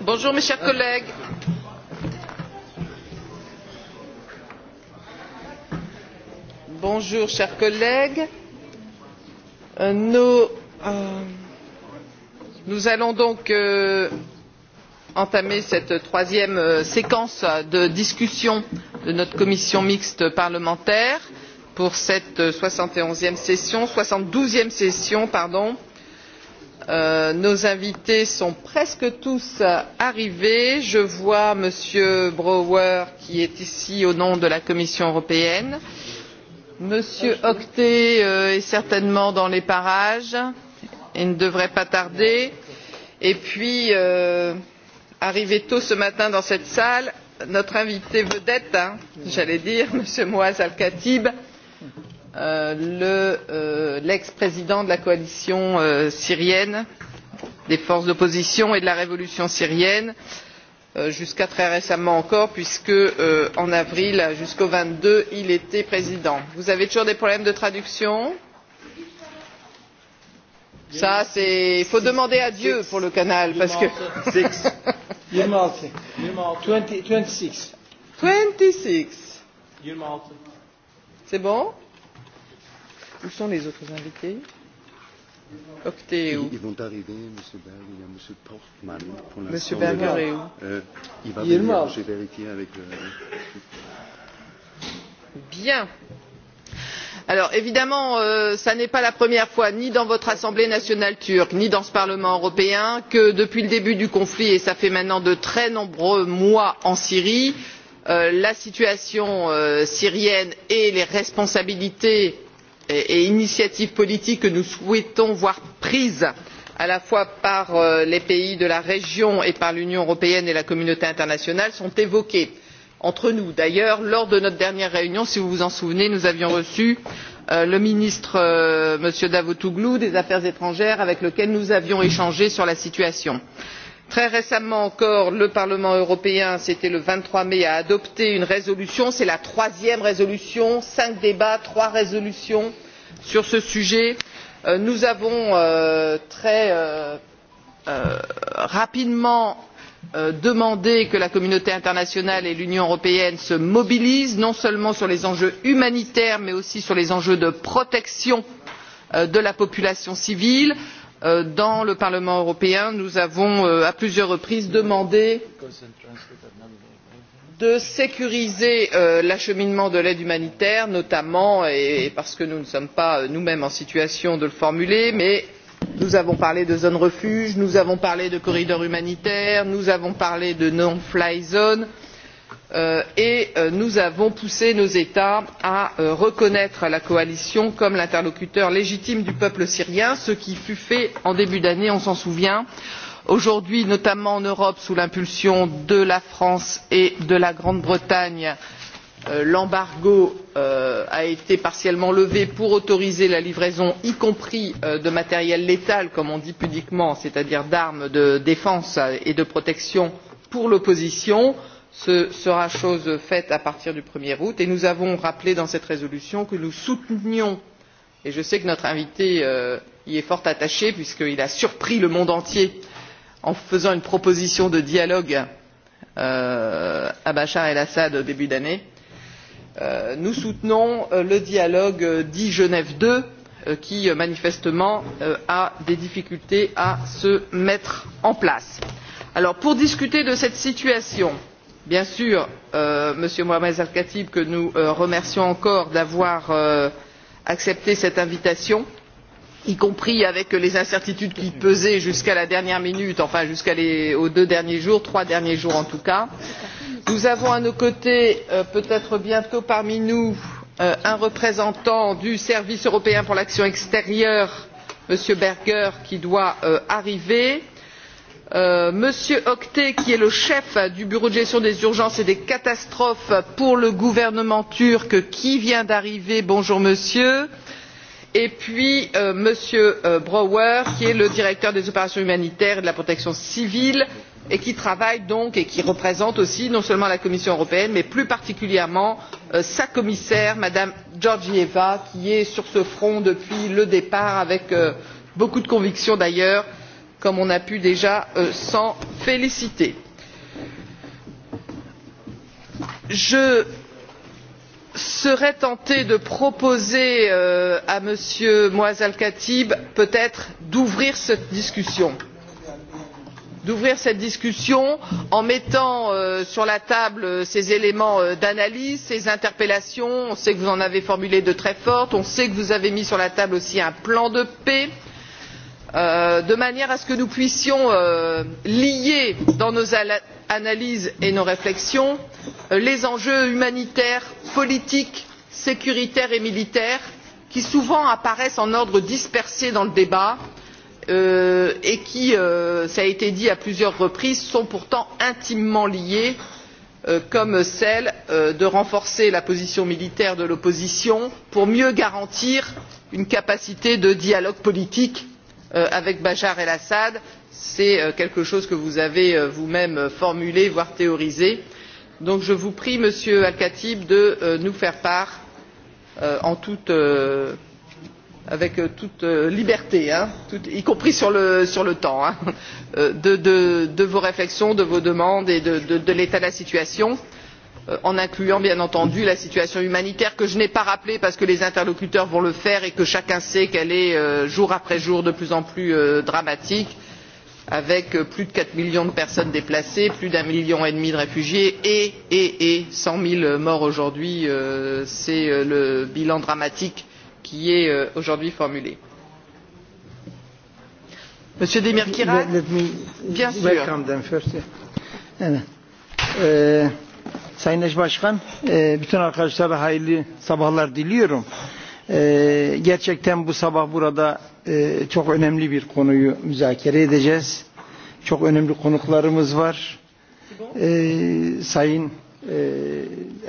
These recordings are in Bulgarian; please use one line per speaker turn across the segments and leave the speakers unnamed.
Bonjour mes chers collègues. Bonjour chers collègues. Nous, nous allons donc entamer cette troisième séquence de discussion de notre commission mixte parlementaire pour cette soixante et onzième session soixante douzième session pardon nos invités sont presque tous arrivés. je vois m. brouwer qui est ici au nom de la commission européenne m. octet est certainement dans les parages et ne devrait pas tarder et puis arrivé tôt ce matin dans cette salle notre invité vedette j'allais dire m. moaz al khatib l'ex président de la coalition syrienne des forces d'opposition et de la révolution syrienne jusqu'à très récemment encore puisque en avril jusqu'au vingt deux il était président. vous avez toujours des problèmes de traduction? ça c'est il faut demander à dieu pour le canal parce que c'est bon? Où sont les autres invités Octet où
Ils vont arriver, M. Berg, il y a M. Portman pour l'instant. M. Berger est où euh, Il va il venir, est mort. j'ai vérifié avec le...
Bien. Alors évidemment, ce n'est pas la première fois, ni dans votre Assemblée nationale turque, ni dans ce Parlement européen, que depuis le début du conflit, et cela fait maintenant de très nombreux mois en Syrie, la situation syrienne et les responsabilités et initiatives politiques que nous souhaitons voir prises à la fois par les pays de la région et par l'union européenne et la communauté internationale sont évoquées entre nous. d'ailleurs lors de notre dernière réunion si vous vous en souvenez nous avions reçu le ministre m. davutolu des affaires étrangères avec lequel nous avions échangé sur la situation en égypte très récemment encore le parlement européen c'était le vingt trois mai a adopté une résolution c'est la troisième résolution cinq débats trois résolutions sur ce sujet. nous avons très rapidement demandé que la communauté internationale et l'union européenne se mobilisent non seulement sur les enjeux humanitaires mais aussi sur les enjeux de protection de la population civile dans le parlement européen nous avons à plusieurs reprises demandé de sécuriser l'acheminement de l'aide humanitaire notamment parce que nous ne sommes pas nous mêmes en situation de le formuler mais nous avons parlé de zones refuges nous avons parlé de corridors humanitaires nous avons parlé de no fly zones et nous avons poussé nos états à reconnaître la coalition comme l'interlocuteur légitime du peuple syrien ce qui fut fait en début d'année on s'en souvient. aujourd'hui notamment en europe sous l'impulsion de la france et de la grande bretagne l'embargo a été partiellement levé pour autoriser la livraison y compris de matériel létal comme on dit pudiquement c'est à dire d'armes de défense et de protection pour l'opposition. nous ce sera chose faite à partir du un er août et nous avons rappelé dans cette résolution que nous soutenions et je sais que notre invité y est fort attaché puisqu'il a surpris le monde entier en faisant une proposition de dialogue à bachar el assad au début d'année nous soutenons le dialogue dit genève ii qui manifestement a des difficultés à se mettre en place. pour discuter de cette situation bien sûr Monsieur mohamed el khatib que nous remercions encore d'avoir accepté cette invitation y compris avec les incertitudes qui pesaient jusqu'à la dernière minute enfin jusqu'aux deux derniers jours trois derniers jours en tout cas. nous avons à nos côtés peut être bientôt parmi nous un représentant du service européen pour l'action extérieure m. berger qui doit arriver m. octet qui est le chef du bureau de gestion des urgences et des catastrophes pour le gouvernement turc qui vient d'arriver bonjour monsieur et puis m. brouwer qui est le directeur des opérations humanitaires et de la protection civile et qui travaille donc et qui représente aussi non seulement la commission européenne mais plus particulièrement sa commissaire mme georgieva qui est sur ce front depuis le départ avec beaucoup de conviction d'ailleurs comme on a pu déjà s'en féliciter. je serais tentée de proposer à m. moaz al khatib peut être d'ouvrir cette discussion d'ouvrir cette discussion en mettant sur la table ces éléments d'analyse ces interpellations on sait que vous en avez formulé de très fortes on sait que vous avez mis sur la table aussi un plan de paix de manière à ce que nous puissions lier dans nos analyses et nos réflexions les enjeux humanitaires politiques sécuritaires et militaires qui souvent apparaissent en ordre dispersé dans le débat et qui cela a été dit à plusieurs reprises sont pourtant intimement liés comme celle de renforcer la position militaire de l'opposition pour mieux garantir une capacité de dialogue politique avec bachar el assad c'est quelque chose que vous avez vous même formulé voire théorisé donc je vous prie monsieur al khatib de nous faire part avec toute liberté y compris sur le temps de vos réflexions de vos demandes et de l'état de la situation en incluant bien entendu la situation humanitaire que je n'ai pas rappelée parce que les interlocuteurs vont le faire et que chacun sait qu'elle est jour après jour de plus en plus dramatique avec plus de quatre millions de personnes déplacées plus d'un million et demi de réfugiés et cent zéro morts aujourd'hui c'est le bilan dramatique qui est aujourd'hui formulé.
monsieur demirkiran bien sûr Sayın Eş Başkan, bütün arkadaşlara hayırlı sabahlar diliyorum. Gerçekten bu sabah burada çok önemli bir konuyu müzakere edeceğiz. Çok önemli konuklarımız var. Sayın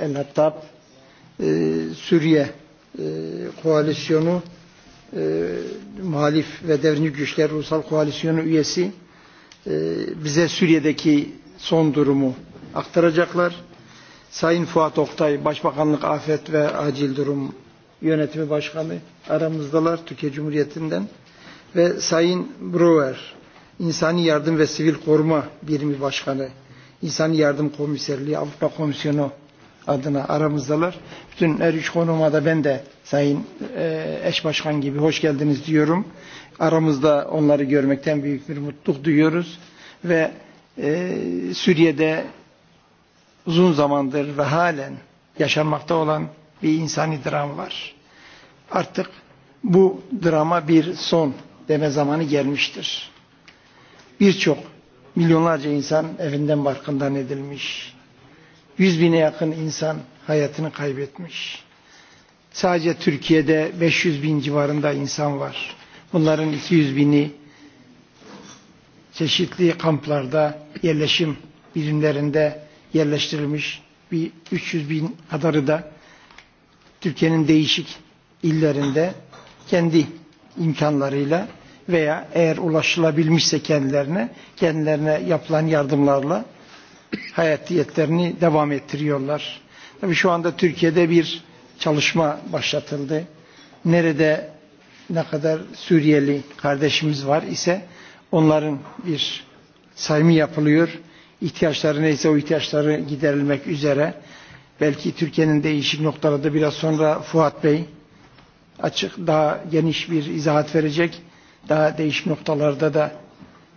El Hattab, Suriye koalisyonu, muhalif ve devrimci güçler ulusal koalisyonu üyesi bize Suriye'deki son durumu aktaracaklar. Sayın Fuat Oktay, Başbakanlık Afet ve Acil Durum Yönetimi Başkanı aramızdalar Türkiye Cumhuriyeti'nden ve Sayın Brewer, İnsani Yardım ve Sivil Koruma Birimi Başkanı, İnsani Yardım Komiserliği Avrupa Komisyonu adına aramızdalar. Bütün her üç konuma da ben de Sayın e, Eş Başkan gibi hoş geldiniz diyorum. Aramızda onları görmekten büyük bir mutluluk duyuyoruz ve e, Suriye'de uzun zamandır ve halen yaşanmakta olan bir insani dram var. Artık bu drama bir son deme zamanı gelmiştir. Birçok milyonlarca insan evinden barkından edilmiş. Yüz bine yakın insan hayatını kaybetmiş. Sadece Türkiye'de 500 bin civarında insan var. Bunların 200 bini çeşitli kamplarda, yerleşim birimlerinde yerleştirilmiş bir 300 bin kadarı da Türkiye'nin değişik illerinde kendi imkanlarıyla veya eğer ulaşılabilmişse kendilerine, kendilerine yapılan yardımlarla hayatiyetlerini devam ettiriyorlar. Tabii şu anda Türkiye'de bir çalışma başlatıldı. Nerede ne kadar Suriyeli kardeşimiz var ise onların bir sayımı yapılıyor ihtiyaçları neyse o ihtiyaçları giderilmek üzere. Belki Türkiye'nin değişik noktaları da biraz sonra Fuat Bey açık daha geniş bir izahat verecek. Daha değişik noktalarda da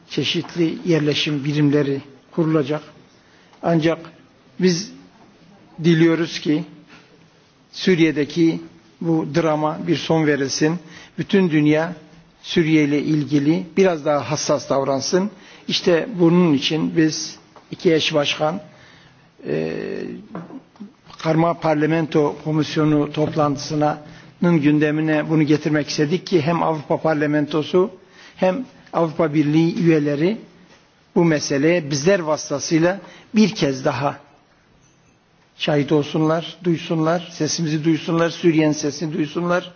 çeşitli yerleşim birimleri kurulacak. Ancak biz diliyoruz ki Suriye'deki bu drama bir son verilsin. Bütün dünya Suriye ile ilgili biraz daha hassas davransın. İşte bunun için biz iki eş başkan e, karma parlamento komisyonu toplantısının gündemine bunu getirmek istedik ki hem Avrupa parlamentosu hem Avrupa Birliği üyeleri bu meseleye bizler vasıtasıyla bir kez daha şahit olsunlar, duysunlar, sesimizi duysunlar, Suriye'nin sesini duysunlar.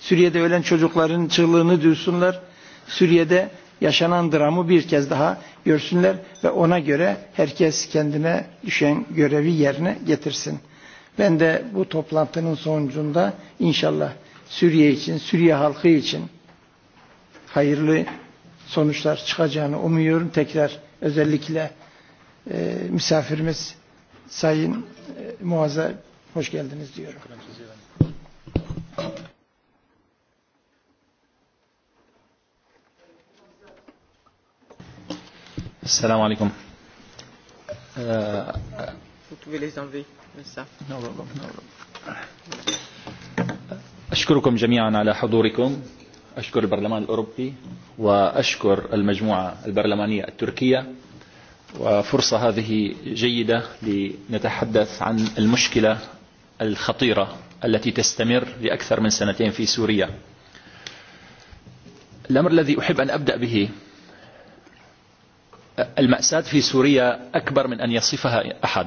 Suriye'de ölen çocukların çığlığını duysunlar. Suriye'de yaşanan dramı bir kez daha görsünler ve ona göre herkes kendine düşen görevi yerine getirsin. Ben de bu toplantının sonucunda inşallah Suriye için, Suriye halkı için hayırlı sonuçlar çıkacağını umuyorum. Tekrar özellikle e, misafirimiz Sayın e, Muaz'a hoş geldiniz diyorum.
Assalamu alaikum.
Vous pouvez les enlever,
أشكركم جميعا على حضوركم أشكر البرلمان الأوروبي وأشكر المجموعة البرلمانية التركية وفرصة هذه جيدة لنتحدث عن المشكلة الخطيرة التي تستمر لأكثر من سنتين في سوريا الأمر الذي أحب أن أبدأ به المأساة في سوريا أكبر من أن يصفها أحد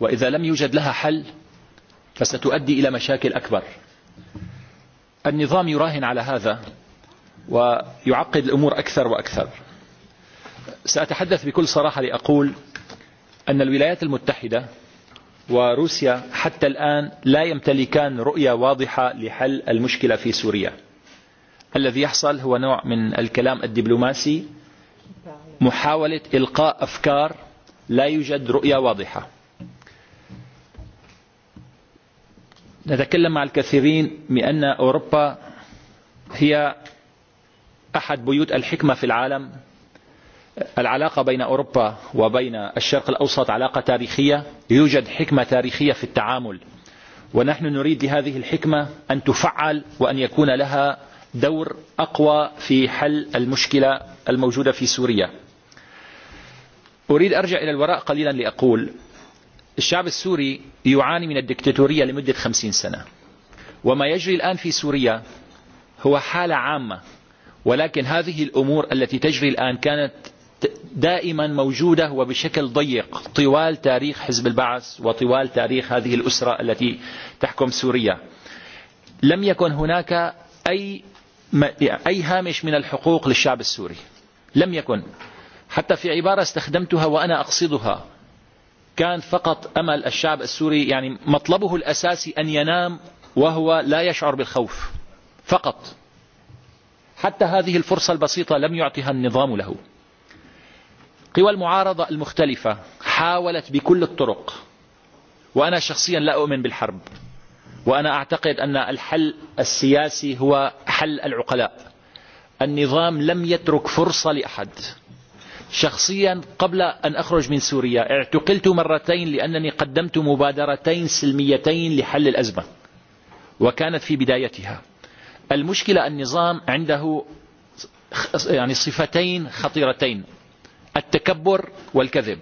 وإذا لم يوجد لها حل فستؤدي إلى مشاكل أكبر النظام يراهن على هذا ويعقد الأمور أكثر وأكثر سأتحدث بكل صراحة لأقول أن الولايات المتحدة وروسيا حتى الآن لا يمتلكان رؤية واضحة لحل المشكلة في سوريا الذي يحصل هو نوع من الكلام الدبلوماسي محاولة إلقاء أفكار لا يوجد رؤية واضحة نتكلم مع الكثيرين بأن أوروبا هي أحد بيوت الحكمة في العالم العلاقة بين أوروبا وبين الشرق الأوسط علاقة تاريخية يوجد حكمة تاريخية في التعامل ونحن نريد لهذه الحكمة أن تفعل وأن يكون لها دور أقوى في حل المشكلة الموجودة في سوريا أريد أرجع إلى الوراء قليلا لأقول الشعب السوري يعاني من الدكتاتورية لمدة خمسين سنة وما يجري الآن في سوريا هو حالة عامة ولكن هذه الأمور التي تجري الآن كانت دائما موجودة وبشكل ضيق طوال تاريخ حزب البعث وطوال تاريخ هذه الأسرة التي تحكم سوريا لم يكن هناك أي أي هامش من الحقوق للشعب السوري لم يكن حتى في عبارة استخدمتها وأنا أقصدها كان فقط أمل الشعب السوري يعني مطلبه الأساسي أن ينام وهو لا يشعر بالخوف فقط حتى هذه الفرصة البسيطة لم يعطها النظام له قوى المعارضة المختلفة حاولت بكل الطرق وأنا شخصيا لا أؤمن بالحرب وأنا أعتقد أن الحل السياسي هو حل العقلاء النظام لم يترك فرصة لأحد شخصيا قبل أن أخرج من سوريا اعتقلت مرتين لأنني قدمت مبادرتين سلميتين لحل الأزمة وكانت في بدايتها المشكلة النظام عنده يعني صفتين خطيرتين التكبر والكذب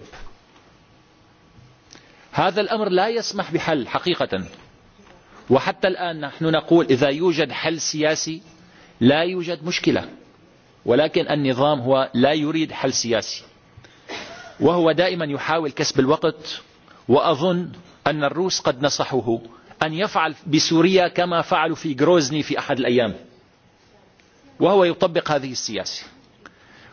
هذا الأمر لا يسمح بحل حقيقة وحتى الآن نحن نقول إذا يوجد حل سياسي لا يوجد مشكلة ولكن النظام هو لا يريد حل سياسي وهو دائما يحاول كسب الوقت وأظن أن الروس قد نصحوه أن يفعل بسوريا كما فعلوا في جروزني في أحد الأيام وهو يطبق هذه السياسة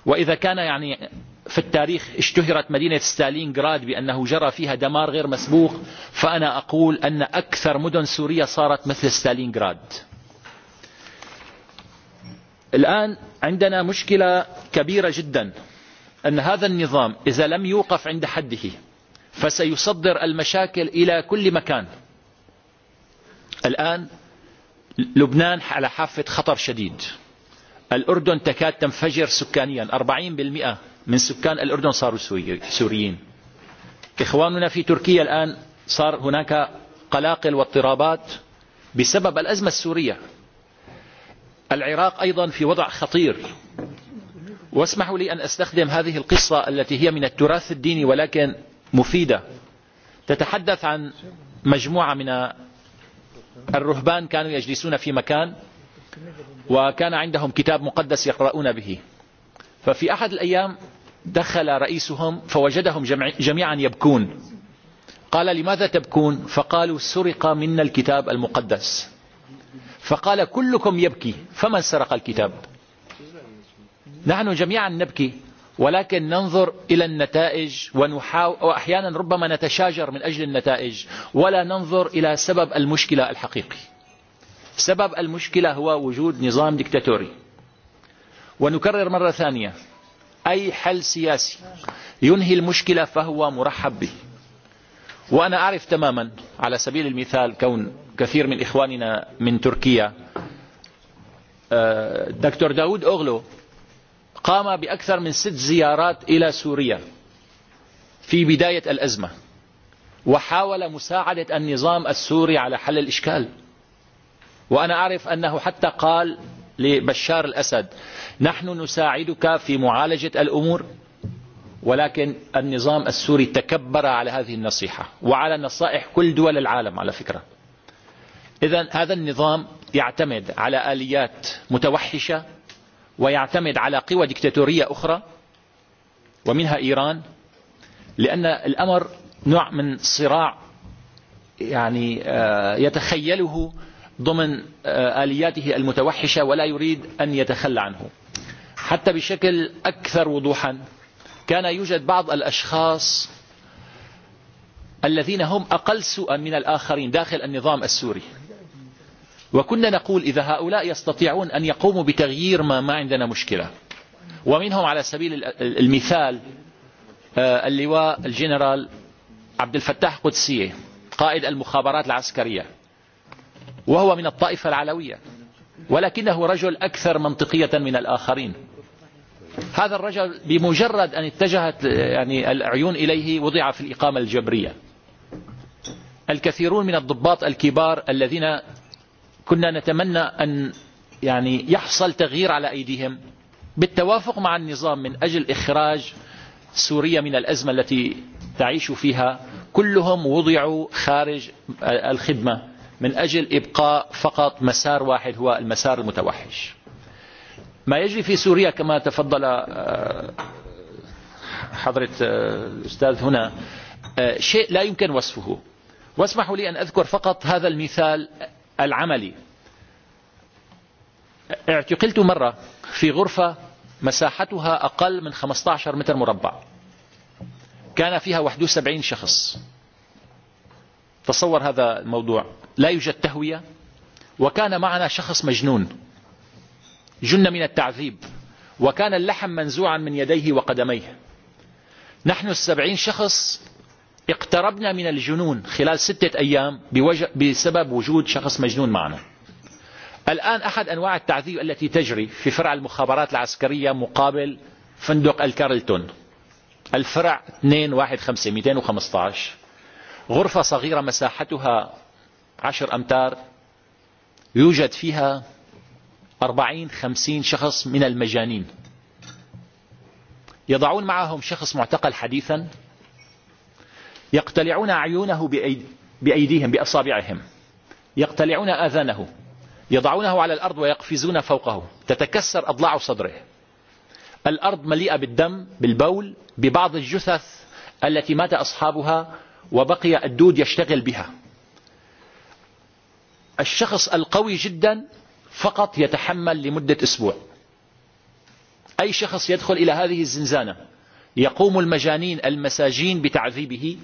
وإذا كان يعني في التاريخ اشتهرت مدينة ستالينغراد بأنه جرى فيها دمار غير مسبوق فأنا أقول أن أكثر مدن سوريا صارت مثل ستالينغراد الآن عندنا مشكلة كبيرة جدا أن هذا النظام إذا لم يوقف عند حده فسيصدر المشاكل إلى كل مكان الآن لبنان على حافة خطر شديد الأردن تكاد تنفجر سكانيا 40% من سكان الأردن صاروا سوريين إخواننا في تركيا الآن صار هناك قلاقل واضطرابات بسبب الأزمة السورية العراق أيضا في وضع خطير واسمحوا لي أن أستخدم هذه القصة التي هي من التراث الديني ولكن مفيدة تتحدث عن مجموعة من الرهبان كانوا يجلسون في مكان وكان عندهم كتاب مقدس يقرؤون به ففي أحد الأيام دخل رئيسهم فوجدهم جميعا يبكون قال لماذا تبكون فقالوا سرق منا الكتاب المقدس فقال كلكم يبكي فمن سرق الكتاب نحن جميعا نبكي ولكن ننظر إلى النتائج وأحيانا ربما نتشاجر من أجل النتائج ولا ننظر إلى سبب المشكلة الحقيقي سبب المشكلة هو وجود نظام ديكتاتوري ونكرر مرة ثانية أي حل سياسي ينهي المشكلة فهو مرحب به وأنا أعرف تماما على سبيل المثال كون كثير من إخواننا من تركيا دكتور داود أغلو قام بأكثر من ست زيارات إلى سوريا في بداية الأزمة وحاول مساعدة النظام السوري على حل الإشكال وأنا أعرف أنه حتى قال لبشار الأسد نحن نساعدك في معالجة الأمور ولكن النظام السوري تكبر على هذه النصيحة وعلى نصائح كل دول العالم على فكرة إذا هذا النظام يعتمد على آليات متوحشة ويعتمد على قوى ديكتاتورية أخرى ومنها إيران لأن الأمر نوع من صراع يعني يتخيله ضمن آلياته المتوحشة ولا يريد أن يتخلى عنه حتى بشكل أكثر وضوحا كان يوجد بعض الأشخاص الذين هم أقل سوءا من الآخرين داخل النظام السوري وكنا نقول إذا هؤلاء يستطيعون أن يقوموا بتغيير ما, ما عندنا مشكلة ومنهم على سبيل المثال اللواء الجنرال عبد الفتاح قدسية قائد المخابرات العسكرية وهو من الطائفة العلوية ولكنه رجل أكثر منطقية من الآخرين
هذا الرجل
بمجرد أن اتجهت يعني العيون إليه وضع في الإقامة الجبرية الكثيرون من الضباط الكبار الذين كنا نتمنى أن يعني يحصل تغيير على أيديهم بالتوافق مع النظام من أجل إخراج سوريا من الأزمة التي تعيش فيها كلهم وضعوا خارج الخدمة من أجل إبقاء فقط مسار واحد هو المسار المتوحش ما يجري في سوريا كما تفضل حضرة الأستاذ هنا شيء لا يمكن وصفه واسمحوا لي أن أذكر فقط هذا المثال العملي اعتقلت مرة في غرفة مساحتها أقل من 15 متر مربع كان فيها 71 شخص تصور هذا الموضوع لا يوجد تهوية وكان معنا شخص مجنون جن من التعذيب وكان اللحم منزوعا من يديه وقدميه نحن السبعين شخص اقتربنا من الجنون خلال ستة أيام بسبب وجود شخص مجنون معنا الآن أحد أنواع التعذيب التي تجري في فرع المخابرات العسكرية مقابل فندق الكارلتون الفرع 2-1-5-215 غرفة صغيرة مساحتها 10 أمتار يوجد فيها 40-50 شخص من المجانين يضعون معهم شخص معتقل حديثا يقتلعون عيونه بأيديهم بأصابعهم يقتلعون آذانه يضعونه على الأرض ويقفزون فوقه تتكسر أضلاع صدره الأرض مليئة بالدم بالبول ببعض الجثث التي مات أصحابها وبقي الدود يشتغل بها الشخص القوي جدا فقط يتحمل لمدة أسبوع أي شخص يدخل إلى هذه الزنزانة يقوم المجانين المساجين بتعذيبه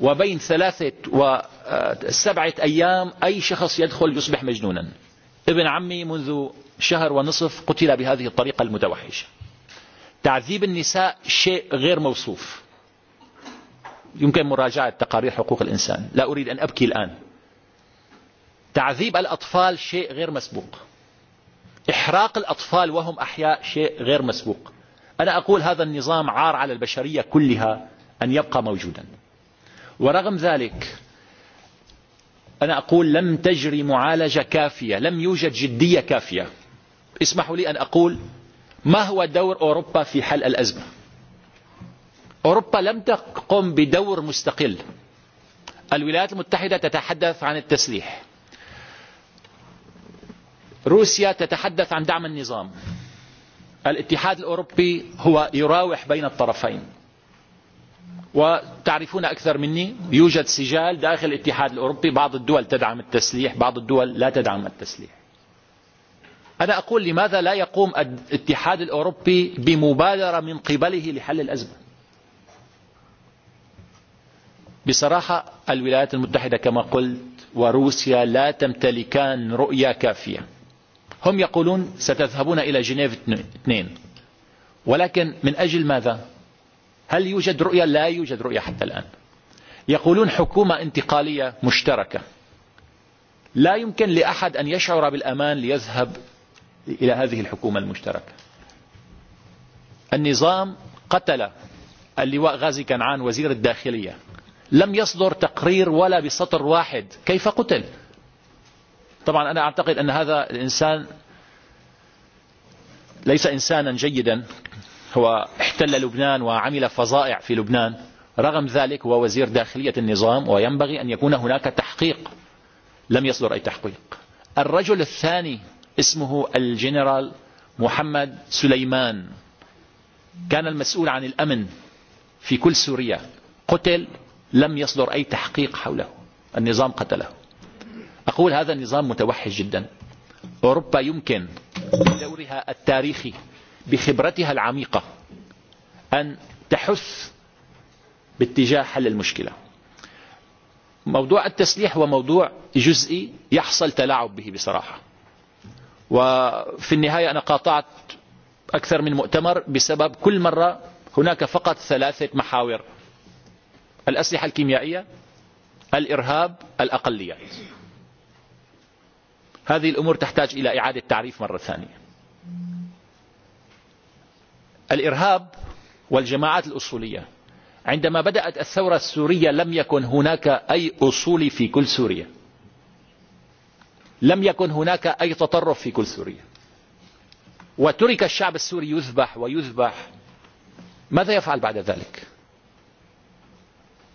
وبين ثلاثة وسبعة أيام أي شخص يدخل يصبح مجنونا ابن عمي منذ شهر ونصف قتل بهذه الطريقة المتوحشة تعذيب النساء شيء غير موصوف يمكن مراجعة تقارير حقوق الإنسان لا أريد أن أبكي الآن تعذيب الأطفال شيء غير مسبوق إحراق الأطفال وهم أحياء شيء غير مسبوق أنا أقول هذا النظام عار على البشرية كلها أن يبقى موجوداً ورغم ذلك أنا أقول لم تجري معالجة كافية لم يوجد جدية كافية اسمحوا لي أن أقول ما هو دور أوروبا في حل الأزمة أوروبا لم تقم بدور مستقل الولايات المتحدة تتحدث عن التسليح روسيا تتحدث عن دعم النظام الاتحاد الأوروبي هو يراوح بين الطرفين وتعرفون أكثر مني يوجد سجال داخل الاتحاد الأوروبي بعض الدول تدعم التسليح بعض الدول لا تدعم التسليح أنا أقول لماذا لا يقوم الاتحاد الأوروبي بمبادرة من قبله لحل الأزمة بصراحة الولايات المتحدة كما قلت وروسيا لا تمتلكان رؤية كافية هم يقولون ستذهبون إلى جنيف اثنين ولكن من أجل ماذا؟ هل يوجد رؤية لا يوجد رؤية حتى الآن يقولون حكومة انتقالية مشتركة لا يمكن لأحد أن يشعر بالأمان ليذهب إلى هذه الحكومة المشتركة النظام قتل اللواء غازي كنعان وزير الداخلية لم يصدر تقرير ولا بسطر واحد كيف قتل طبعا أنا أعتقد أن هذا الإنسان ليس إنسانا جيدا هو احتل لبنان وعمل فظائع في لبنان رغم ذلك هو وزير داخلية النظام وينبغي أن يكون هناك تحقيق لم يصدر أي تحقيق الرجل الثاني اسمه الجنرال محمد سليمان كان المسؤول عن الأمن في كل سوريا قتل لم يصدر أي تحقيق حوله النظام قتله أقول هذا النظام متوحش جدا أوروبا يمكن دورها التاريخي بخبرتها العميقة أن تحث باتجاه حل المشكلة موضوع التسليح هو موضوع جزئي يحصل تلاعب به بصراحة وفي النهاية أنا قاطعت أكثر من مؤتمر بسبب كل مرة هناك فقط ثلاثة محاور الأسلحة الكيميائية الإرهاب الأقليات هذه الأمور تحتاج إلى إعادة تعريف مرة ثانية الإرهاب والجماعات الأصولية عندما بدأت الثورة السورية لم يكن هناك أي أصول في كل سوريا لم يكن هناك أي تطرف في كل سوريا وترك الشعب السوري يذبح ويذبح ماذا يفعل بعد ذلك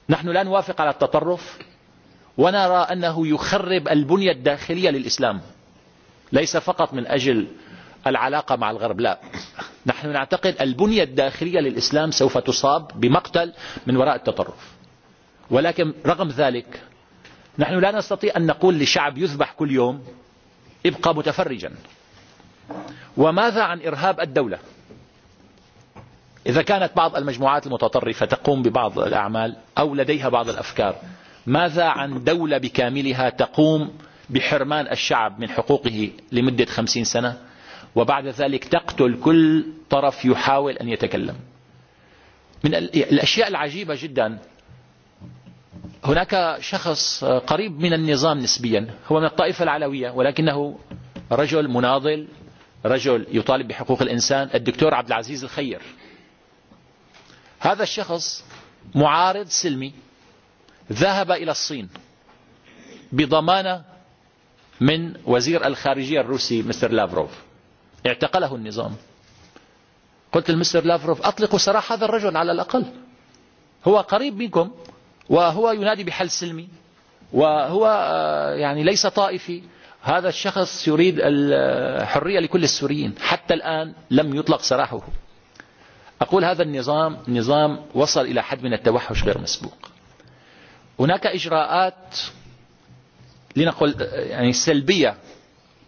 نحن لا نوافق على التطرف ونرى أنه يخرب البنية الداخلية للإسلام ليس فقط من أجل العلاقة مع الغرب لا نحن نعتقد البنية الداخلية للإسلام سوف تصاب بمقتل من وراء التطرف ولكن رغم ذلك نحن لا نستطيع أن نقول لشعب يذبح كل يوم ابقى متفرجا وماذا عن إرهاب الدولة إذا كانت بعض المجموعات المتطرفة تقوم ببعض الأعمال أو لديها بعض الأفكار ماذا عن دولة بكاملها تقوم بحرمان الشعب من حقوقه لمدة خمسين سنة وبعد ذلك تقتل كل طرف يحاول أن يتكلم من الأشياء العجيبة جدا هناك شخص قريب من النظام نسبيا هو من الطائفة العلوية ولكنه رجل مناضل رجل يطالب بحقوق الإنسان الدكتور عبد العزيز الخير هذا الشخص معارض سلمي ذهب إلى الصين بضمانة من وزير الخارجية الروسي مستر لافروف اعتقله النظام قلت المستر لافروف أطلقوا سراح هذا الرجل على الأقل هو قريب منكم وهو ينادي بحل سلمي وهو يعني ليس طائفي هذا الشخص يريد الحرية لكل السوريين حتى الآن لم يطلق سراحه أقول هذا النظام نظام وصل إلى حد من التوحش غير مسبوق هناك إجراءات لنقول يعني سلبية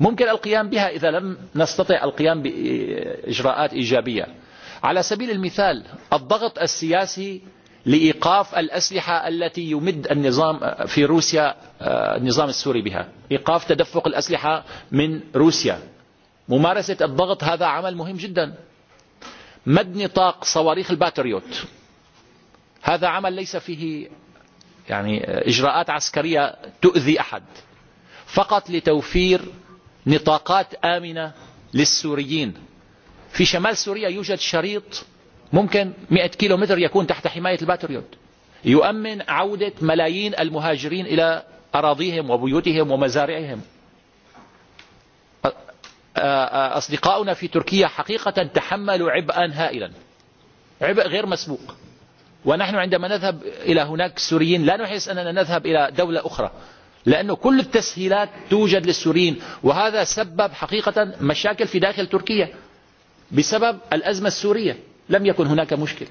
ممكن القيام بها إذا لم نستطع القيام بإجراءات إيجابية على سبيل المثال الضغط السياسي لإيقاف الأسلحة التي يمد النظام في روسيا النظام السوري بها إيقاف تدفق الأسلحة من روسيا ممارسة الضغط هذا عمل مهم جدا مد نطاق صواريخ الباتريوت هذا عمل ليس فيه يعني إجراءات عسكرية تؤذي أحد فقط لتوفير نطاقات آمنة للسوريين في شمال سوريا يوجد شريط ممكن 100 كيلو متر يكون تحت حماية الباتريوت يؤمن عودة ملايين المهاجرين إلى أراضيهم وبيوتهم ومزارعهم أصدقاؤنا في تركيا حقيقة تحملوا عبئا هائلا عبء غير مسبوق ونحن عندما نذهب إلى هناك سوريين لا نحس أننا نذهب إلى دولة أخرى لأن كل التسهيلات توجد للسوريين وهذا سبب حقيقة مشاكل في داخل تركيا بسبب الأزمة السورية لم يكن هناك مشكلة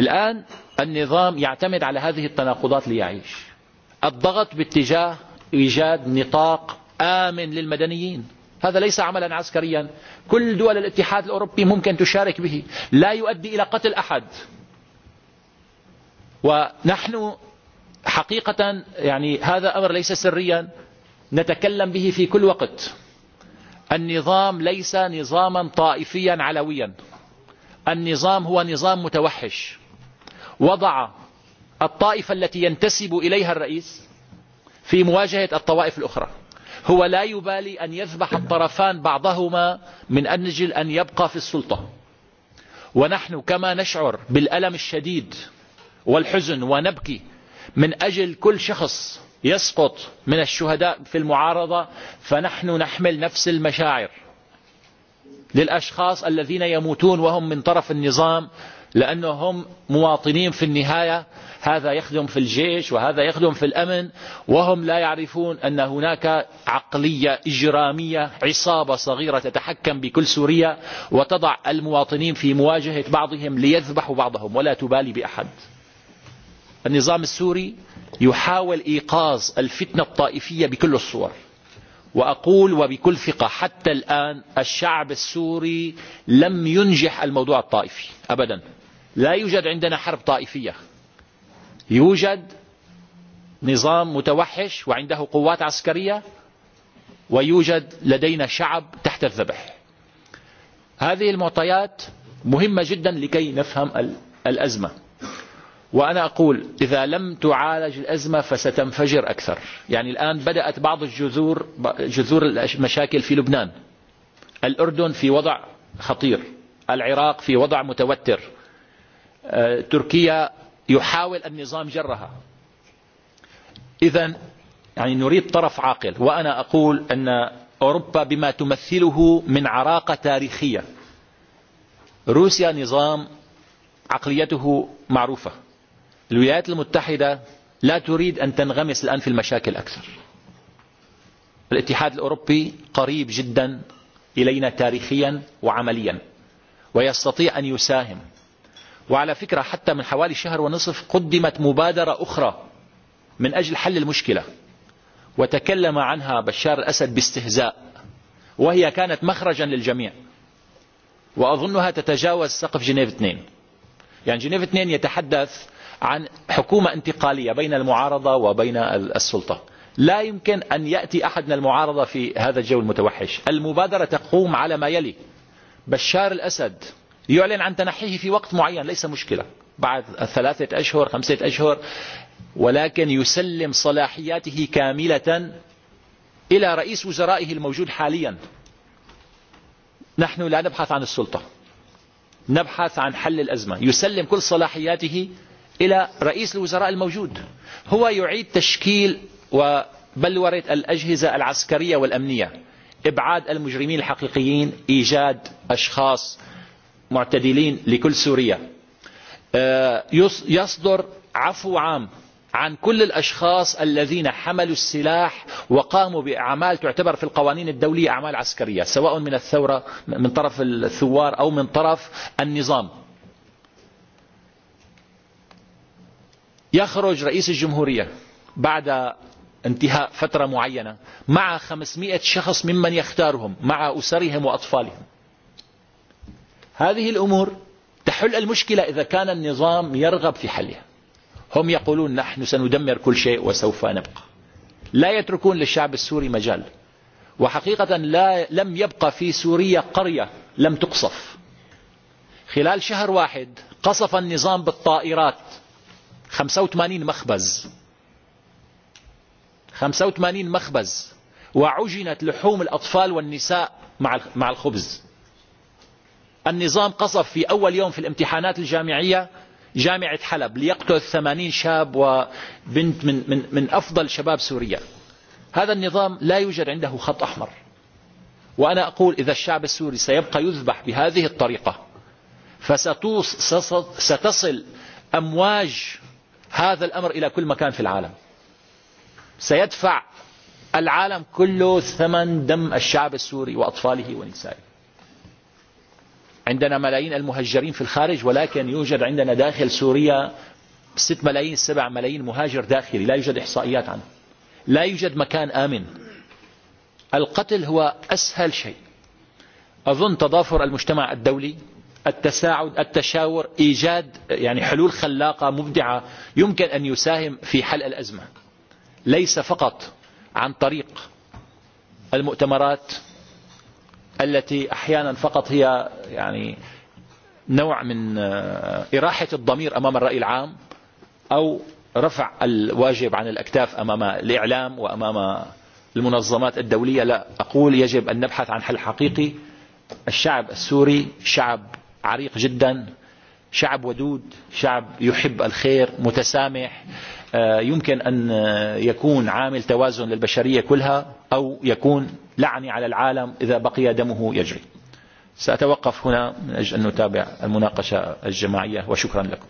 الآن النظام يعتمد على هذه التناقضات ليعيش الضغط باتجاه إيجاد نطاق آمن للمدنيين هذا ليس عملا عسكريا كل دول الاتحاد الأوروبي ممكن تشارك به لا يؤدي إلى قتل أحد ونحن حقيقة يعني هذا أمر ليس سريا نتكلم به في كل وقت النظام ليس نظاما طائفيا علويا النظام هو نظام متوحش وضع الطائفة التي ينتسب إليها الرئيس في مواجهة الطوائف الأخرى هو لا يبالي أن يذبح الطرفان بعضهما من أنجل أن يبقى في السلطة ونحن كما نشعر بالألم الشديد والحزن ونبكي من أجل كل شخص يسقط من الشهداء في المعارضة فنحن نحمل نفس المشاعر للأشخاص الذين يموتون وهم من طرف النظام لأنهم مواطنين في النهاية هذا يخدم في الجيش وهذا يخدم في الأمن وهم لا يعرفون أن هناك عقلية إجرامية عصابة صغيرة تتحكم بكل سوريا وتضع المواطنين في مواجهة بعضهم ليذبحوا بعضهم ولا تبالي بأحد النظام السوري يحاول إيقاظ الفتنة الطائفية بكل الصور وأقول وبكل ثقة حتى الآن الشعب السوري لم ينجح الموضوع الطائفي أبدا لا يوجد عندنا حرب طائفية يوجد نظام متوحش وعنده قوات عسكرية ويوجد لدينا شعب تحت الذبح هذه المعطيات مهمة جدا لكي نفهم الأزمة وأنا أقول إذا لم تعالج الأزمة فستنفجر أكثر يعني الآن بدأت بعض الجذور جذور المشاكل في لبنان الأردن في وضع خطير العراق في وضع متوتر تركيا يحاول النظام جرها إذا يعني نريد طرف عاقل وأنا أقول أن أوروبا بما تمثله من عراقة تاريخية روسيا نظام عقليته معروفة الولايات المتحدة لا تريد أن تنغمس الآن في المشاكل أكثر الاتحاد الأوروبي قريب جدا إلينا تاريخيا وعمليا ويستطيع أن يساهم وعلى فكرة حتى من حوالي شهر ونصف قدمت مبادرة أخرى من أجل حل المشكلة وتكلم عنها بشار الأسد باستهزاء وهي كانت مخرجا للجميع وأظنها تتجاوز سقف جنيف 2 يعني جنيف 2 يتحدث عن حكومة انتقالية بين المعارضة وبين السلطة لا يمكن أن يأتي أحد من المعارضة في هذا الجو المتوحش المبادرة تقوم على ما يلي بشار الأسد يعلن عن تنحيه في وقت معين ليس مشكلة بعد ثلاثة أشهر خمسة أشهر ولكن يسلم صلاحياته كاملة إلى رئيس وزرائه الموجود حاليا نحن لا نبحث عن السلطة نبحث عن حل الأزمة يسلم كل صلاحياته إلى رئيس الوزراء الموجود هو يعيد تشكيل وبلورة الأجهزة العسكرية والأمنية إبعاد المجرمين الحقيقيين إيجاد أشخاص معتدلين لكل سوريا يصدر عفو عام عن كل الأشخاص الذين حملوا السلاح وقاموا بأعمال تعتبر في القوانين الدولية أعمال عسكرية سواء من الثورة من طرف الثوار أو من طرف النظام يخرج رئيس الجمهورية بعد انتهاء فترة معينة مع 500 شخص ممن يختارهم مع أسرهم وأطفالهم هذه الأمور تحل المشكلة إذا كان النظام يرغب في حلها هم يقولون نحن سندمر كل شيء وسوف نبقى لا يتركون للشعب السوري مجال وحقيقة لا لم يبقى في سوريا قرية لم تقصف خلال شهر واحد قصف النظام بالطائرات 85 مخبز 85 مخبز وعجنت لحوم الأطفال والنساء مع الخبز النظام قصف في أول يوم في الامتحانات الجامعية جامعة حلب ليقتل 80 شاب وبنت من, من, من أفضل شباب سوريا هذا النظام لا يوجد عنده خط أحمر وأنا أقول إذا الشعب السوري سيبقى يذبح بهذه الطريقة فستصل أمواج هذا الأمر إلى كل مكان في العالم سيدفع العالم كله ثمن دم الشعب السوري وأطفاله ونسائه عندنا ملايين المهجرين في الخارج ولكن يوجد عندنا داخل سوريا 6 ملايين 7 ملايين مهاجر داخلي لا يوجد إحصائيات عنه لا يوجد مكان آمن القتل هو أسهل شيء أظن تضافر المجتمع الدولي التساعد التشاور إيجاد يعني حلول خلاقة مبدعة يمكن أن يساهم في حل الأزمة ليس فقط عن طريق المؤتمرات التي أحيانا فقط هي يعني نوع من إراحة الضمير أمام الرأي العام أو رفع الواجب عن الأكتاف أمام الإعلام وأمام المنظمات الدولية لا أقول يجب أن نبحث عن حل حقيقي الشعب السوري شعب عريق جدا شعب ودود شعب يحب الخير متسامح يمكن أن يكون عامل توازن للبشرية كلها أو يكون لعني على العالم إذا بقي دمه يجري سأتوقف هنا من أجل أن نتابع المناقشة الجماعية وشكرا لكم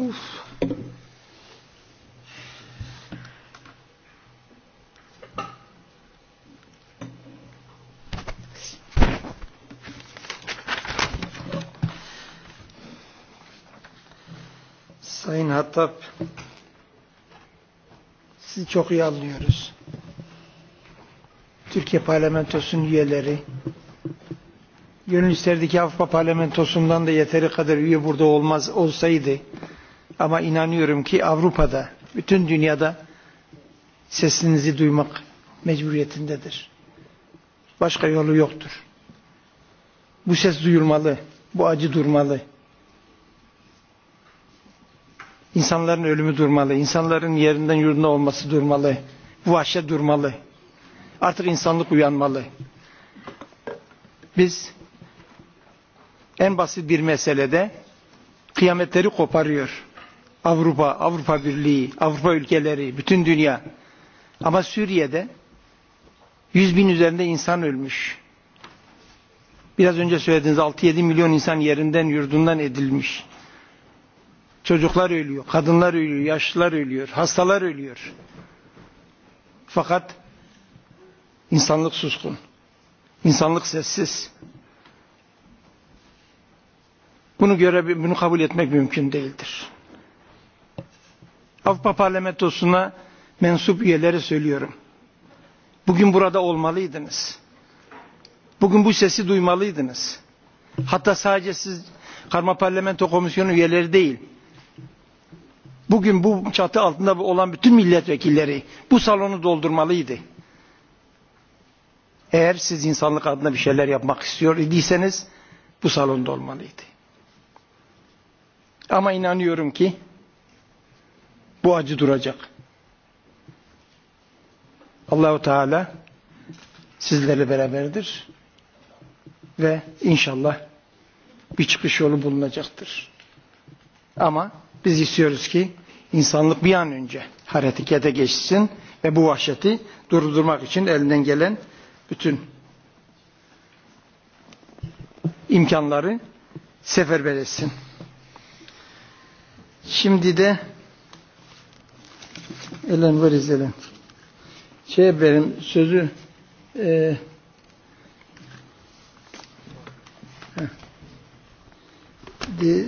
Oof.
Sayın Hattab, sizi çok iyi anlıyoruz. Türkiye Parlamentosu'nun üyeleri, gönül isterdi ki Avrupa Parlamentosu'ndan da yeteri kadar üye burada olmaz olsaydı. Ama inanıyorum ki Avrupa'da, bütün dünyada sesinizi duymak mecburiyetindedir. Başka yolu yoktur. Bu ses duyulmalı, bu acı durmalı. İnsanların ölümü durmalı. insanların yerinden yurdunda olması durmalı. Bu vahşet durmalı. Artık insanlık uyanmalı. Biz en basit bir meselede kıyametleri koparıyor. Avrupa, Avrupa Birliği, Avrupa ülkeleri, bütün dünya. Ama Suriye'de yüz bin üzerinde insan ölmüş. Biraz önce söylediğiniz 6-7 milyon insan yerinden, yurdundan edilmiş. Çocuklar ölüyor, kadınlar ölüyor, yaşlılar ölüyor, hastalar ölüyor. Fakat insanlık suskun. İnsanlık sessiz. Bunu göre bunu kabul etmek mümkün değildir. Avrupa Parlamentosu'na mensup üyeleri söylüyorum. Bugün burada olmalıydınız. Bugün bu sesi duymalıydınız. Hatta sadece siz karma parlamento komisyonu üyeleri değil, Bugün bu çatı altında olan bütün milletvekilleri bu salonu doldurmalıydı. Eğer siz insanlık adına bir şeyler yapmak istiyor idiyseniz bu salonda olmalıydı. Ama inanıyorum ki bu acı duracak. Allahu Teala sizlerle beraberdir ve inşallah bir çıkış yolu bulunacaktır. Ama Biz istiyoruz ki insanlık bir an önce harekete geçsin ve bu vahşeti durdurmak için elinden gelen bütün imkanları seferber etsin. Şimdi de Elen var izlenen. Şey benim sözü e, de,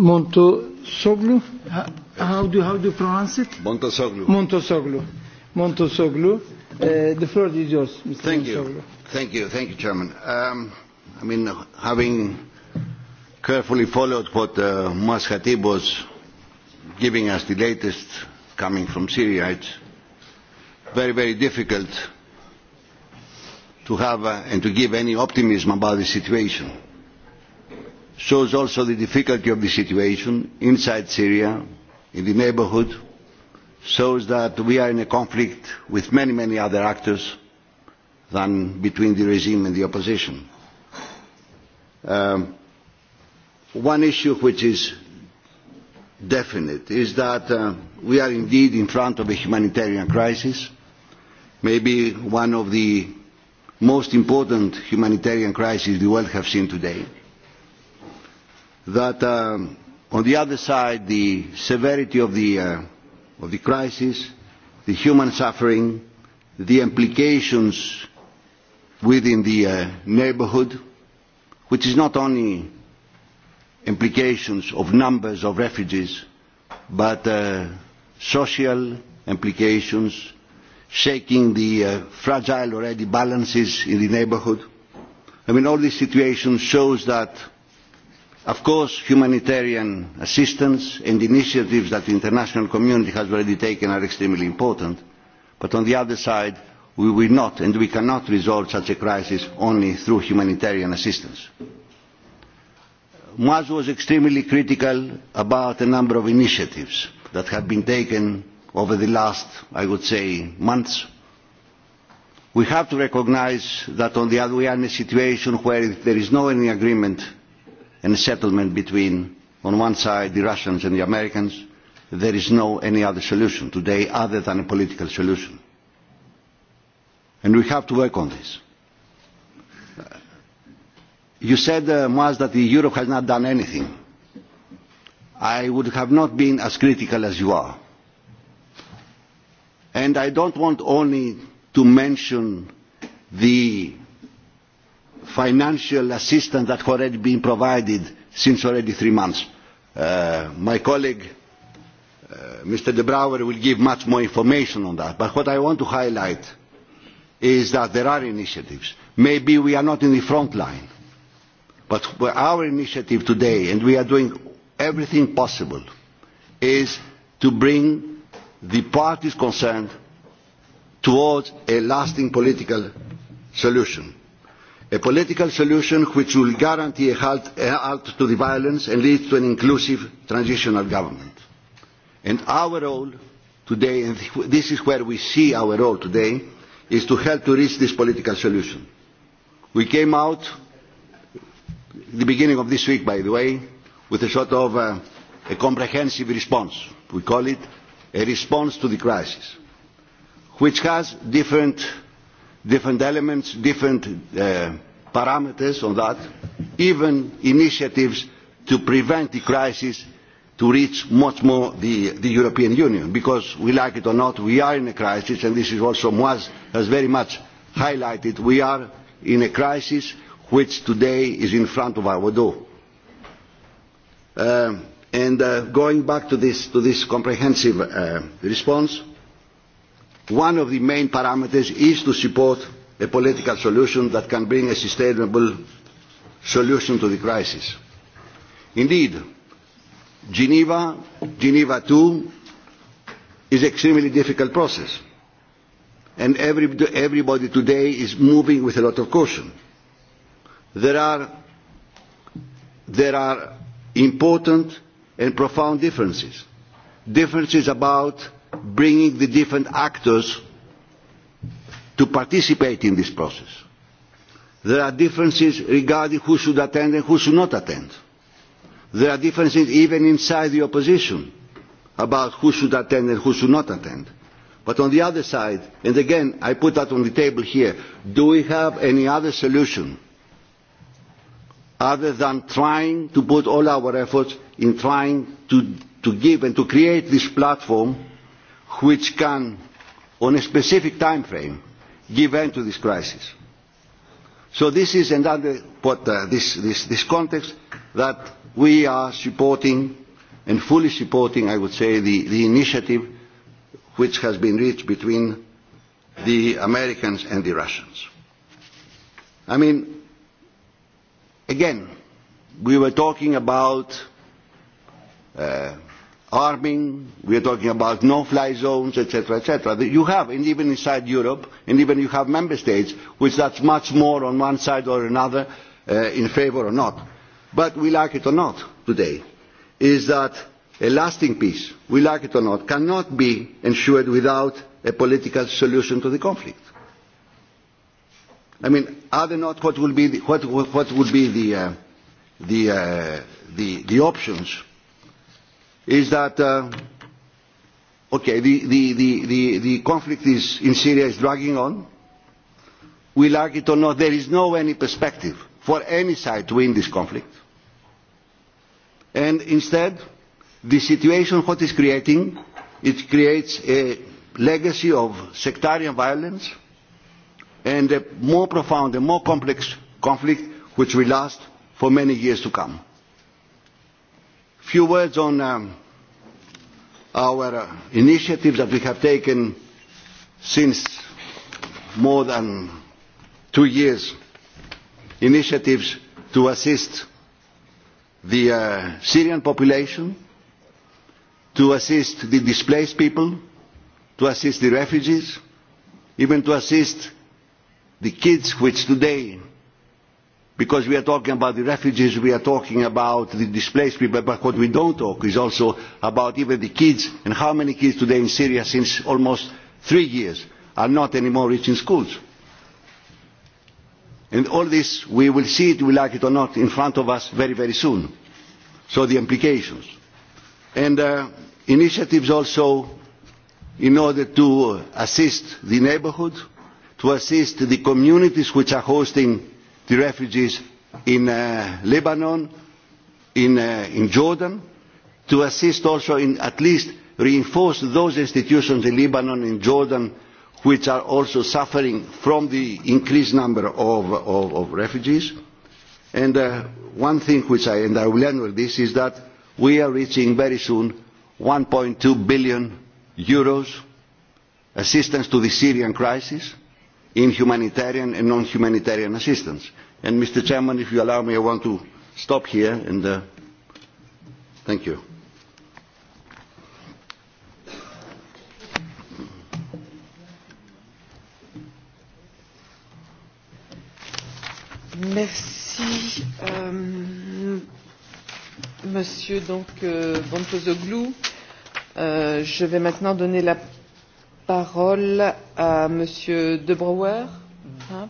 Montosoglu?
How do, how do you pronounce it? Montosoglu.
Montosoglu. Montosoglu. Uh, the floor is yours, Mr.
Thank Montosoglu.
you. Thank you. Thank you, Chairman. Um, I mean, having carefully followed what uh, Mashatib was giving us the latest coming from Syria, it's very, very difficult to have uh, and to give any optimism about the situation shows also the difficulty of the situation inside Syria, in the neighbourhood, shows that we are in a conflict with many, many other actors than between the regime and the opposition. Um, one issue which is definite is that uh, we are indeed in front of a humanitarian crisis, maybe one of the most important humanitarian crises the world has seen today that um, on the other side the severity of the, uh, of the crisis, the human suffering, the implications within the uh, neighbourhood, which is not only implications of numbers of refugees, but uh, social implications, shaking the uh, fragile already balances in the neighbourhood. I mean, all this situation shows that Of course, humanitarian assistance and initiatives that the international community has already taken are extremely important. But on the other side, we will not and we cannot resolve such a crisis only through humanitarian assistance. Moaz was extremely critical about a number of initiatives that have been taken over the last, I would say, months. We have to recognise that on the other we are in a situation where if there is no any agreement and a settlement between, on one side, the Russians and the Americans, there is no any other solution today other than a political solution. And we have to work on this. You said, uh, Mas, that Europe has not done anything. I would have not been as critical as you are. And I don't want only to mention the financial assistance that has already been provided since already three months. my colleague mr de brouwer will give much more information on that but what i want to highlight is that there are initiatives. maybe we are not in the front line but our initiative today and we are doing everything possible is to bring the parties concerned towards a lasting political solution a political solution which will guarantee a halt, a halt to the violence and lead to an inclusive transitional government. And our role today, and this is where we see our role today, is to help to reach this political solution. We came out, the beginning of this week by the way, with a sort of a, a comprehensive response. We call it a response to the crisis, which has different different elements, different uh, parameters on that, even initiatives to prevent the crisis to reach much more the, the European Union, because we like it or not, we are in a crisis, and this is also Moaz has very much highlighted, we are in a crisis which today is in front of our door. Um, and uh, going back to this, to this comprehensive uh, response, One of the main parameters is to support a political solution that can bring a sustainable solution to the crisis. Indeed, Geneva, Geneva II, is an extremely difficult process. And every, everybody today is moving with a lot of caution. There are, there are important and profound differences. Differences about bringing the different actors to participate in this process. There are differences regarding who should attend and who should not attend. There are differences even inside the opposition about who should attend and who should not attend. But on the other side, and again I put that on the table here, do we have any other solution other than trying to put all our efforts in trying to, to give and to create this platform which can, on a specific time frame, give end to this crisis. So this is another what, uh, this, this, this context that we are supporting and fully supporting, I would say, the, the initiative which has been reached between the Americans and the Russians. I mean, again, we were talking about uh, arming, we are talking about no-fly zones, etc., etc. You have, and even inside Europe, and even you have member states, which that's much more on one side or another, uh, in favour or not. But we like it or not today, is that a lasting peace, we like it or not, cannot be ensured without a political solution to the conflict. I mean, are there not what will be the, what, what would be the, uh, the, uh, the, the options is that uh, okay, the, the, the, the, the conflict is in Syria is dragging on. We like it or not, there is no any perspective for any side to win this conflict. And instead, the situation what is creating, it creates a legacy of sectarian violence and a more profound and more complex conflict which will last for many years to come few words on um, our uh, that we have taken since more than two years, initiatives to assist the uh, Syrian population, to assist the displaced people, to assist the refugees, even to assist the kids which today because we are talking about the refugees, we are talking about the displaced people, but what we do not talk is also about even the kids and how many kids today in Syria since almost three years are not anymore reaching schools. And all this, we will see it, we like it or not, in front of us very, very soon. So the implications. And uh, initiatives also in order to assist the neighbourhood, to assist the communities which are hosting the refugees in uh, Lebanon, in, uh, in Jordan, to assist also in at least reinforce those institutions in Lebanon and Jordan which are also suffering from the increased number of, of, of refugees. And uh, one thing which I, and I will end with this, is that we are reaching very soon 1.2 billion euros assistance to the Syrian crisis in humanitarian and non-humanitarian assistance. And Mr. Chairman, if you allow me, I want to stop here and uh, thank you.
Merci, euh, Monsieur donc euh, Bontozoglou. Euh, je vais maintenant donner la parole parole à M. De Brouwer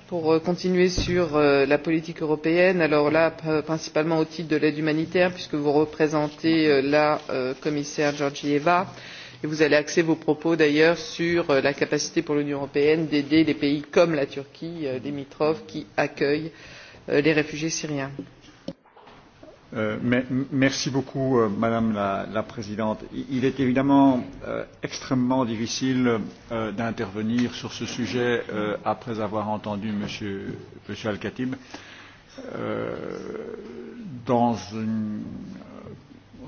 pour continuer sur la politique européenne. Alors là, principalement au titre de l'aide humanitaire, puisque vous représentez la commissaire Georgieva. Et vous allez axer vos propos d'ailleurs sur la capacité pour l'Union européenne d'aider des pays comme la Turquie, limitrophe, qui accueillent les réfugiés syriens
merci beaucoup, Madame la, Présidente. Il est évidemment extrêmement difficile d'intervenir sur ce sujet après avoir entendu M. Al-Khatib. dans une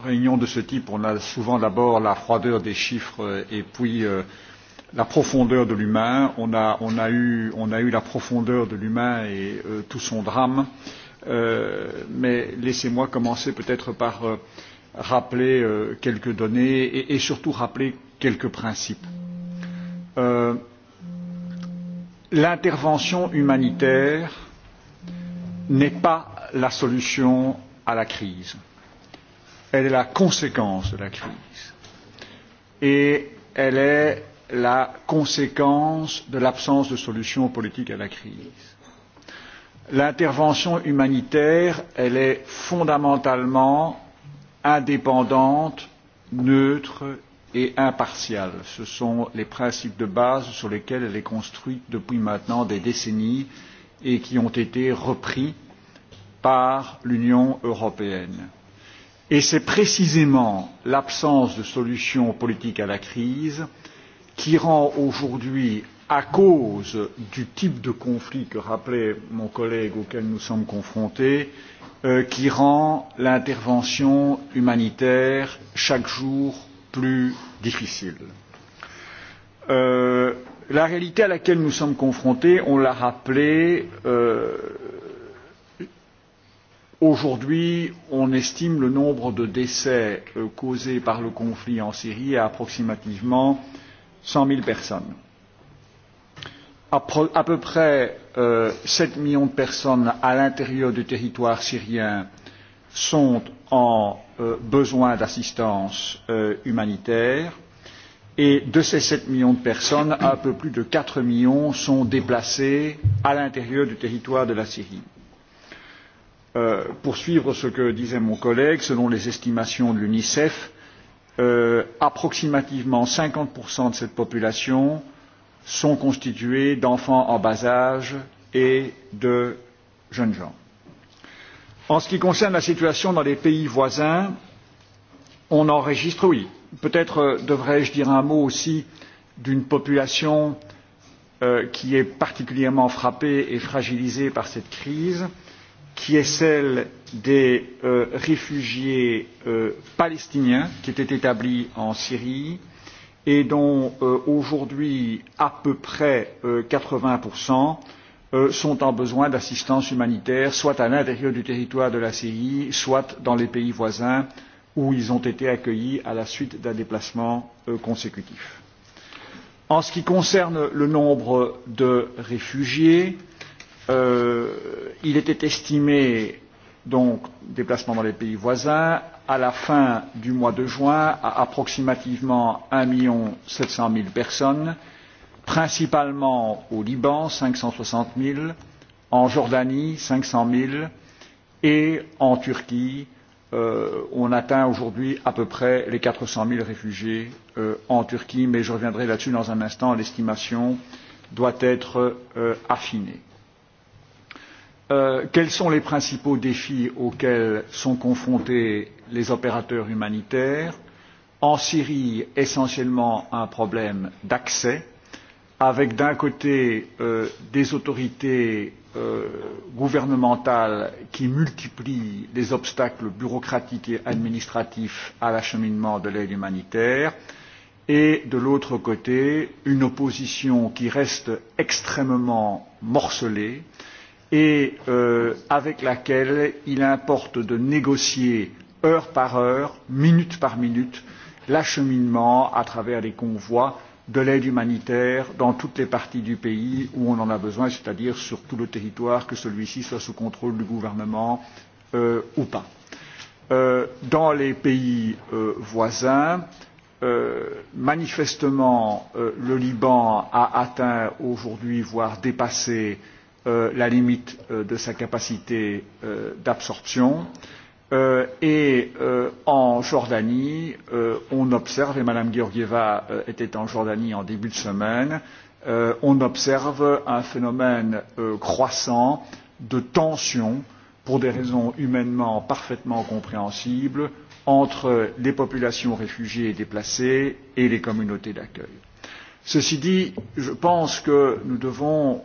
réunion de ce type, on a souvent d'abord la froideur des chiffres et puis la profondeur de l'humain. On a, eu, la profondeur de l'humain et tout son drame mais laissez-moi commencer peut-être par rappeler quelques données et, et surtout rappeler quelques principes. Euh, L'intervention humanitaire n'est pas la solution à la crise. Elle est la conséquence de la crise. Et elle est la conséquence de l'absence de solution politique à la crise L'intervention humanitaire, est fondamentalement indépendante, neutre et impartiale. Ce sont les principes de base sur lesquels elle est construite depuis maintenant des décennies et qui ont été repris par l'Union européenne. Et c'est précisément l'absence de solution politique à la crise qui rend aujourd'hui à cause du type de conflit que rappelait mon collègue auquel nous sommes confrontés, qui rend l'intervention humanitaire chaque jour plus difficile. la réalité à laquelle nous sommes confrontés, on l'a rappelé, aujourd'hui, on estime le nombre de décès causés par le conflit en Syrie à approximativement cent 000 personnes à peu près sept millions de personnes à l'intérieur du territoire syrien sont en besoin d'assistance humanitaire et de ces sept millions de personnes, un peu plus de quatre millions sont déplacées à l'intérieur du territoire de la Syrie. pour suivre ce que disait mon collègue, selon les estimations de l'UNICEF, approximativement cinquante de cette population sont constitués d'enfants en bas âge et de jeunes gens. En ce qui concerne la situation dans les pays voisins, on enregistre, oui, peut-être devrais-je dire un mot aussi d'une population qui est particulièrement frappée et fragilisée par cette crise, qui est celle des réfugiés palestiniens qui étaient établis en Syrie, euh, et dont aujourd'hui à peu près quatre 80% sont en besoin d'assistance humanitaire, soit à l'intérieur du territoire de la Syrie, soit dans les pays voisins où ils ont été accueillis à la suite d'un déplacement consécutif. En ce qui concerne le nombre de réfugiés, il était estimé donc déplacement dans les pays voisins, à la fin du mois de juin, à approximativement 1 700 000 personnes, principalement au Liban, 560 000, en Jordanie, 500 000, et en Turquie, euh, on atteint aujourd'hui à peu près les 400 000 réfugiés euh, en Turquie, mais je reviendrai là-dessus dans un instant, l'estimation doit être euh, affinée quels sont les principaux défis auxquels sont confrontés les opérateurs humanitaires En Syrie, essentiellement un problème d'accès, avec d'un côté des autorités gouvernementales qui multiplient les obstacles bureaucratiques et administratifs à l'acheminement de l'aide humanitaire, et de l'autre côté une opposition qui reste extrêmement morcelée euh, et avec laquelle il importe de négocier heure par heure, minute par minute, l'acheminement à travers les convois de l'aide humanitaire dans toutes les parties du pays où on en a besoin, c'est-à-dire sur tout le territoire, que celui-ci soit sous contrôle du gouvernement ou pas. dans les pays voisins, manifestement, le Liban a atteint aujourd'hui, voire dépassé, la limite de sa capacité d'absorption. et en Jordanie, on observe, et Mme Georgieva était en Jordanie en début de semaine, on observe un phénomène croissant de tension pour des raisons humainement parfaitement compréhensibles entre les populations réfugiées et déplacées et les communautés d'accueil. Ceci dit, je pense que nous devons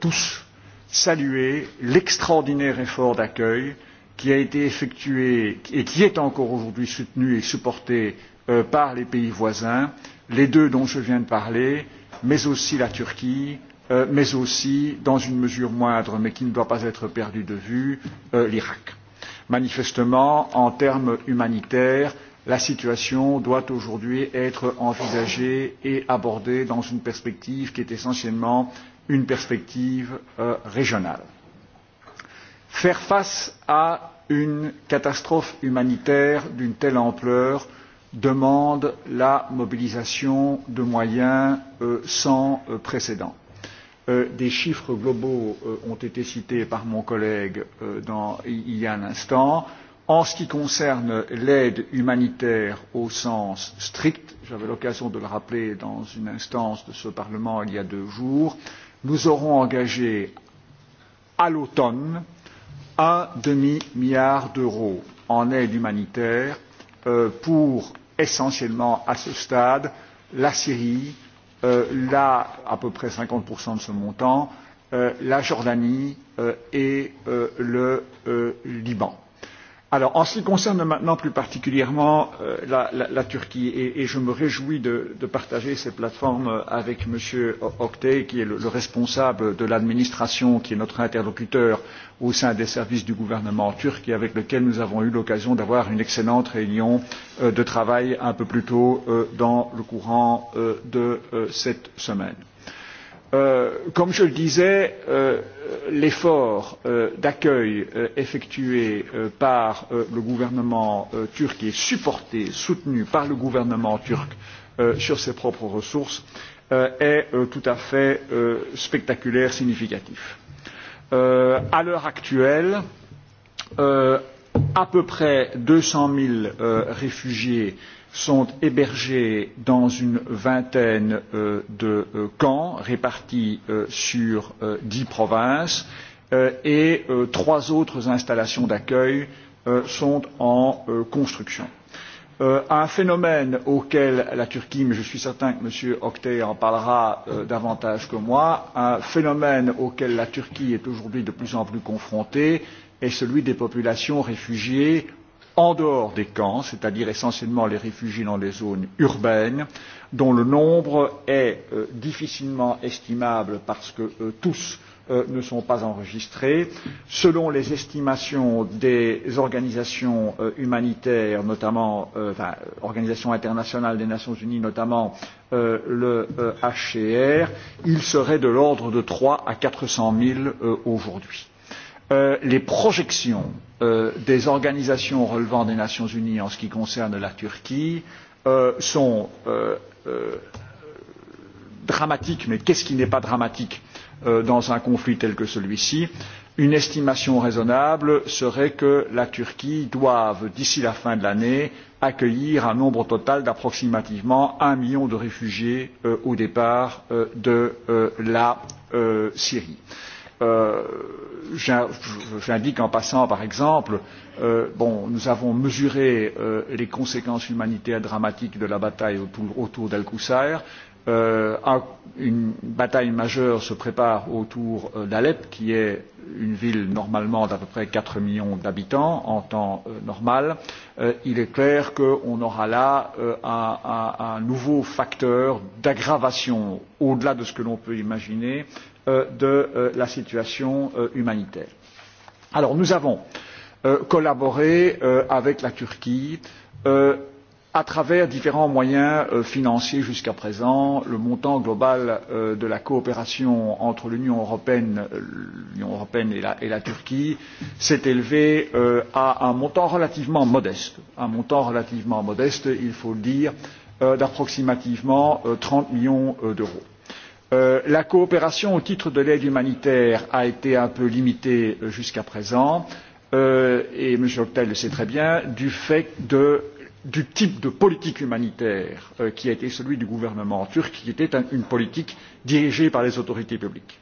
tous saluer l'extraordinaire effort d'accueil qui a été effectué et qui est encore aujourd'hui soutenu et supporté par les pays voisins, les deux dont je viens de parler, mais aussi la Turquie, mais aussi, dans une mesure moindre, mais qui ne doit pas être perdue de vue, l'Irak. Manifestement, en termes humanitaires, la situation doit aujourd'hui être envisagée et abordée dans une perspective qui est essentiellement une perspective régionale. Faire face à une catastrophe humanitaire d'une telle ampleur demande la mobilisation de moyens sans précédent. des chiffres globaux ont été cités par mon collègue il y a un instant. En ce qui concerne l'aide humanitaire au sens strict, j'avais l'occasion de le rappeler dans une instance de ce Parlement il y a deux jours, nous aurons engagé à l'automne un demi milliard d'euros en aide humanitaire pour essentiellement à ce stade la Syrie, là à peu près 50% de ce montant, la Jordanie et le Liban Alors, en ce qui concerne maintenant plus particulièrement euh, la, la, la Turquie, et, et je me réjouis de, de partager ces plateformes avec M. Oktay, qui est le, le responsable de l'administration, qui est notre interlocuteur au sein des services du gouvernement turc, et avec lequel nous avons eu l'occasion d'avoir une excellente réunion euh, de travail un peu plus tôt euh, dans le courant euh, de euh, cette semaine. Euh, comme je le disais, l'effort d'accueil effectué par le gouvernement turc et supporté, soutenu par le gouvernement turc sur ses propres ressources est tout à fait spectaculaire, significatif. à l'heure actuelle, à peu près deux cents zéro réfugiés sont hébergés dans une vingtaine de camps répartis sur dix provinces et trois autres installations d'accueil sont en construction. un phénomène auquel la Turquie, mais je suis certain que M. Octay en parlera davantage que moi, un phénomène auquel la Turquie est aujourd'hui de plus en plus confrontée est celui des populations réfugiées en dehors des camps, c'est-à-dire essentiellement les réfugiés dans les zones urbaines, dont le nombre est difficilement estimable parce que tous ne sont pas enregistrés. Selon les estimations des organisations humanitaires, notamment enfin, organisations internationales des Nations Unies, notamment le HCR, il serait de l'ordre de trois à quatre cents 000 aujourd'hui les projections des organisations relevant des Nations Unies en ce qui concerne la Turquie sont dramatiques, mais qu'est-ce qui n'est pas dramatique dans un conflit tel que celui-ci Une estimation raisonnable serait que la Turquie doive, d'ici la fin de l'année, accueillir un nombre total d'approximativement un million de réfugiés au départ de la Syrie. J'indique en passant, par exemple, bon, nous avons mesuré les conséquences humanitaires dramatiques de la bataille autour d'Al Qoussair. une bataille majeure se prépare autour d'Alep, qui est une ville normalement d'à peu près quatre millions d'habitants en temps normal. il est clair qu'on aura là un, nouveau facteur d'aggravation au-delà de ce que l'on peut imaginer de la situation humanitaire. Alors nous avons collaboré avec la Turquie à travers différents moyens financiers jusqu'à présent. Le montant global de la coopération entre l'Union européenne, et la, Turquie s'est élevé à un montant relativement modeste, un montant relativement modeste, il faut le dire, d'approximativement trente millions d'euros la coopération au titre de l'aide humanitaire a été un peu limitée jusqu'à présent et M. Hoptel le sait très bien du fait du type de politique humanitaire qui a été celui du gouvernement turc qui était une politique dirigée par les autorités publiques.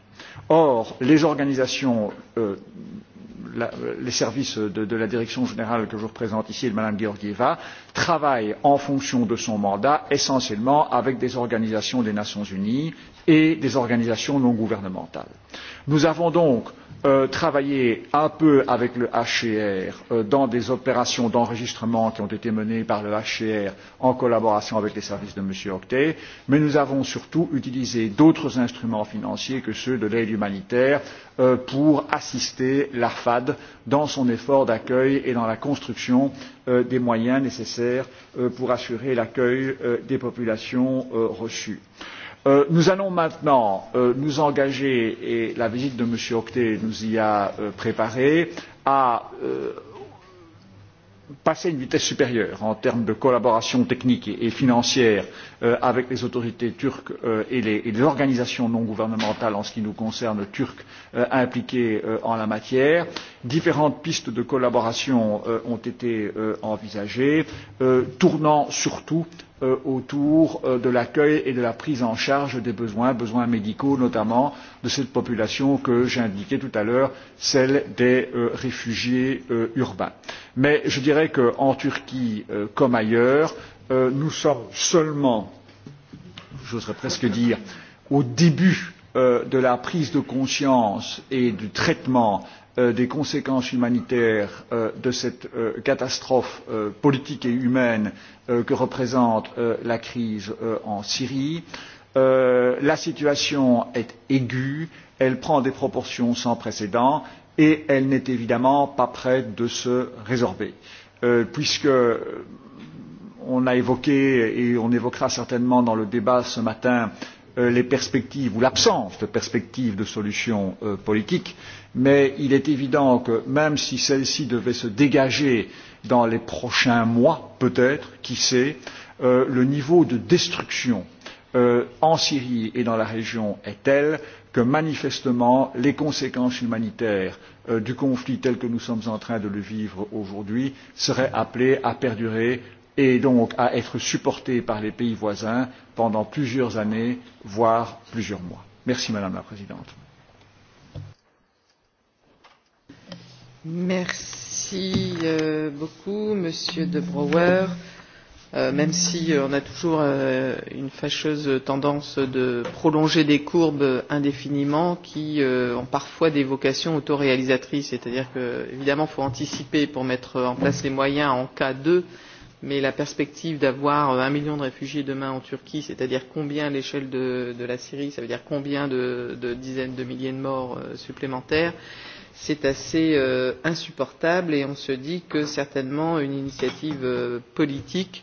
Or, les organisations, les services de, la direction générale que je représente ici, de Mme Georgieva, travaillent en fonction de son mandat essentiellement avec des organisations des Nations Unies et des organisations non gouvernementales. Nous avons donc travaillé un peu avec le HCR dans des opérations d'enregistrement qui ont été menées par le HCR en collaboration avec les services de M. Octet, mais nous avons surtout utilisé d'autres instruments financiers que ceux de l'aide humanitaire pour assister l'AFAD dans son effort d'accueil et dans la construction des moyens nécessaires pour assurer l'accueil des populations reçues nous allons maintenant nous engager et la visite de m. octet nous y a préparés à passer à une vitesse supérieure en termes de collaboration technique et financière avec les autorités turques et les, organisations non gouvernementales en ce qui nous concerne turques impliquées en la matière. Différentes pistes de collaboration ont été envisagées, tournant surtout autour de l'accueil et de la prise en charge des besoins, besoins médicaux notamment, de cette population que j'ai indiquée tout à l'heure, celle des réfugiés urbains. Mais je dirais qu'en Turquie comme ailleurs, nous sommes seulement, j'oserais presque dire, au début de la prise de conscience et du traitement des conséquences humanitaires de cette catastrophe politique et humaine que représente la crise en Syrie. la situation est aiguë, elle prend des proportions sans précédent et elle n'est évidemment pas prête de se résorber puisque on a évoqué et on évoquera certainement dans le débat ce matin les perspectives ou l'absence de perspectives de solutions politiques, mais il est évident que même si celles-ci devaient se dégager dans les prochains mois, peut-être, qui sait, le niveau de destruction en Syrie et dans la région est tel que manifestement les conséquences humanitaires du conflit tel que nous sommes en train de le vivre aujourd'hui seraient appelées à perdurer et donc à être supportée par les pays voisins pendant plusieurs années, voire plusieurs mois. Merci Madame la Présidente.
Merci beaucoup Monsieur De Brouwer, même si on a toujours une fâcheuse tendance de prolonger des courbes indéfiniment qui ont parfois des vocations autoréalisatrices, c'est-à-dire qu'évidemment, évidemment il faut anticiper pour mettre en place les moyens en cas de mais la perspective d'avoir un million de réfugiés demain en Turquie, c'est-à-dire combien à l'échelle de, de la Syrie, ça veut dire combien de, de dizaines de milliers de morts supplémentaires, c'est assez euh, insupportable et on se dit que certainement une initiative politique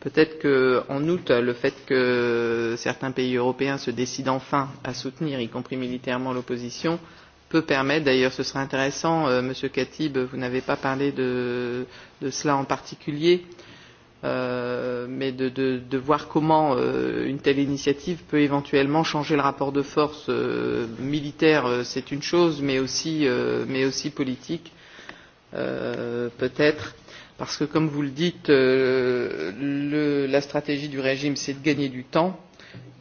Peut-être qu'en août, le fait que certains pays européens se décident enfin à soutenir, y compris militairement, l'opposition, peut permettre, d'ailleurs ce serait intéressant, euh, Monsieur Katib, vous n'avez pas parlé de, de cela en particulier, euh, mais de, de, de voir comment euh, une telle initiative peut éventuellement changer le rapport de force euh, militaire, c'est une chose, mais aussi, euh, mais aussi politique, euh, peut-être. Parce que, comme vous le dites, euh, le, la stratégie du régime, c'est de gagner du temps.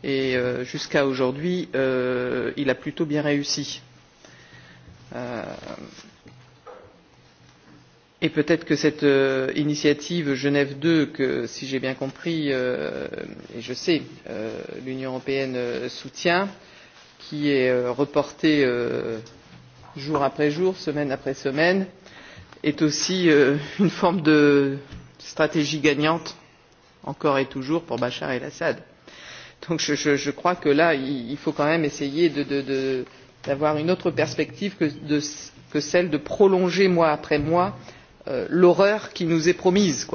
Et euh, jusqu'à aujourd'hui, euh, il a plutôt bien réussi. Euh, Et peut-être que cette euh, initiative Genève II, que si j'ai bien compris, euh, et je sais, euh, l'Union européenne soutient, qui est euh, reportée euh, jour après jour, semaine après semaine, est aussi euh, une forme de stratégie gagnante, encore et toujours, pour Bachar el-Assad. Donc je, je, je crois que là, il, il faut quand même essayer de, de, de, d'avoir une autre perspective que, de, que celle de prolonger mois après mois euh, l'horreur qui nous est promise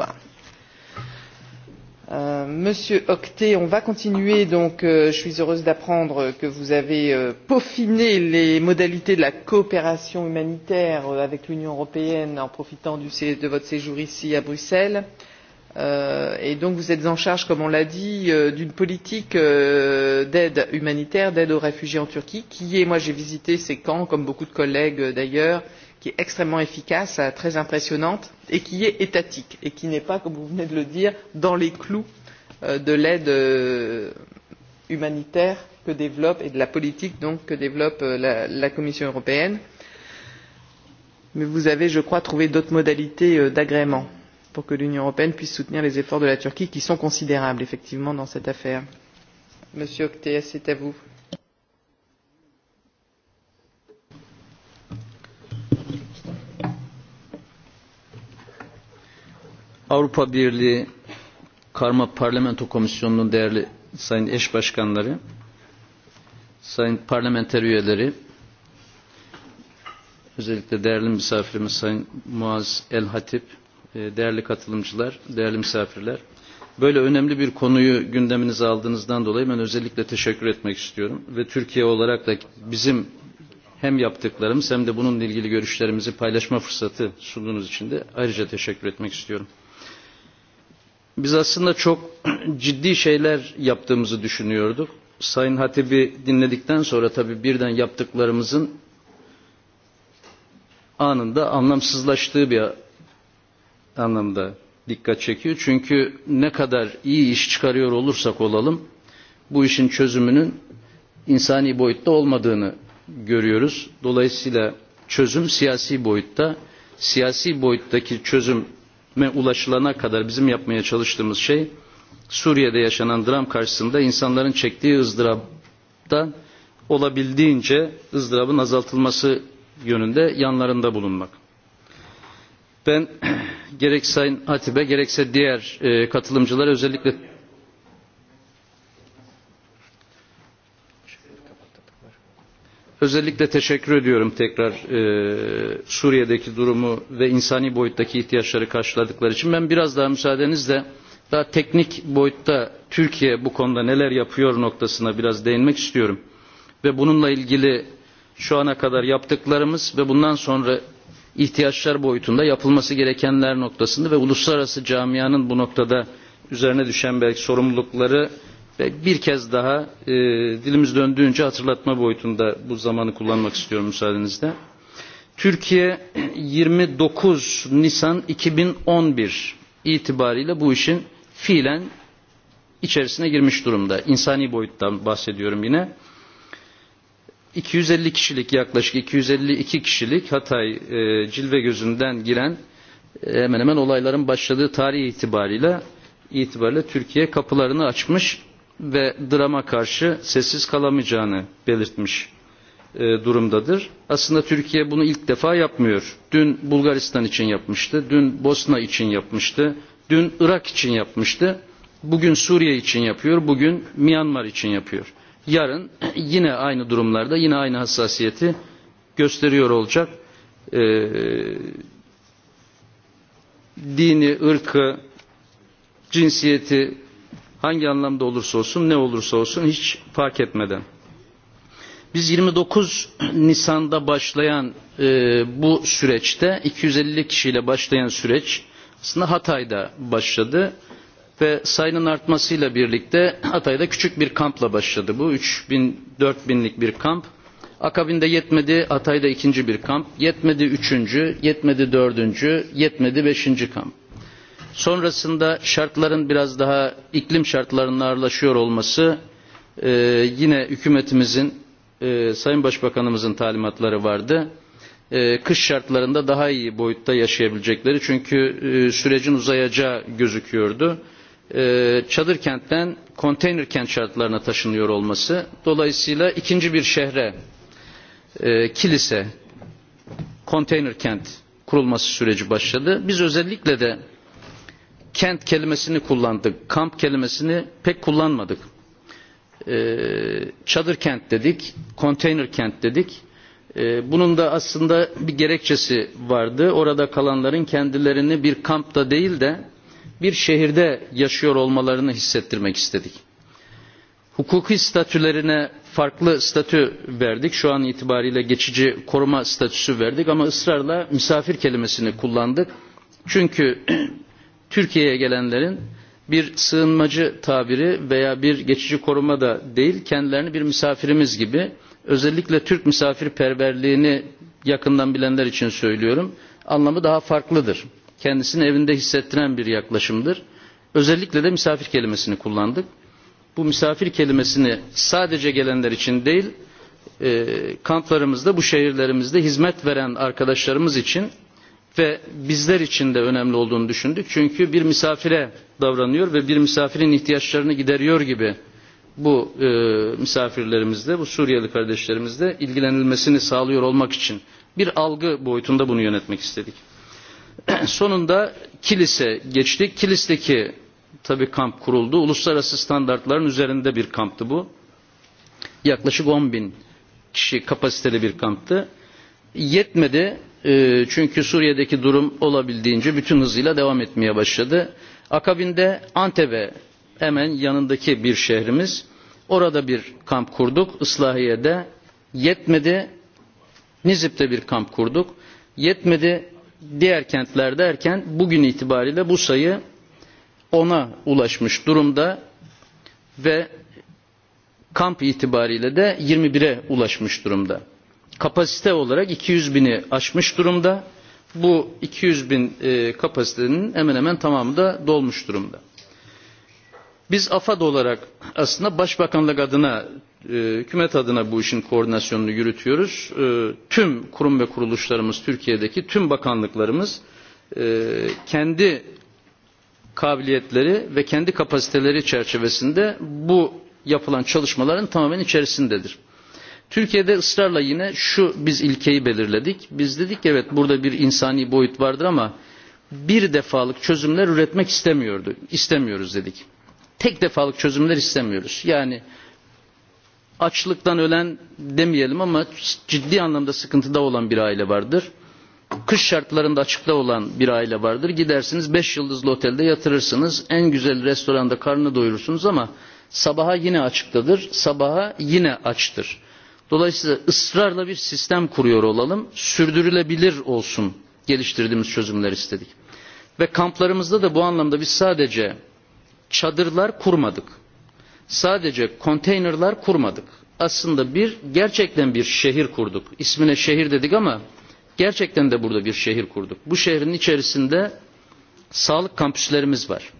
monsieur octet on va continuer donc je suis heureuse d'apprendre que vous avez peaufiné les modalités de la coopération humanitaire avec l'union européenne en profitant de votre séjour ici à bruxelles et donc vous êtes en charge comme on l'a dit d'une politique d'aide humanitaire d'aide aux réfugiés en turquie qui est moi j'ai visité ces camps comme beaucoup de collègues d'ailleurs qui est extrêmement efficace très impressionnante et qui est étatique et qui n'est pas comme vous venez de le dire dans les clous de l'aide humanitaire que développe et de la politique donc que développe la commission européenne mais vous avez je crois trouvé d'autres modalités d'agrément pour que l'union européenne puisse soutenir les efforts de la turquie qui sont considérables effectivement dans cette affaire. monsieur octets c'est à vous.
Avrupa Birliği Karma Parlamento Komisyonu'nun değerli sayın eş başkanları, sayın parlamenter üyeleri, özellikle değerli misafirimiz sayın Muaz El Hatip, değerli katılımcılar, değerli misafirler. Böyle önemli bir konuyu gündeminize aldığınızdan dolayı ben özellikle teşekkür etmek istiyorum. Ve Türkiye olarak da bizim hem yaptıklarımız hem de bununla ilgili görüşlerimizi paylaşma fırsatı sunduğunuz için de ayrıca teşekkür etmek istiyorum. Biz aslında çok ciddi şeyler yaptığımızı düşünüyorduk. Sayın Hatip'i dinledikten sonra tabii birden yaptıklarımızın anında anlamsızlaştığı bir anlamda dikkat çekiyor. Çünkü ne kadar iyi iş çıkarıyor olursak olalım bu işin çözümünün insani boyutta olmadığını görüyoruz. Dolayısıyla çözüm siyasi boyutta. Siyasi boyuttaki çözüm ulaşılana kadar bizim yapmaya çalıştığımız şey Suriye'de yaşanan dram karşısında insanların çektiği ızdırapta olabildiğince ızdırabın azaltılması yönünde yanlarında bulunmak. Ben gerek Sayın Hatibe gerekse diğer katılımcılara özellikle Özellikle teşekkür ediyorum tekrar e, Suriye'deki durumu ve insani boyuttaki ihtiyaçları karşıladıkları için. Ben biraz daha müsaadenizle daha teknik boyutta Türkiye bu konuda neler yapıyor noktasına biraz değinmek istiyorum. Ve bununla ilgili şu ana kadar yaptıklarımız ve bundan sonra ihtiyaçlar boyutunda yapılması gerekenler noktasında ve uluslararası camianın bu noktada üzerine düşen belki sorumlulukları Ve bir kez daha e, dilimiz döndüğünce hatırlatma boyutunda bu zamanı kullanmak istiyorum müsaadenizle. Türkiye 29 Nisan 2011 itibariyle bu işin fiilen içerisine girmiş durumda. İnsani boyuttan bahsediyorum yine. 250 kişilik yaklaşık 252 kişilik Hatay e, cilve gözünden giren hemen hemen olayların başladığı tarih itibariyle itibariyle Türkiye kapılarını açmış ve drama karşı sessiz kalamayacağını belirtmiş e, durumdadır. Aslında Türkiye bunu ilk defa yapmıyor. Dün Bulgaristan için yapmıştı, dün Bosna için yapmıştı, dün Irak için yapmıştı, bugün Suriye için yapıyor, bugün Myanmar için yapıyor. Yarın yine aynı durumlarda yine aynı hassasiyeti gösteriyor olacak. E, dini, ırkı, cinsiyeti hangi anlamda olursa olsun ne olursa olsun hiç fark etmeden. Biz 29 Nisan'da başlayan e, bu süreçte 250 kişiyle başlayan süreç aslında Hatay'da başladı ve sayının artmasıyla birlikte Hatay'da küçük bir kampla başladı bu 3000-4000'lik bir kamp. Akabinde yetmedi Hatay'da ikinci bir kamp, yetmedi üçüncü, yetmedi dördüncü, yetmedi beşinci kamp. Sonrasında şartların biraz daha iklim şartlarının ağırlaşıyor olması e, yine hükümetimizin e, Sayın Başbakanımızın talimatları vardı. E, kış şartlarında daha iyi boyutta yaşayabilecekleri çünkü e, sürecin uzayacağı gözüküyordu. E, çadır kentten konteyner kent şartlarına taşınıyor olması dolayısıyla ikinci bir şehre e, kilise konteyner kent kurulması süreci başladı. Biz özellikle de kent kelimesini kullandık. Kamp kelimesini pek kullanmadık. Çadır kent dedik, konteyner kent dedik. Bunun da aslında bir gerekçesi vardı. Orada kalanların kendilerini bir kampta değil de bir şehirde yaşıyor olmalarını hissettirmek istedik. Hukuki statülerine farklı statü verdik. Şu an itibariyle geçici koruma statüsü verdik ama ısrarla misafir kelimesini kullandık. Çünkü Türkiye'ye gelenlerin bir sığınmacı tabiri veya bir geçici koruma da değil, kendilerini bir misafirimiz gibi özellikle Türk misafirperverliğini yakından bilenler için söylüyorum. Anlamı daha farklıdır. Kendisini evinde hissettiren bir yaklaşımdır. Özellikle de misafir kelimesini kullandık. Bu misafir kelimesini sadece gelenler için değil, kamplarımızda, bu şehirlerimizde hizmet veren arkadaşlarımız için ve bizler için de önemli olduğunu düşündük. Çünkü bir misafire davranıyor ve bir misafirin ihtiyaçlarını gideriyor gibi bu e, misafirlerimizde, bu Suriyeli kardeşlerimizde ilgilenilmesini sağlıyor olmak için bir algı boyutunda bunu yönetmek istedik. Sonunda kilise geçtik. Kilisteki tabi kamp kuruldu. Uluslararası standartların üzerinde bir kamptı bu. Yaklaşık 10 bin kişi kapasiteli bir kamptı. Yetmedi. Çünkü Suriye'deki durum olabildiğince bütün hızıyla devam etmeye başladı. Akabinde Antep'e hemen yanındaki bir şehrimiz. Orada bir kamp kurduk. Islahiye'de yetmedi. Nizip'te bir kamp kurduk. Yetmedi diğer kentler derken bugün itibariyle bu sayı ona ulaşmış durumda ve kamp itibariyle de 21'e ulaşmış durumda kapasite olarak 200 bini aşmış durumda. Bu 200 bin e, kapasitenin hemen hemen tamamı da dolmuş durumda. Biz AFAD olarak aslında başbakanlık adına, e, hükümet adına bu işin koordinasyonunu yürütüyoruz. E, Tüm kurum ve kuruluşlarımız, Türkiye'deki tüm bakanlıklarımız e, kendi kabiliyetleri ve kendi kapasiteleri çerçevesinde bu yapılan çalışmaların tamamen içerisindedir. Türkiye'de ısrarla yine şu biz ilkeyi belirledik. Biz dedik evet burada bir insani boyut vardır ama bir defalık çözümler üretmek istemiyordu. İstemiyoruz dedik. Tek defalık çözümler istemiyoruz. Yani açlıktan ölen demeyelim ama ciddi anlamda sıkıntıda olan bir aile vardır. Kış şartlarında açıkta olan bir aile vardır. Gidersiniz beş yıldızlı otelde yatırırsınız. En güzel restoranda karnını doyurursunuz ama sabaha yine açıktadır. Sabaha yine açtır Dolayısıyla ısrarla bir sistem kuruyor olalım. Sürdürülebilir olsun geliştirdiğimiz çözümler istedik. Ve kamplarımızda da bu anlamda biz sadece çadırlar kurmadık. Sadece konteynerlar kurmadık. Aslında bir gerçekten bir şehir kurduk. İsmine şehir dedik ama gerçekten de burada bir şehir kurduk. Bu şehrin içerisinde sağlık kampüslerimiz var.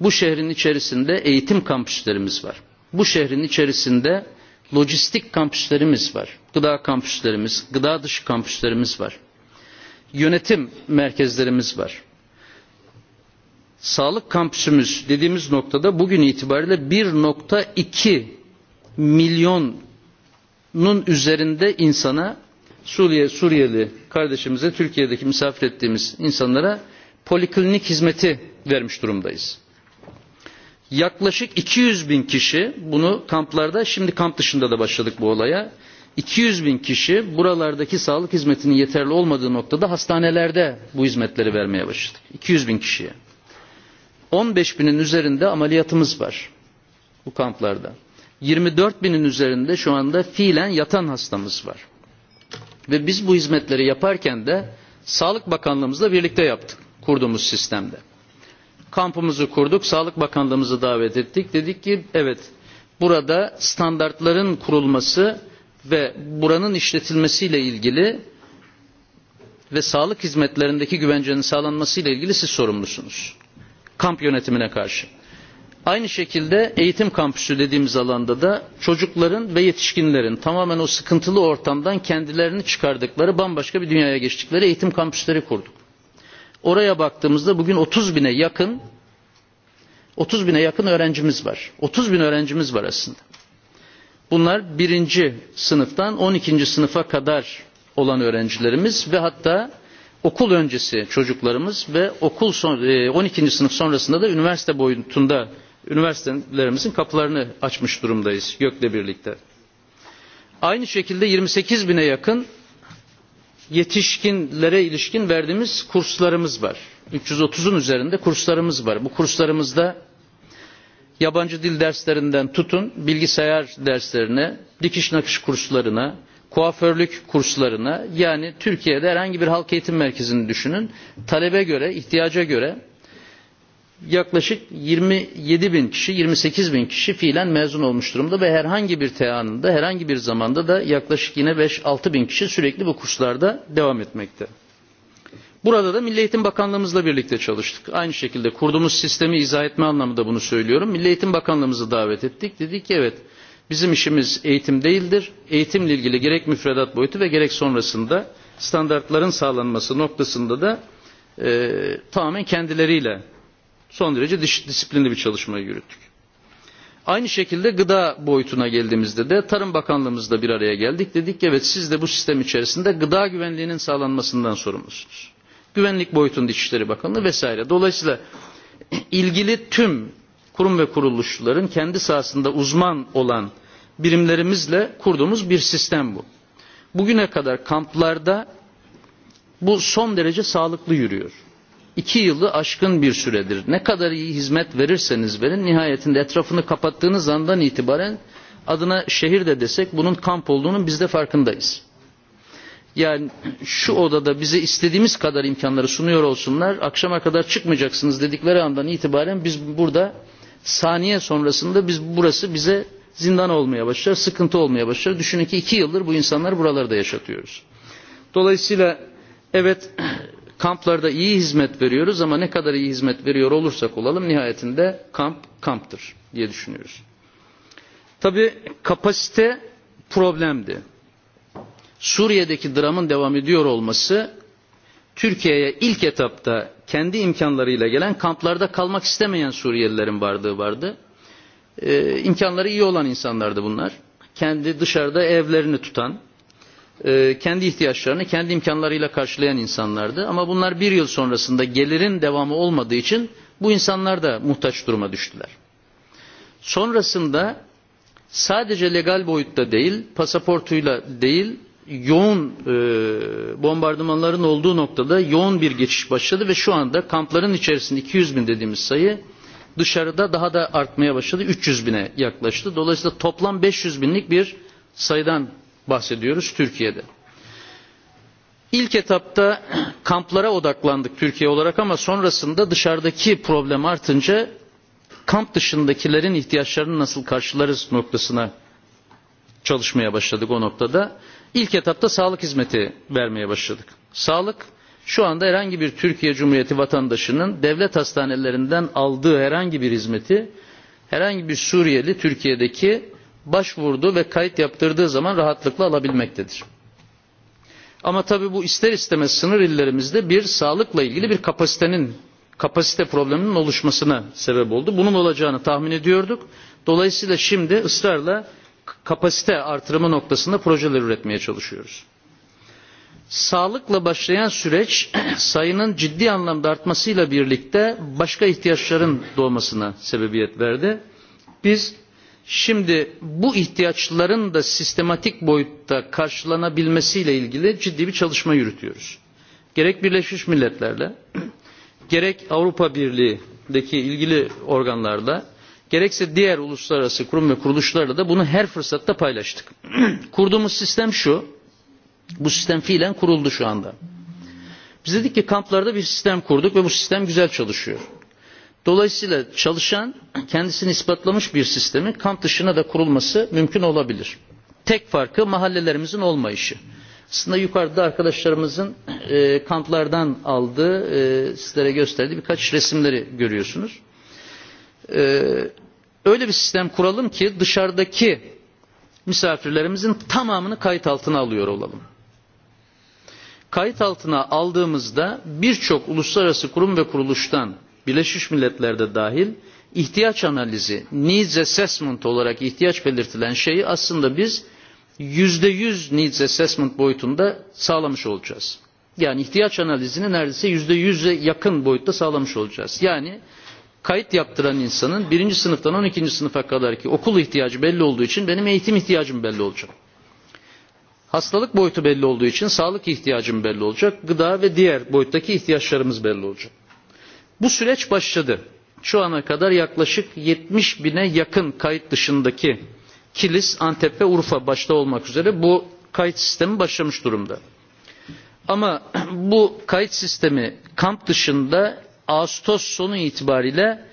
Bu şehrin içerisinde eğitim kampüslerimiz var. Bu şehrin içerisinde lojistik kampüslerimiz var. Gıda kampüslerimiz, gıda dışı kampüslerimiz var. Yönetim merkezlerimiz var. Sağlık kampüsümüz dediğimiz noktada bugün itibariyle 1.2 milyonun üzerinde insana Suriye Suriyeli kardeşimize Türkiye'deki misafir ettiğimiz insanlara poliklinik hizmeti vermiş durumdayız. Yaklaşık 200 bin kişi bunu kamplarda şimdi kamp dışında da başladık bu olaya. 200 bin kişi buralardaki sağlık hizmetinin yeterli olmadığı noktada hastanelerde bu hizmetleri vermeye başladık. 200 bin kişiye. 15 binin üzerinde ameliyatımız var bu kamplarda. 24 binin üzerinde şu anda fiilen yatan hastamız var. Ve biz bu hizmetleri yaparken de Sağlık Bakanlığımızla birlikte yaptık kurduğumuz sistemde kampımızı kurduk. Sağlık Bakanlığımızı davet ettik. Dedik ki evet burada standartların kurulması ve buranın işletilmesiyle ilgili ve sağlık hizmetlerindeki güvencenin sağlanmasıyla ilgili siz sorumlusunuz. Kamp yönetimine karşı. Aynı şekilde eğitim kampüsü dediğimiz alanda da çocukların ve yetişkinlerin tamamen o sıkıntılı ortamdan kendilerini çıkardıkları bambaşka bir dünyaya geçtikleri eğitim kampüsleri kurduk Oraya baktığımızda bugün 30 bine yakın 30 bine yakın öğrencimiz var. 30 bin öğrencimiz var aslında. Bunlar birinci sınıftan 12. sınıfa kadar olan öğrencilerimiz ve hatta okul öncesi çocuklarımız ve okul son, 12. sınıf sonrasında da üniversite boyutunda üniversitelerimizin kapılarını açmış durumdayız YÖK'le birlikte. Aynı şekilde 28 bine yakın yetişkinlere ilişkin verdiğimiz kurslarımız var. 330'un üzerinde kurslarımız var. Bu kurslarımızda yabancı dil derslerinden tutun bilgisayar derslerine, dikiş nakış kurslarına, kuaförlük kurslarına yani Türkiye'de herhangi bir halk eğitim merkezini düşünün. Talebe göre, ihtiyaca göre yaklaşık 27 bin kişi, 28 bin kişi fiilen mezun olmuş durumda ve herhangi bir teanında, herhangi bir zamanda da yaklaşık yine 5-6 bin kişi sürekli bu kurslarda devam etmekte. Burada da Milli Eğitim Bakanlığımızla birlikte çalıştık. Aynı şekilde kurduğumuz sistemi izah etme anlamında bunu söylüyorum. Milli Eğitim Bakanlığımızı davet ettik. Dedik ki evet bizim işimiz eğitim değildir. Eğitimle ilgili gerek müfredat boyutu ve gerek sonrasında standartların sağlanması noktasında da e, tamamen kendileriyle son derece disiplinli bir çalışmayı yürüttük. Aynı şekilde gıda boyutuna geldiğimizde de Tarım Bakanlığımızla bir araya geldik. Dedik ki evet siz de bu sistem içerisinde gıda güvenliğinin sağlanmasından sorumlusunuz. Güvenlik boyutunda İçişleri Bakanlığı vesaire. Dolayısıyla ilgili tüm kurum ve kuruluşların kendi sahasında uzman olan birimlerimizle kurduğumuz bir sistem bu. Bugüne kadar kamplarda bu son derece sağlıklı yürüyor iki yılı aşkın bir süredir. Ne kadar iyi hizmet verirseniz verin nihayetinde etrafını kapattığınız andan itibaren adına şehir de desek bunun kamp olduğunun biz de farkındayız. Yani şu odada bize istediğimiz kadar imkanları sunuyor olsunlar akşama kadar çıkmayacaksınız dedikleri andan itibaren biz burada saniye sonrasında biz burası bize zindan olmaya başlar, sıkıntı olmaya başlar. Düşünün ki iki yıldır bu insanlar buralarda yaşatıyoruz. Dolayısıyla evet Kamplarda iyi hizmet veriyoruz ama ne kadar iyi hizmet veriyor olursak olalım nihayetinde kamp kamptır diye düşünüyoruz. Tabi kapasite problemdi. Suriye'deki dramın devam ediyor olması Türkiye'ye ilk etapta kendi imkanlarıyla gelen kamplarda kalmak istemeyen Suriyelilerin vardığı vardı. Ee, i̇mkanları iyi olan insanlardı bunlar. Kendi dışarıda evlerini tutan, kendi ihtiyaçlarını kendi imkanlarıyla karşılayan insanlardı. Ama bunlar bir yıl sonrasında gelirin devamı olmadığı için bu insanlar da muhtaç duruma düştüler. Sonrasında sadece legal boyutta değil, pasaportuyla değil, yoğun e, bombardımanların olduğu noktada yoğun bir geçiş başladı ve şu anda kampların içerisinde 200 bin dediğimiz sayı dışarıda daha da artmaya başladı. 300 bine yaklaştı. Dolayısıyla toplam 500 binlik bir sayıdan bahsediyoruz Türkiye'de. İlk etapta kamplara odaklandık Türkiye olarak ama sonrasında dışarıdaki problem artınca kamp dışındakilerin ihtiyaçlarını nasıl karşılarız noktasına çalışmaya başladık o noktada. İlk etapta sağlık hizmeti vermeye başladık. Sağlık şu anda herhangi bir Türkiye Cumhuriyeti vatandaşının devlet hastanelerinden aldığı herhangi bir hizmeti herhangi bir Suriyeli Türkiye'deki başvurduğu ve kayıt yaptırdığı zaman rahatlıkla alabilmektedir. Ama tabii bu ister istemez sınır illerimizde bir sağlıkla ilgili bir kapasitenin kapasite probleminin oluşmasına sebep oldu. Bunun olacağını tahmin ediyorduk. Dolayısıyla şimdi ısrarla kapasite artırımı noktasında projeler üretmeye çalışıyoruz. Sağlıkla başlayan süreç sayının ciddi anlamda artmasıyla birlikte başka ihtiyaçların doğmasına sebebiyet verdi. Biz Şimdi bu ihtiyaçların da sistematik boyutta karşılanabilmesiyle ilgili ciddi bir çalışma yürütüyoruz. Gerek Birleşmiş Milletler'le, gerek Avrupa Birliği'deki ilgili organlarla, gerekse diğer uluslararası kurum ve kuruluşlarla da bunu her fırsatta paylaştık. Kurduğumuz sistem şu, bu sistem fiilen kuruldu şu anda. Biz dedik ki kamplarda bir sistem kurduk ve bu sistem güzel çalışıyor Dolayısıyla çalışan kendisini ispatlamış bir sistemin kamp dışına da kurulması mümkün olabilir. Tek farkı mahallelerimizin olmayışı. Aslında yukarıda arkadaşlarımızın e, kamplardan aldığı, e, sizlere gösterdiği birkaç resimleri görüyorsunuz. E, öyle bir sistem kuralım ki dışarıdaki misafirlerimizin tamamını kayıt altına alıyor olalım kayıt altına aldığımızda birçok uluslararası kurum ve kuruluştan Birleşmiş Milletler de dahil ihtiyaç analizi, needs assessment olarak ihtiyaç belirtilen şeyi aslında biz yüzde yüz needs assessment boyutunda sağlamış olacağız. Yani ihtiyaç analizini neredeyse yüzde yüze yakın boyutta sağlamış olacağız. Yani kayıt yaptıran insanın birinci sınıftan on ikinci sınıfa kadar ki okul ihtiyacı belli olduğu için benim eğitim ihtiyacım belli olacak. Hastalık boyutu belli olduğu için sağlık ihtiyacım belli olacak. Gıda ve diğer boyuttaki ihtiyaçlarımız belli olacak. Bu süreç başladı. Şu ana kadar yaklaşık 70 bine yakın kayıt dışındaki Kilis, Antep ve Urfa başta olmak üzere bu kayıt sistemi başlamış durumda. Ama bu kayıt sistemi kamp dışında Ağustos sonu itibariyle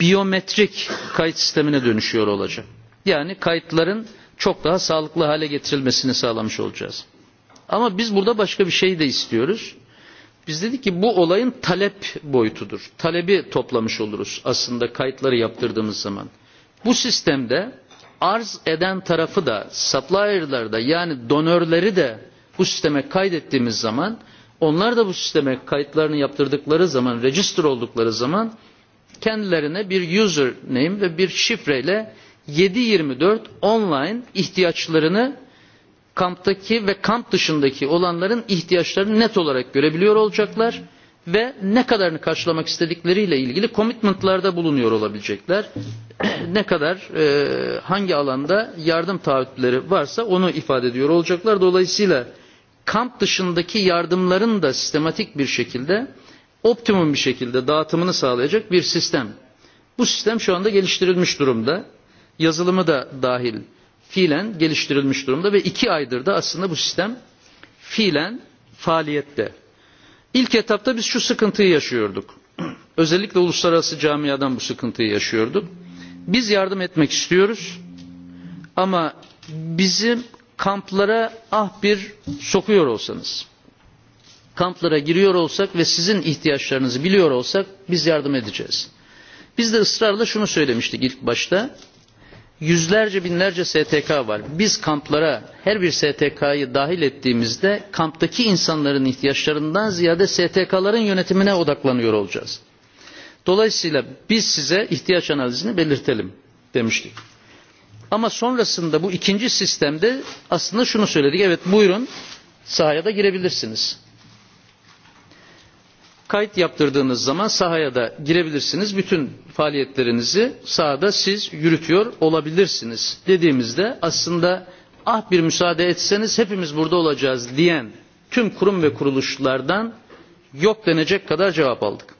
biyometrik kayıt sistemine dönüşüyor olacak. Yani kayıtların çok daha sağlıklı hale getirilmesini sağlamış olacağız. Ama biz burada başka bir şey de istiyoruz. Biz dedik ki bu olayın talep boyutudur. Talebi toplamış oluruz aslında kayıtları yaptırdığımız zaman. Bu sistemde arz eden tarafı da supplier'ları da yani donörleri de bu sisteme kaydettiğimiz zaman onlar da bu sisteme kayıtlarını yaptırdıkları zaman, register oldukları zaman kendilerine bir username ve bir şifreyle 7-24 online ihtiyaçlarını kamptaki ve kamp dışındaki olanların ihtiyaçlarını net olarak görebiliyor olacaklar ve ne kadarını karşılamak istedikleriyle ilgili komitmentlarda bulunuyor olabilecekler. ne kadar e, hangi alanda yardım taahhütleri varsa onu ifade ediyor olacaklar. Dolayısıyla kamp dışındaki yardımların da sistematik bir şekilde optimum bir şekilde dağıtımını sağlayacak bir sistem. Bu sistem şu anda geliştirilmiş durumda. Yazılımı da dahil fiilen geliştirilmiş durumda ve iki aydır da aslında bu sistem fiilen faaliyette. İlk etapta biz şu sıkıntıyı yaşıyorduk. Özellikle uluslararası camiadan bu sıkıntıyı yaşıyorduk. Biz yardım etmek istiyoruz ama bizim kamplara ah bir sokuyor olsanız, kamplara giriyor olsak ve sizin ihtiyaçlarınızı biliyor olsak biz yardım edeceğiz. Biz de ısrarla şunu söylemiştik ilk başta yüzlerce binlerce STK var. Biz kamplara her bir STK'yı dahil ettiğimizde kamptaki insanların ihtiyaçlarından ziyade STK'ların yönetimine odaklanıyor olacağız. Dolayısıyla biz size ihtiyaç analizini belirtelim demiştik. Ama sonrasında bu ikinci sistemde aslında şunu söyledik. Evet buyurun sahaya da girebilirsiniz kayıt yaptırdığınız zaman sahaya da girebilirsiniz. Bütün faaliyetlerinizi sahada siz yürütüyor olabilirsiniz dediğimizde aslında ah bir müsaade etseniz hepimiz burada olacağız diyen tüm kurum ve kuruluşlardan yok denecek kadar cevap aldık.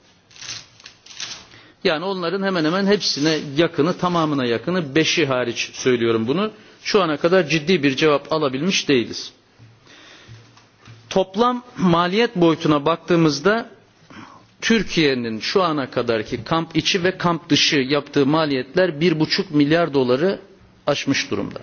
Yani onların hemen hemen hepsine yakını, tamamına yakını, beşi hariç söylüyorum bunu. Şu ana kadar ciddi bir cevap alabilmiş değiliz. Toplam maliyet boyutuna baktığımızda Türkiye'nin şu ana kadarki kamp içi ve kamp dışı yaptığı maliyetler bir buçuk milyar doları aşmış durumda.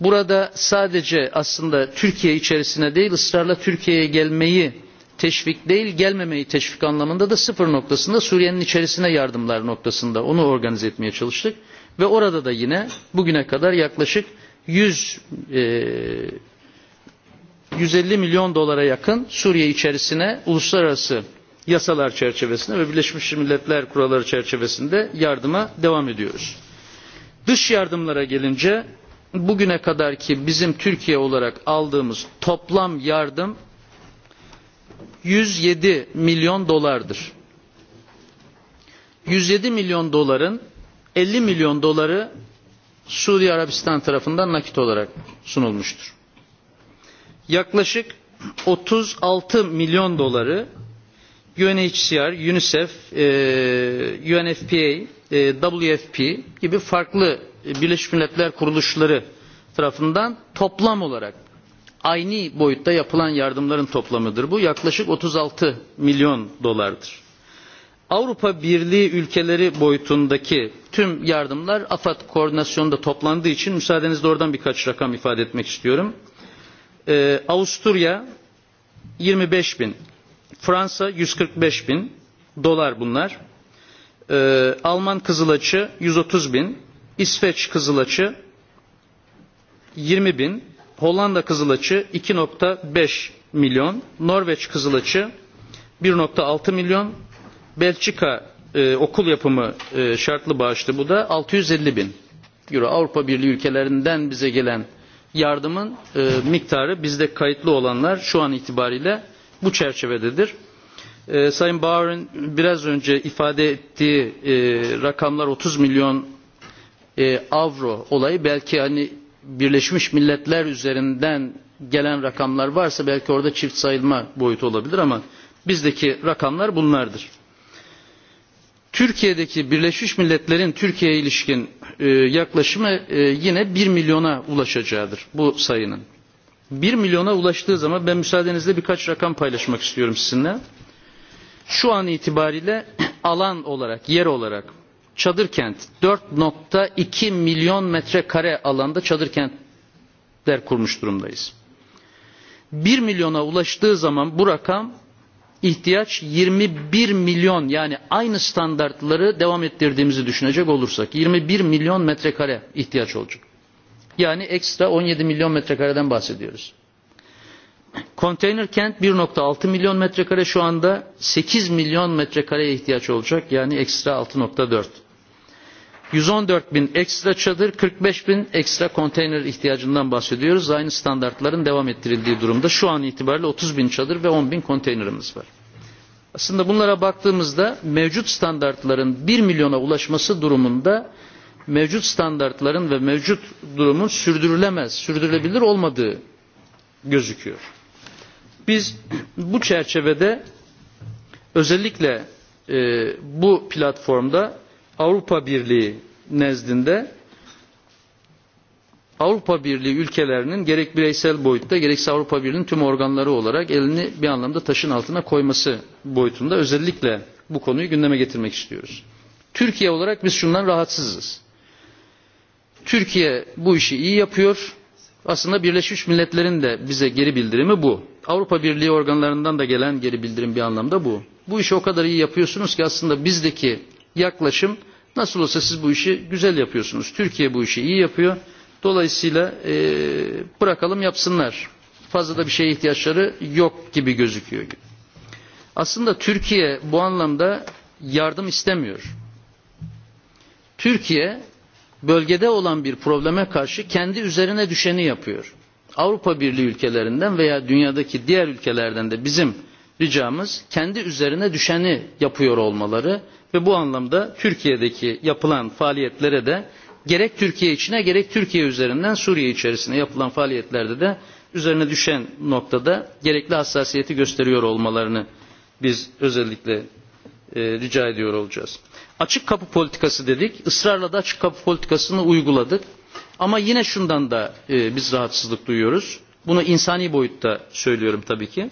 Burada sadece aslında Türkiye içerisine değil ısrarla Türkiye'ye gelmeyi teşvik değil gelmemeyi teşvik anlamında da sıfır noktasında Suriye'nin içerisine yardımlar noktasında onu organize etmeye çalıştık. Ve orada da yine bugüne kadar yaklaşık 100 e, 150 milyon dolara yakın Suriye içerisine uluslararası yasalar çerçevesinde ve Birleşmiş Milletler kuralları çerçevesinde yardıma devam ediyoruz. Dış yardımlara gelince bugüne kadar ki bizim Türkiye olarak aldığımız toplam yardım 107 milyon dolardır. 107 milyon doların 50 milyon doları Suudi Arabistan tarafından nakit olarak sunulmuştur. Yaklaşık 36 milyon doları UNHCR, UNICEF, UNFPA, WFP gibi farklı Birleşmiş Milletler kuruluşları tarafından toplam olarak aynı boyutta yapılan yardımların toplamıdır. Bu yaklaşık 36 milyon dolardır. Avrupa Birliği ülkeleri boyutundaki tüm yardımlar AFAD koordinasyonunda toplandığı için müsaadenizle oradan birkaç rakam ifade etmek istiyorum. Ee, Avusturya 25 bin, Fransa 145 bin dolar bunlar. Ee, Alman kızılaçı 130 bin. İsveç kızılaçı 20 bin. Hollanda kızılaçı 2.5 milyon. Norveç kızılaçı 1.6 milyon. Belçika e, okul yapımı e, şartlı bağışlı bu da 650 bin euro. Avrupa Birliği ülkelerinden bize gelen yardımın e, miktarı bizde kayıtlı olanlar şu an itibariyle Bu çerçevededir. E, Sayın Bağır'ın biraz önce ifade ettiği e, rakamlar 30 milyon e, avro olayı belki hani Birleşmiş Milletler üzerinden gelen rakamlar varsa belki orada çift sayılma boyutu olabilir ama bizdeki rakamlar bunlardır. Türkiye'deki Birleşmiş Milletler'in Türkiye'ye ilişkin yaklaşımı yine 1 milyona ulaşacağıdır bu sayının. 1 milyona ulaştığı zaman ben müsaadenizle birkaç rakam paylaşmak istiyorum sizinle. Şu an itibariyle alan olarak, yer olarak çadır kent 4.2 milyon metrekare alanda çadır kentler kurmuş durumdayız. 1 milyona ulaştığı zaman bu rakam ihtiyaç 21 milyon yani aynı standartları devam ettirdiğimizi düşünecek olursak 21 milyon metrekare ihtiyaç olacak. Yani ekstra 17 milyon metrekareden bahsediyoruz. Konteyner kent 1.6 milyon metrekare şu anda 8 milyon metrekareye ihtiyaç olacak yani ekstra 6.4. 114 bin ekstra çadır, 45 bin ekstra konteyner ihtiyacından bahsediyoruz. Aynı standartların devam ettirildiği durumda şu an itibariyle 30 bin çadır ve 10 bin konteynerimiz var. Aslında bunlara baktığımızda mevcut standartların 1 milyona ulaşması durumunda mevcut standartların ve mevcut durumun sürdürülemez, sürdürülebilir olmadığı gözüküyor. Biz bu çerçevede özellikle e, bu platformda Avrupa Birliği nezdinde Avrupa Birliği ülkelerinin gerek bireysel boyutta gerekse Avrupa Birliği'nin tüm organları olarak elini bir anlamda taşın altına koyması boyutunda özellikle bu konuyu gündeme getirmek istiyoruz. Türkiye olarak biz şundan rahatsızız Türkiye bu işi iyi yapıyor. Aslında Birleşmiş Milletler'in de bize geri bildirimi bu. Avrupa Birliği organlarından da gelen geri bildirim bir anlamda bu. Bu işi o kadar iyi yapıyorsunuz ki aslında bizdeki yaklaşım nasıl olsa siz bu işi güzel yapıyorsunuz. Türkiye bu işi iyi yapıyor. Dolayısıyla e, bırakalım yapsınlar. Fazla da bir şeye ihtiyaçları yok gibi gözüküyor. Aslında Türkiye bu anlamda yardım istemiyor. Türkiye bölgede olan bir probleme karşı kendi üzerine düşeni yapıyor. Avrupa Birliği ülkelerinden veya dünyadaki diğer ülkelerden de bizim ricamız kendi üzerine düşeni yapıyor olmaları ve bu anlamda Türkiye'deki yapılan faaliyetlere de gerek Türkiye içine gerek Türkiye üzerinden Suriye içerisinde yapılan faaliyetlerde de üzerine düşen noktada gerekli hassasiyeti gösteriyor olmalarını biz özellikle e, rica ediyor olacağız. Açık kapı politikası dedik. Israrla da açık kapı politikasını uyguladık. Ama yine şundan da e, biz rahatsızlık duyuyoruz. Bunu insani boyutta söylüyorum tabii ki.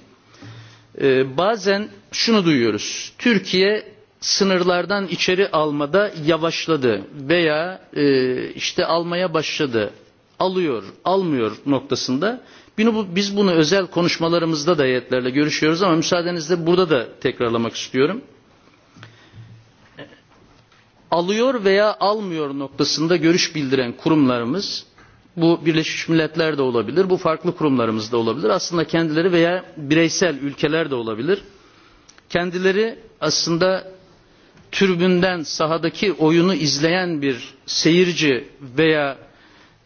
E, bazen şunu duyuyoruz. Türkiye sınırlardan içeri almada yavaşladı veya e, işte almaya başladı. Alıyor, almıyor noktasında. Biz bunu özel konuşmalarımızda da heyetlerle görüşüyoruz ama müsaadenizle burada da tekrarlamak istiyorum alıyor veya almıyor noktasında görüş bildiren kurumlarımız bu Birleşmiş Milletler de olabilir, bu farklı kurumlarımız da olabilir. Aslında kendileri veya bireysel ülkeler de olabilir. Kendileri aslında türbünden sahadaki oyunu izleyen bir seyirci veya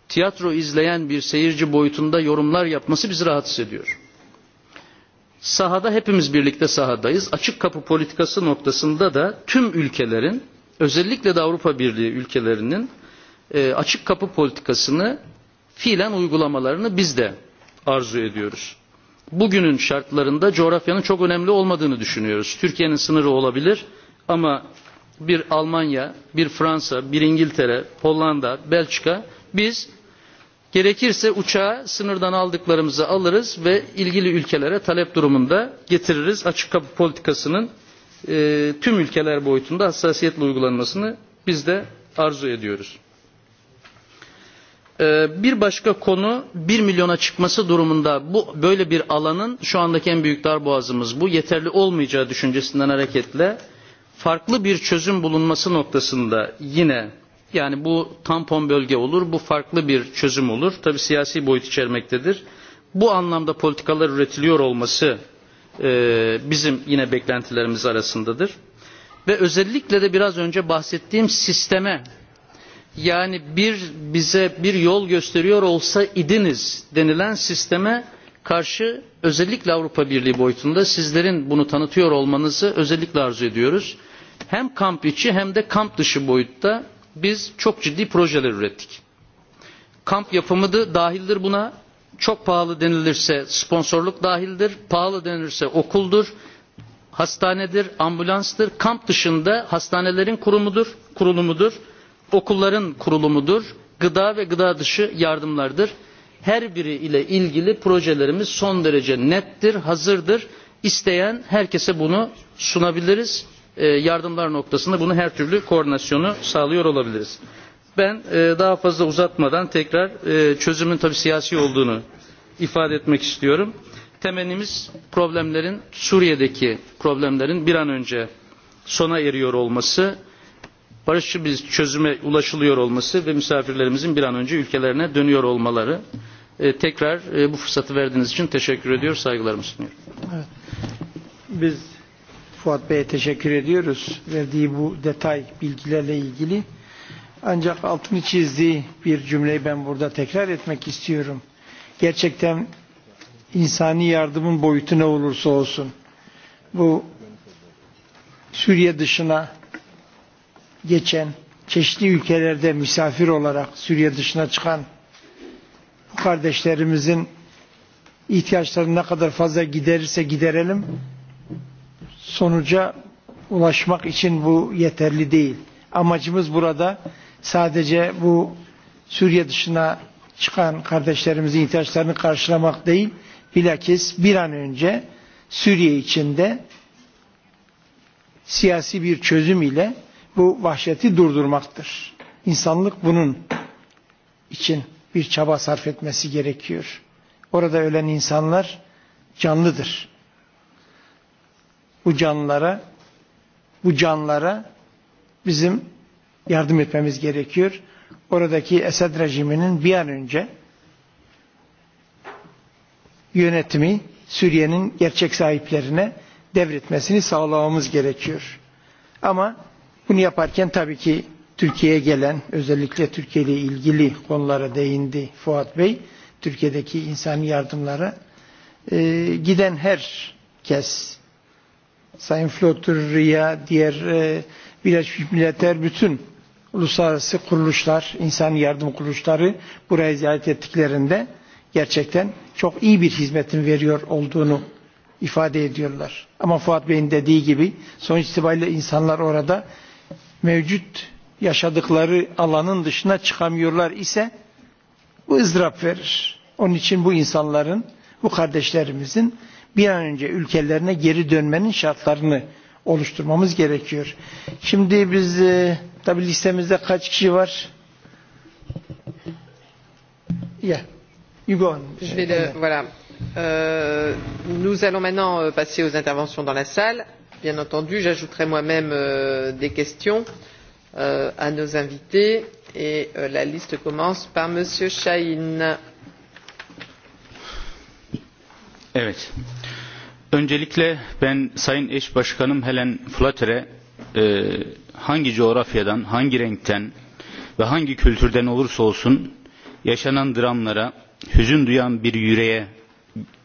tiyatro izleyen bir seyirci boyutunda yorumlar yapması bizi rahatsız ediyor. Sahada hepimiz birlikte sahadayız. Açık kapı politikası noktasında da tüm ülkelerin özellikle de Avrupa Birliği ülkelerinin e, açık kapı politikasını fiilen uygulamalarını biz de arzu ediyoruz. Bugünün şartlarında coğrafyanın çok önemli olmadığını düşünüyoruz. Türkiye'nin sınırı olabilir ama bir Almanya, bir Fransa, bir İngiltere, Hollanda, Belçika biz gerekirse uçağı sınırdan aldıklarımızı alırız ve ilgili ülkelere talep durumunda getiririz. Açık kapı politikasının e, tüm ülkeler boyutunda hassasiyetle uygulanmasını biz de arzu ediyoruz. E, Bir başka konu 1 milyona çıkması durumunda bu böyle bir alanın şu andaki en büyük darboğazımız bu yeterli olmayacağı düşüncesinden hareketle farklı bir çözüm bulunması noktasında yine yani bu tampon bölge olur bu farklı bir çözüm olur tabi siyasi boyut içermektedir. Bu anlamda politikalar üretiliyor olması bizim yine beklentilerimiz arasındadır. Ve özellikle de biraz önce bahsettiğim sisteme yani bir bize bir yol gösteriyor olsa idiniz denilen sisteme karşı özellikle Avrupa Birliği boyutunda sizlerin bunu tanıtıyor olmanızı özellikle arzu ediyoruz. Hem kamp içi hem de kamp dışı boyutta biz çok ciddi projeler ürettik. Kamp yapımı da dahildir buna, çok pahalı denilirse sponsorluk dahildir, pahalı denilirse okuldur, hastanedir, ambulanstır, kamp dışında hastanelerin kurumudur, kurulumudur, okulların kurulumudur, gıda ve gıda dışı yardımlardır. Her biri ile ilgili projelerimiz son derece nettir, hazırdır. İsteyen herkese bunu sunabiliriz. Yardımlar noktasında bunu her türlü koordinasyonu sağlıyor olabiliriz ben daha fazla uzatmadan tekrar çözümün tabii siyasi olduğunu ifade etmek istiyorum. Temennimiz problemlerin Suriye'deki problemlerin bir an önce sona eriyor olması, barışçı bir çözüme ulaşılıyor olması ve misafirlerimizin bir an önce ülkelerine dönüyor olmaları. Tekrar bu fırsatı verdiğiniz için teşekkür ediyor, saygılarımı sunuyorum.
Evet. Biz Fuat Bey'e teşekkür ediyoruz verdiği bu detay bilgilerle ilgili. Ancak altını çizdiği bir cümleyi ben burada tekrar etmek istiyorum. Gerçekten insani yardımın boyutu ne olursa olsun bu Suriye dışına geçen çeşitli ülkelerde misafir olarak Suriye dışına çıkan bu kardeşlerimizin ihtiyaçlarını ne kadar fazla giderirse giderelim sonuca ulaşmak için bu yeterli değil. Amacımız burada sadece bu Suriye dışına çıkan kardeşlerimizin ihtiyaçlarını karşılamak değil, bilakis bir an önce Suriye içinde siyasi bir çözüm ile bu vahşeti durdurmaktır. İnsanlık bunun için bir çaba sarf etmesi gerekiyor. Orada ölen insanlar canlıdır. Bu canlara bu canlara bizim yardım etmemiz gerekiyor. Oradaki Esed rejiminin bir an önce yönetimi Suriye'nin gerçek sahiplerine devretmesini sağlamamız gerekiyor. Ama bunu yaparken tabii ki Türkiye'ye gelen özellikle Türkiye ile ilgili konulara değindi Fuat Bey. Türkiye'deki insan yardımlara e, giden her kes Sayın Flotur, RIA, diğer e, Birleşmiş Milletler bütün uluslararası kuruluşlar, insan yardım kuruluşları buraya ziyaret ettiklerinde gerçekten çok iyi bir hizmetin veriyor olduğunu ifade ediyorlar. Ama Fuat Bey'in dediği gibi sonuç itibariyle insanlar orada mevcut yaşadıkları alanın dışına çıkamıyorlar ise bu ızdırap verir. Onun için bu insanların, bu kardeşlerimizin bir an önce ülkelerine geri dönmenin şartlarını oluşturmamız gerekiyor. Şimdi biz Tabi listemizde kaç kişi var? Yeah. You go Je vais le,
voilà. Euh, nous allons maintenant passer aux interventions dans la salle. Bien entendu, j'ajouterai moi-même euh, des questions euh, à nos invités et euh, la liste commence par Monsieur Chahine.
Evet. Öncelikle ben Sayın Eş Başkanım Helen Flatter'e e, hangi coğrafyadan, hangi renkten ve hangi kültürden olursa olsun yaşanan dramlara hüzün duyan bir yüreğe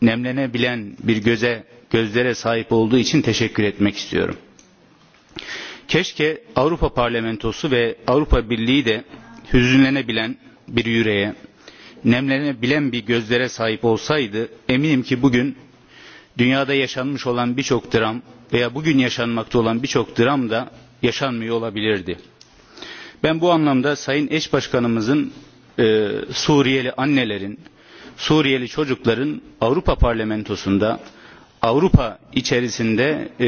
nemlenebilen bir göze gözlere sahip olduğu için teşekkür etmek istiyorum. Keşke Avrupa Parlamentosu ve Avrupa Birliği de hüzünlenebilen bir yüreğe, nemlenebilen bir gözlere sahip olsaydı eminim ki bugün dünyada yaşanmış olan birçok dram veya bugün yaşanmakta olan birçok dram da yaşanmıyor olabilirdi. Ben bu anlamda Sayın Eş Başkanımızın e, Suriyeli annelerin, Suriyeli çocukların Avrupa Parlamentosu'nda Avrupa içerisinde e,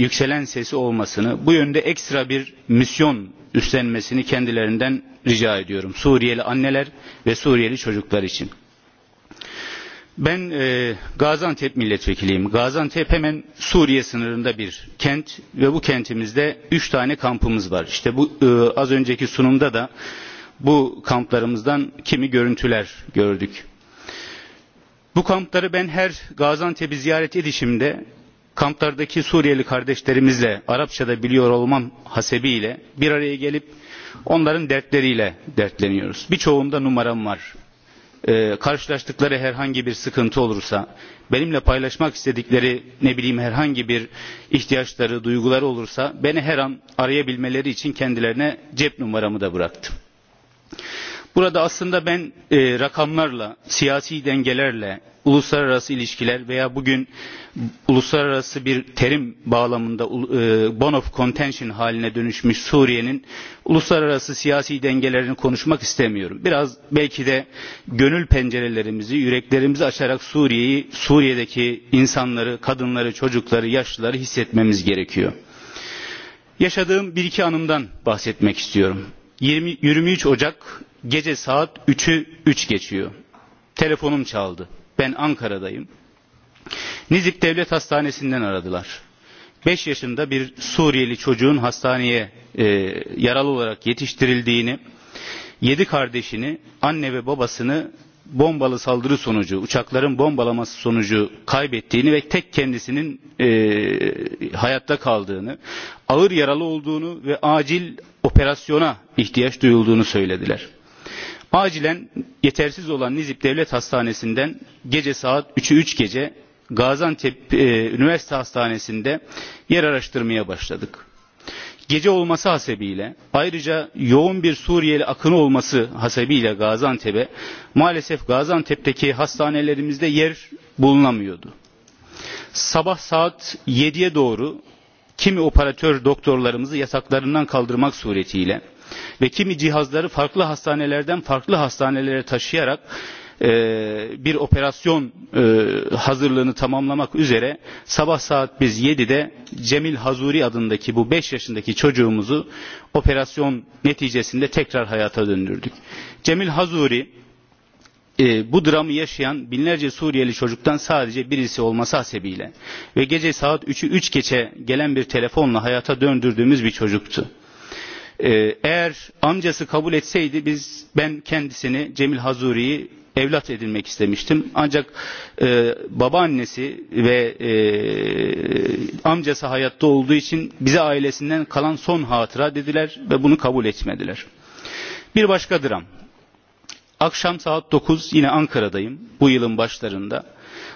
yükselen sesi olmasını, bu yönde ekstra bir misyon üstlenmesini kendilerinden rica ediyorum. Suriyeli anneler ve Suriyeli çocuklar için. Ben e, Gaziantep milletvekiliyim. Gaziantep hemen Suriye sınırında bir kent ve bu kentimizde üç tane kampımız var. İşte bu e, az önceki sunumda da bu kamplarımızdan kimi görüntüler gördük. Bu kampları ben her Gaziantep'i ziyaret edişimde kamplardaki Suriyeli kardeşlerimizle Arapçada biliyor olmam hasebiyle bir araya gelip onların dertleriyle dertleniyoruz. Birçoğunda numaram var karşılaştıkları herhangi bir sıkıntı olursa, benimle paylaşmak istedikleri ne bileyim herhangi bir ihtiyaçları, duyguları olursa beni her an arayabilmeleri için kendilerine cep numaramı da bıraktım Burada aslında ben e, rakamlarla, siyasi dengelerle, uluslararası ilişkiler veya bugün uluslararası bir terim bağlamında e, bone of contention haline dönüşmüş Suriye'nin uluslararası siyasi dengelerini konuşmak istemiyorum. Biraz belki de gönül pencerelerimizi, yüreklerimizi açarak Suriye'yi, Suriye'deki insanları, kadınları, çocukları, yaşlıları hissetmemiz gerekiyor. Yaşadığım bir iki anımdan bahsetmek istiyorum. 20, 23 Ocak Gece saat 3'ü 3 geçiyor. Telefonum çaldı. Ben Ankara'dayım. Nizip Devlet Hastanesi'nden aradılar. 5 yaşında bir Suriyeli çocuğun hastaneye e, yaralı olarak yetiştirildiğini, 7 kardeşini, anne ve babasını bombalı saldırı sonucu, uçakların bombalaması sonucu kaybettiğini ve tek kendisinin e, hayatta kaldığını, ağır yaralı olduğunu ve acil operasyona ihtiyaç duyulduğunu söylediler. Acilen yetersiz olan Nizip Devlet Hastanesi'nden gece saat 3'ü 3 gece Gaziantep e, Üniversite Hastanesi'nde yer araştırmaya başladık. Gece olması hasebiyle ayrıca yoğun bir Suriyeli akını olması hasebiyle Gaziantep'e maalesef Gaziantep'teki hastanelerimizde yer bulunamıyordu. Sabah saat 7'ye doğru kimi operatör doktorlarımızı yataklarından kaldırmak suretiyle ve kimi cihazları farklı hastanelerden farklı hastanelere taşıyarak e, bir operasyon e, hazırlığını tamamlamak üzere sabah saat biz 7'de Cemil Hazuri adındaki bu 5 yaşındaki çocuğumuzu operasyon neticesinde tekrar hayata döndürdük. Cemil Hazuri bu dramı yaşayan binlerce Suriyeli çocuktan sadece birisi olması hasebiyle ve gece saat 3'ü 3 geçe gelen bir telefonla hayata döndürdüğümüz bir çocuktu eğer amcası kabul etseydi biz ben kendisini Cemil Hazuri'yi evlat edinmek istemiştim. Ancak e, babaannesi ve e, amcası hayatta olduğu için bize ailesinden kalan son hatıra dediler ve bunu kabul etmediler. Bir başka dram. Akşam saat 9 yine Ankara'dayım bu yılın başlarında.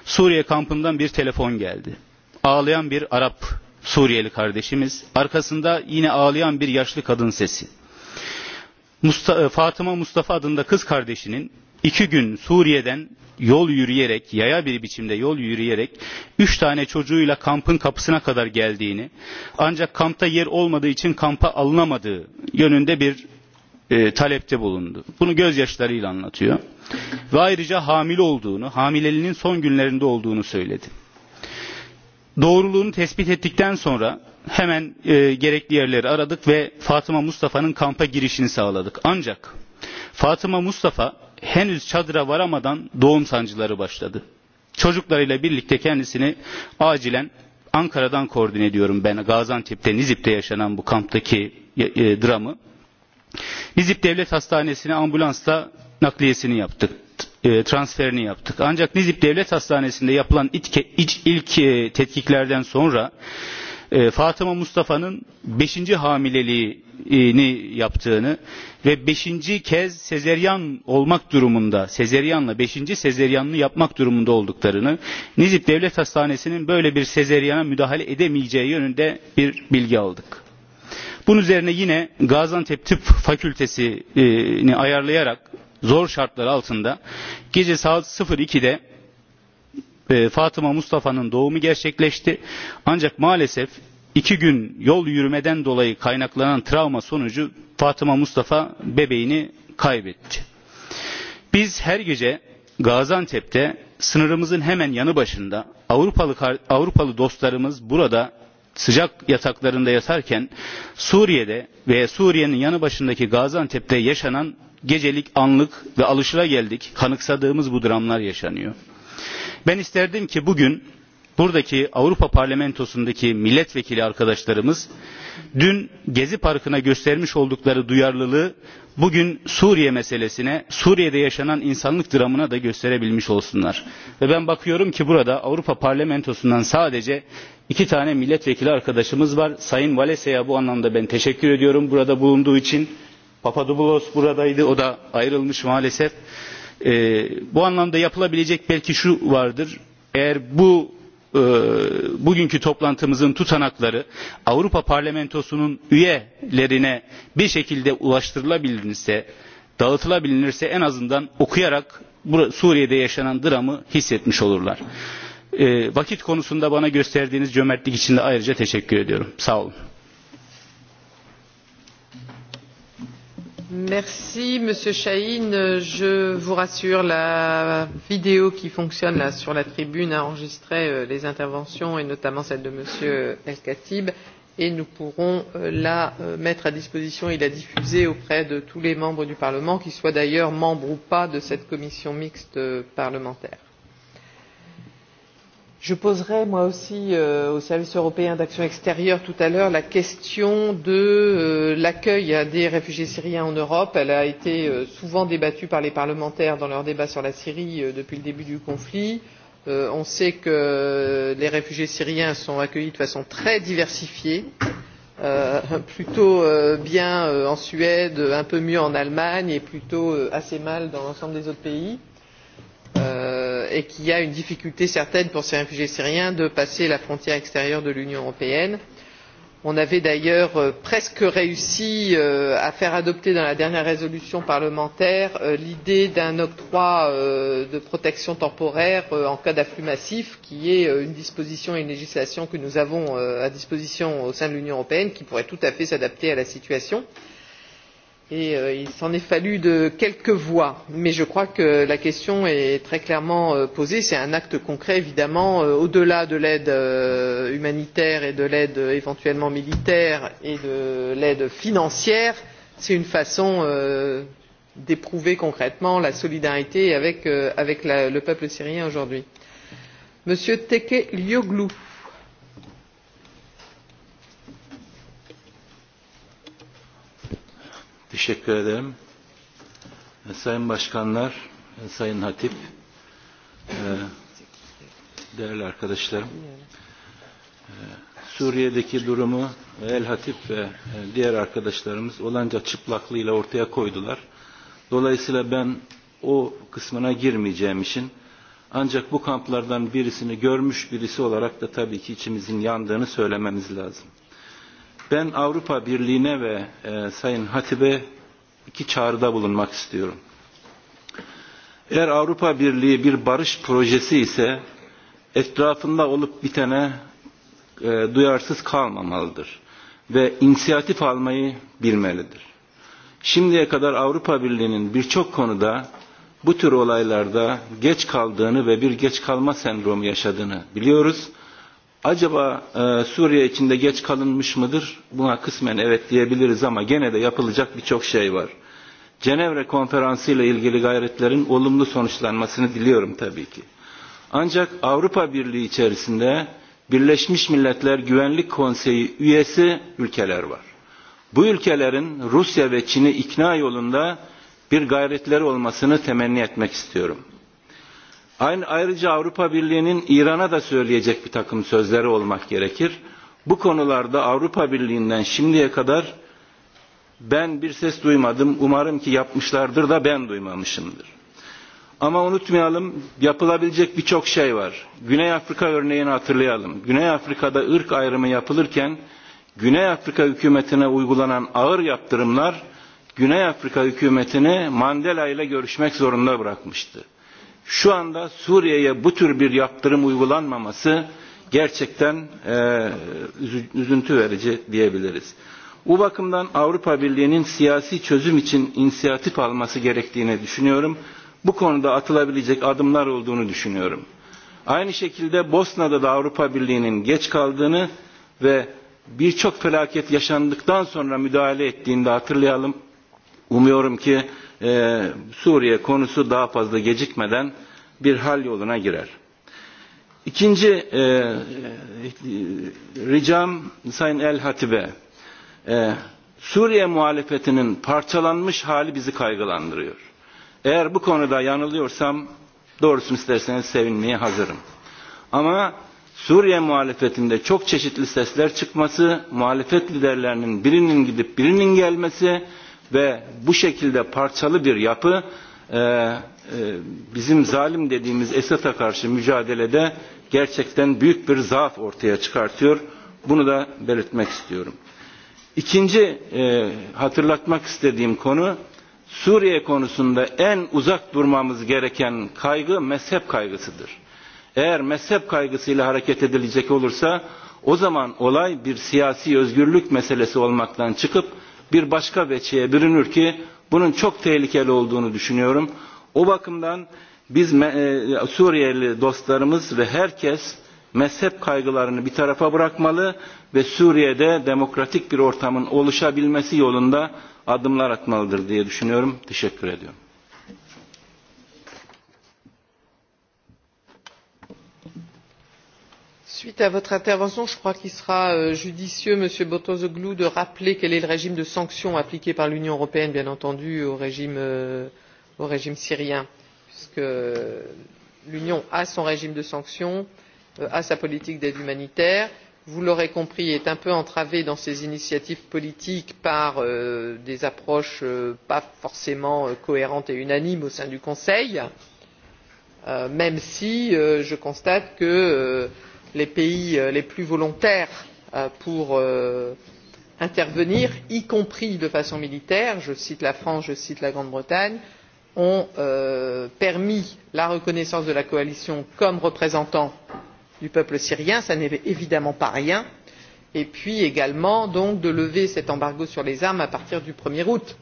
Suriye kampından bir telefon geldi. Ağlayan bir Arap Suriyeli kardeşimiz. Arkasında yine ağlayan bir yaşlı kadın sesi. Mustafa, Fatıma Mustafa adında kız kardeşinin iki gün Suriye'den yol yürüyerek, yaya bir biçimde yol yürüyerek üç tane çocuğuyla kampın kapısına kadar geldiğini, ancak kampta yer olmadığı için kampa alınamadığı yönünde bir e, talepte bulundu. Bunu gözyaşlarıyla anlatıyor. Ve ayrıca hamile olduğunu, hamileliğinin son günlerinde olduğunu söyledi doğruluğunu tespit ettikten sonra hemen e, gerekli yerleri aradık ve Fatıma Mustafa'nın kampa girişini sağladık. Ancak Fatıma Mustafa henüz çadıra varamadan doğum sancıları başladı. Çocuklarıyla birlikte kendisini acilen Ankara'dan koordine ediyorum ben Gaziantep'te Nizip'te yaşanan bu kamptaki e, dramı. Nizip Devlet Hastanesi'ne ambulansla nakliyesini yaptık transferini yaptık. Ancak Nizip Devlet Hastanesi'nde yapılan ilk tetkiklerden sonra Fatıma Mustafa'nın 5. hamileliğini yaptığını ve 5. kez sezeryan olmak durumunda, sezeryanla 5. sezeryanını yapmak durumunda olduklarını, Nizip Devlet Hastanesi'nin böyle bir sezeryana müdahale edemeyeceği yönünde bir bilgi aldık. Bunun üzerine yine Gaziantep Tıp Fakültesi'ni ayarlayarak zor şartlar altında gece saat 02'de Fatıma Mustafa'nın doğumu gerçekleşti. Ancak maalesef iki gün yol yürümeden dolayı kaynaklanan travma sonucu Fatıma Mustafa bebeğini kaybetti. Biz her gece Gaziantep'te sınırımızın hemen yanı başında Avrupalı Avrupalı dostlarımız burada sıcak yataklarında yatarken Suriye'de ve Suriye'nin yanı başındaki Gaziantep'te yaşanan gecelik anlık ve alışılageldik kanıksadığımız bu dramlar yaşanıyor. Ben isterdim ki bugün buradaki Avrupa Parlamentosu'ndaki milletvekili arkadaşlarımız dün Gezi Parkı'na göstermiş oldukları duyarlılığı bugün Suriye meselesine, Suriye'de yaşanan insanlık dramına da gösterebilmiş olsunlar. Ve ben bakıyorum ki burada Avrupa Parlamentosu'ndan sadece iki tane milletvekili arkadaşımız var. Sayın Valese'ye bu anlamda ben teşekkür ediyorum burada bulunduğu için. Papadopoulos buradaydı, o da ayrılmış maalesef. Ee, bu anlamda yapılabilecek belki şu vardır. Eğer bu e, bugünkü toplantımızın tutanakları Avrupa Parlamentosu'nun üyelerine bir şekilde ulaştırılabilirse, dağıtılabilirse en azından okuyarak Suriye'de yaşanan dramı hissetmiş olurlar vakit konusunda bana gösterdiğiniz cömertlik için de ayrıca teşekkür ediyorum. Sağ olun.
Merci Monsieur Chahin, Je vous rassure, la vidéo qui fonctionne là, sur la tribune a enregistré euh, les interventions et notamment celle de Monsieur El Khatib et nous pourrons euh, la euh, mettre à disposition et la diffuser auprès de tous les membres du Parlement, qu'ils soient d'ailleurs membres ou pas de cette commission mixte parlementaire je poserai moi aussi au service européen d'action extérieure tout à l'heure la question de l'accueil des réfugiés syriens en europe. elle a été souvent débattue par les parlementaires dans leurs débats sur la syrie depuis le début du conflit. on sait que les réfugiés syriens sont accueillis de façon très diversifiée plutôt bien en suède un peu mieux en allemagne et plutôt assez mal dans l'ensemble des autres pays et y a une difficulté certaine pour ces réfugiés syriens de passer la frontière extérieure de l'union européenne. on avait d'ailleurs presque réussi à faire adopter dans la dernière résolution parlementaire l'idée d'un octroi de protection temporaire en cas d'afflux massif qui est une disposition et une législation que nous avons à disposition au sein de l'union européenne qui pourrait tout à fait s'adapter à la situation. il et il s'en est fallu de quelques voix mais je crois que la question est très clairement posée c'est un acte concret évidemment au delà de l'aide humanitaire et de l'aide éventuellement militaire et de l'aide financière c'est une façon d'éprouver concrètement la solidarité avec le peuple syrien aujourd'hui. monsieur
tekelioglou
Teşekkür ederim. Sayın Başkanlar, Sayın Hatip, değerli arkadaşlarım. Suriye'deki durumu El Hatip ve diğer arkadaşlarımız olanca çıplaklığıyla ortaya koydular. Dolayısıyla ben o kısmına girmeyeceğim için ancak bu kamplardan birisini görmüş birisi olarak da tabii ki içimizin yandığını söylememiz lazım. Ben Avrupa Birliği'ne ve e, Sayın Hatip'e iki çağrıda bulunmak istiyorum. Eğer Avrupa Birliği bir barış projesi ise etrafında olup bitene e, duyarsız kalmamalıdır ve inisiyatif almayı bilmelidir. Şimdiye kadar Avrupa Birliği'nin birçok konuda bu tür olaylarda geç kaldığını ve bir geç kalma sendromu yaşadığını biliyoruz. Acaba e, Suriye içinde geç kalınmış mıdır? Buna kısmen evet diyebiliriz ama gene de yapılacak birçok şey var. Cenevre Konferansı ile ilgili gayretlerin olumlu sonuçlanmasını diliyorum tabii ki. Ancak Avrupa Birliği içerisinde Birleşmiş Milletler Güvenlik Konseyi üyesi ülkeler var. Bu ülkelerin Rusya ve Çin'i ikna yolunda bir gayretleri olmasını temenni etmek istiyorum. Aynı, ayrıca Avrupa Birliği'nin İran'a da söyleyecek bir takım sözleri olmak gerekir. Bu konularda Avrupa Birliği'nden şimdiye kadar ben bir ses duymadım. Umarım ki yapmışlardır da ben duymamışımdır. Ama unutmayalım yapılabilecek birçok şey var. Güney Afrika örneğini hatırlayalım. Güney Afrika'da ırk ayrımı yapılırken Güney Afrika hükümetine uygulanan ağır yaptırımlar Güney Afrika hükümetini Mandela ile görüşmek zorunda bırakmıştı şu anda Suriye'ye bu tür bir yaptırım uygulanmaması gerçekten e, üzüntü verici diyebiliriz. Bu bakımdan Avrupa Birliği'nin siyasi çözüm için inisiyatif alması gerektiğini düşünüyorum. Bu konuda atılabilecek adımlar olduğunu düşünüyorum. Aynı şekilde Bosna'da da Avrupa Birliği'nin geç kaldığını ve birçok felaket yaşandıktan sonra müdahale ettiğini de hatırlayalım. Umuyorum ki e, Suriye konusu daha fazla gecikmeden bir hal yoluna girer. İkinci e, e, ricam Sayın El Hatibe, e, Suriye muhalefetinin parçalanmış hali bizi kaygılandırıyor. Eğer bu konuda yanılıyorsam doğrusunu isterseniz sevinmeye hazırım. Ama Suriye muhalefetinde çok çeşitli sesler çıkması, muhalefet liderlerinin birinin gidip birinin gelmesi ve bu şekilde parçalı bir yapı e, e, bizim zalim dediğimiz Esad'a karşı mücadelede gerçekten büyük bir zaaf ortaya çıkartıyor. Bunu da belirtmek istiyorum. İkinci e, hatırlatmak istediğim konu Suriye konusunda en uzak durmamız gereken kaygı mezhep kaygısıdır. Eğer mezhep kaygısıyla hareket edilecek olursa o zaman olay bir siyasi özgürlük meselesi olmaktan çıkıp bir başka veçeye bürünür ki bunun çok tehlikeli olduğunu düşünüyorum. O bakımdan biz Suriyeli dostlarımız ve herkes mezhep kaygılarını bir tarafa bırakmalı ve Suriye'de demokratik bir ortamın oluşabilmesi yolunda adımlar atmalıdır diye düşünüyorum. Teşekkür ediyorum.
suite à votre intervention je crois qu'il sera judicieux monsieur bozoglou de rappeler quel est le régime de sanctions appliqué par l'union européenne bien entendu au régime syrien puisque l'union a son régime de sanctions a sa politique d'aide humanitaire vous l'aurez compris est un peu entravée dans ses initiatives politiques par des approches pas forcément cohérentes et unanimes au sein du conseil même si je constate que les pays les plus volontaires pour intervenir y compris de façon militaire je cite la france je cite la grande bretagne ont permis la reconnaissance de la coalition comme représentant du peuple syrien ce n'est évidemment pas rien et puis également de lever cet embargo sur les armes à partir du un er août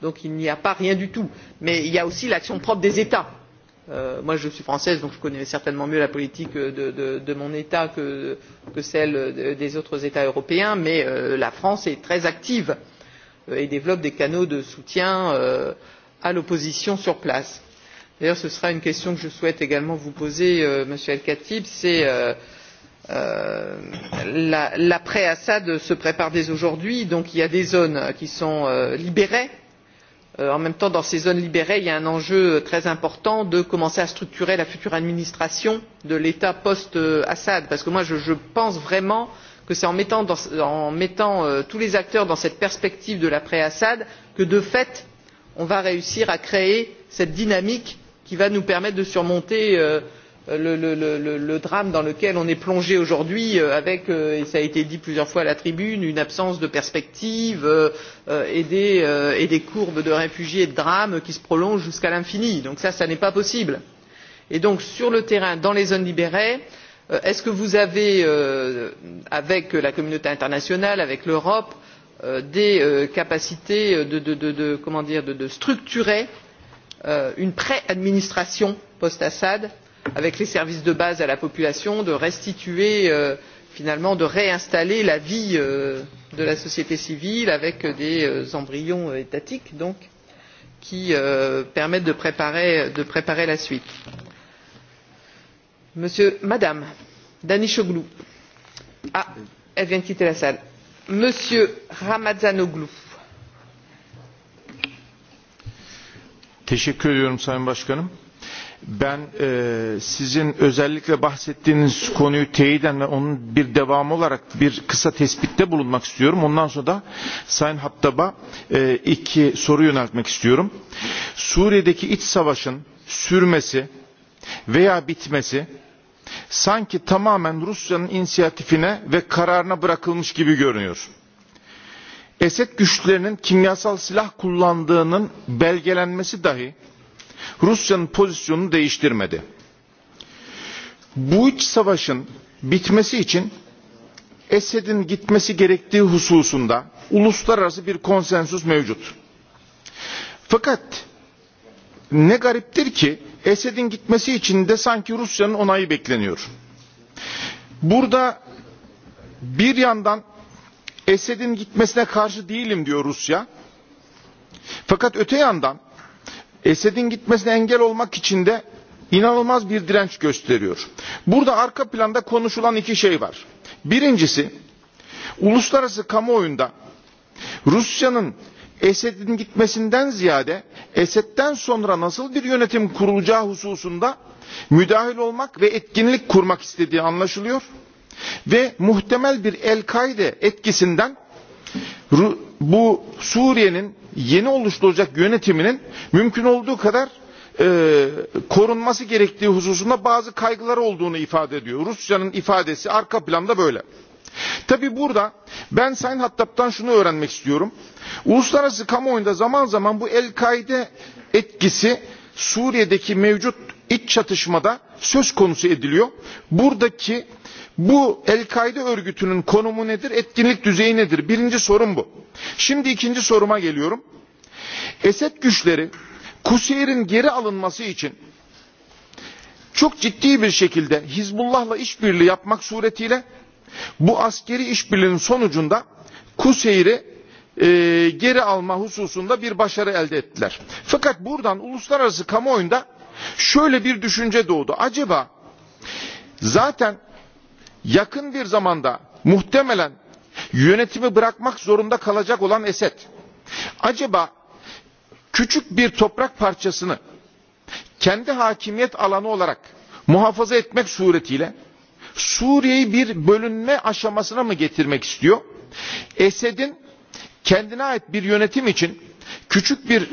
donc il n'y a pas rien du tout mais il y a aussi l'action propre des états moi je suis française donc je connais certainement mieux la politique de, de, de mon état que, que celle des autres états européens mais la france est très active et développe des canaux de soutien à l'opposition sur place. d'ailleurs ce sera une question que je souhaite également vous poser monsieur el khatib c'est l'après assad se prépare dès aujourd'hui donc il y a des zones qui sont libérées en même temps dans ces zones libérées il y a un enjeu très important de commencer à structurer la future administration de l'état post assad parce que je pense vraiment que c'est en mettant tous les acteurs dans cette perspective de l'après assad que de fait on va réussir à créer cette dynamique qui va nous permettre de surmonter le drame dans lequel on est plongé aujourd'hui avec et cela a été dit plusieurs fois à la tribune une absence de perspective et des courbes de réfugiés et de drames qui se prolongent jusqu'à l'infini. donc cela ce n'est pas possible. et donc sur le terrain dans les zones libérées est ce que vous avez avec la communauté internationale avec l'europe des capacités de structurer une pré administration post assad avec les services de base à la population de restituer finalement de réinstaller la vie de la société civile avec des embryons étatiques donc qui permettent de préparer la suite. madame danishoglu ah elle vient de quitter la salle monsieur ramazanoglu
teşekkür ediyorum sayın başkanım ben e, sizin özellikle bahsettiğiniz konuyu teyiden ve onun bir devamı olarak bir kısa tespitte bulunmak istiyorum. Ondan sonra da Sayın Hattab'a e, iki soru yöneltmek istiyorum. Suriye'deki iç savaşın sürmesi veya bitmesi sanki tamamen Rusya'nın inisiyatifine ve kararına bırakılmış gibi görünüyor. Esed güçlerinin kimyasal silah kullandığının belgelenmesi dahi Rusya'nın pozisyonunu değiştirmedi. Bu iç savaşın bitmesi için Esed'in gitmesi gerektiği hususunda uluslararası bir konsensus mevcut. Fakat ne gariptir ki Esed'in gitmesi için de sanki Rusya'nın onayı bekleniyor. Burada bir yandan Esed'in gitmesine karşı değilim diyor Rusya. Fakat öte yandan Esed'in gitmesine engel olmak için de inanılmaz bir direnç gösteriyor. Burada arka planda konuşulan iki şey var. Birincisi uluslararası kamuoyunda Rusya'nın Esed'in gitmesinden ziyade Esed'den sonra nasıl bir yönetim kurulacağı hususunda müdahil olmak ve etkinlik kurmak istediği anlaşılıyor ve muhtemel bir El-Kaide etkisinden bu Suriye'nin yeni oluşturulacak yönetiminin mümkün olduğu kadar e, korunması gerektiği hususunda bazı kaygılar olduğunu ifade ediyor. Rusya'nın ifadesi arka planda böyle. Tabi burada ben Sayın Hattab'dan şunu öğrenmek istiyorum. Uluslararası kamuoyunda zaman zaman bu El-Kaide etkisi Suriye'deki mevcut iç çatışmada söz konusu ediliyor. Buradaki Bu El Kaide örgütünün konumu nedir? Etkinlik düzeyi nedir? Birinci sorum bu. Şimdi ikinci soruma geliyorum. Esed güçleri Kuseyir'in geri alınması için çok ciddi bir şekilde Hizbullah'la işbirliği yapmak suretiyle bu askeri işbirliğinin sonucunda Kuseyir'i e, geri alma hususunda bir başarı elde ettiler. Fakat buradan uluslararası kamuoyunda şöyle bir düşünce doğdu. Acaba zaten yakın bir zamanda muhtemelen yönetimi bırakmak zorunda kalacak olan Esed acaba küçük bir toprak parçasını kendi hakimiyet alanı olarak muhafaza etmek suretiyle Suriye'yi bir bölünme aşamasına mı getirmek istiyor? Esed'in kendine ait bir yönetim için küçük bir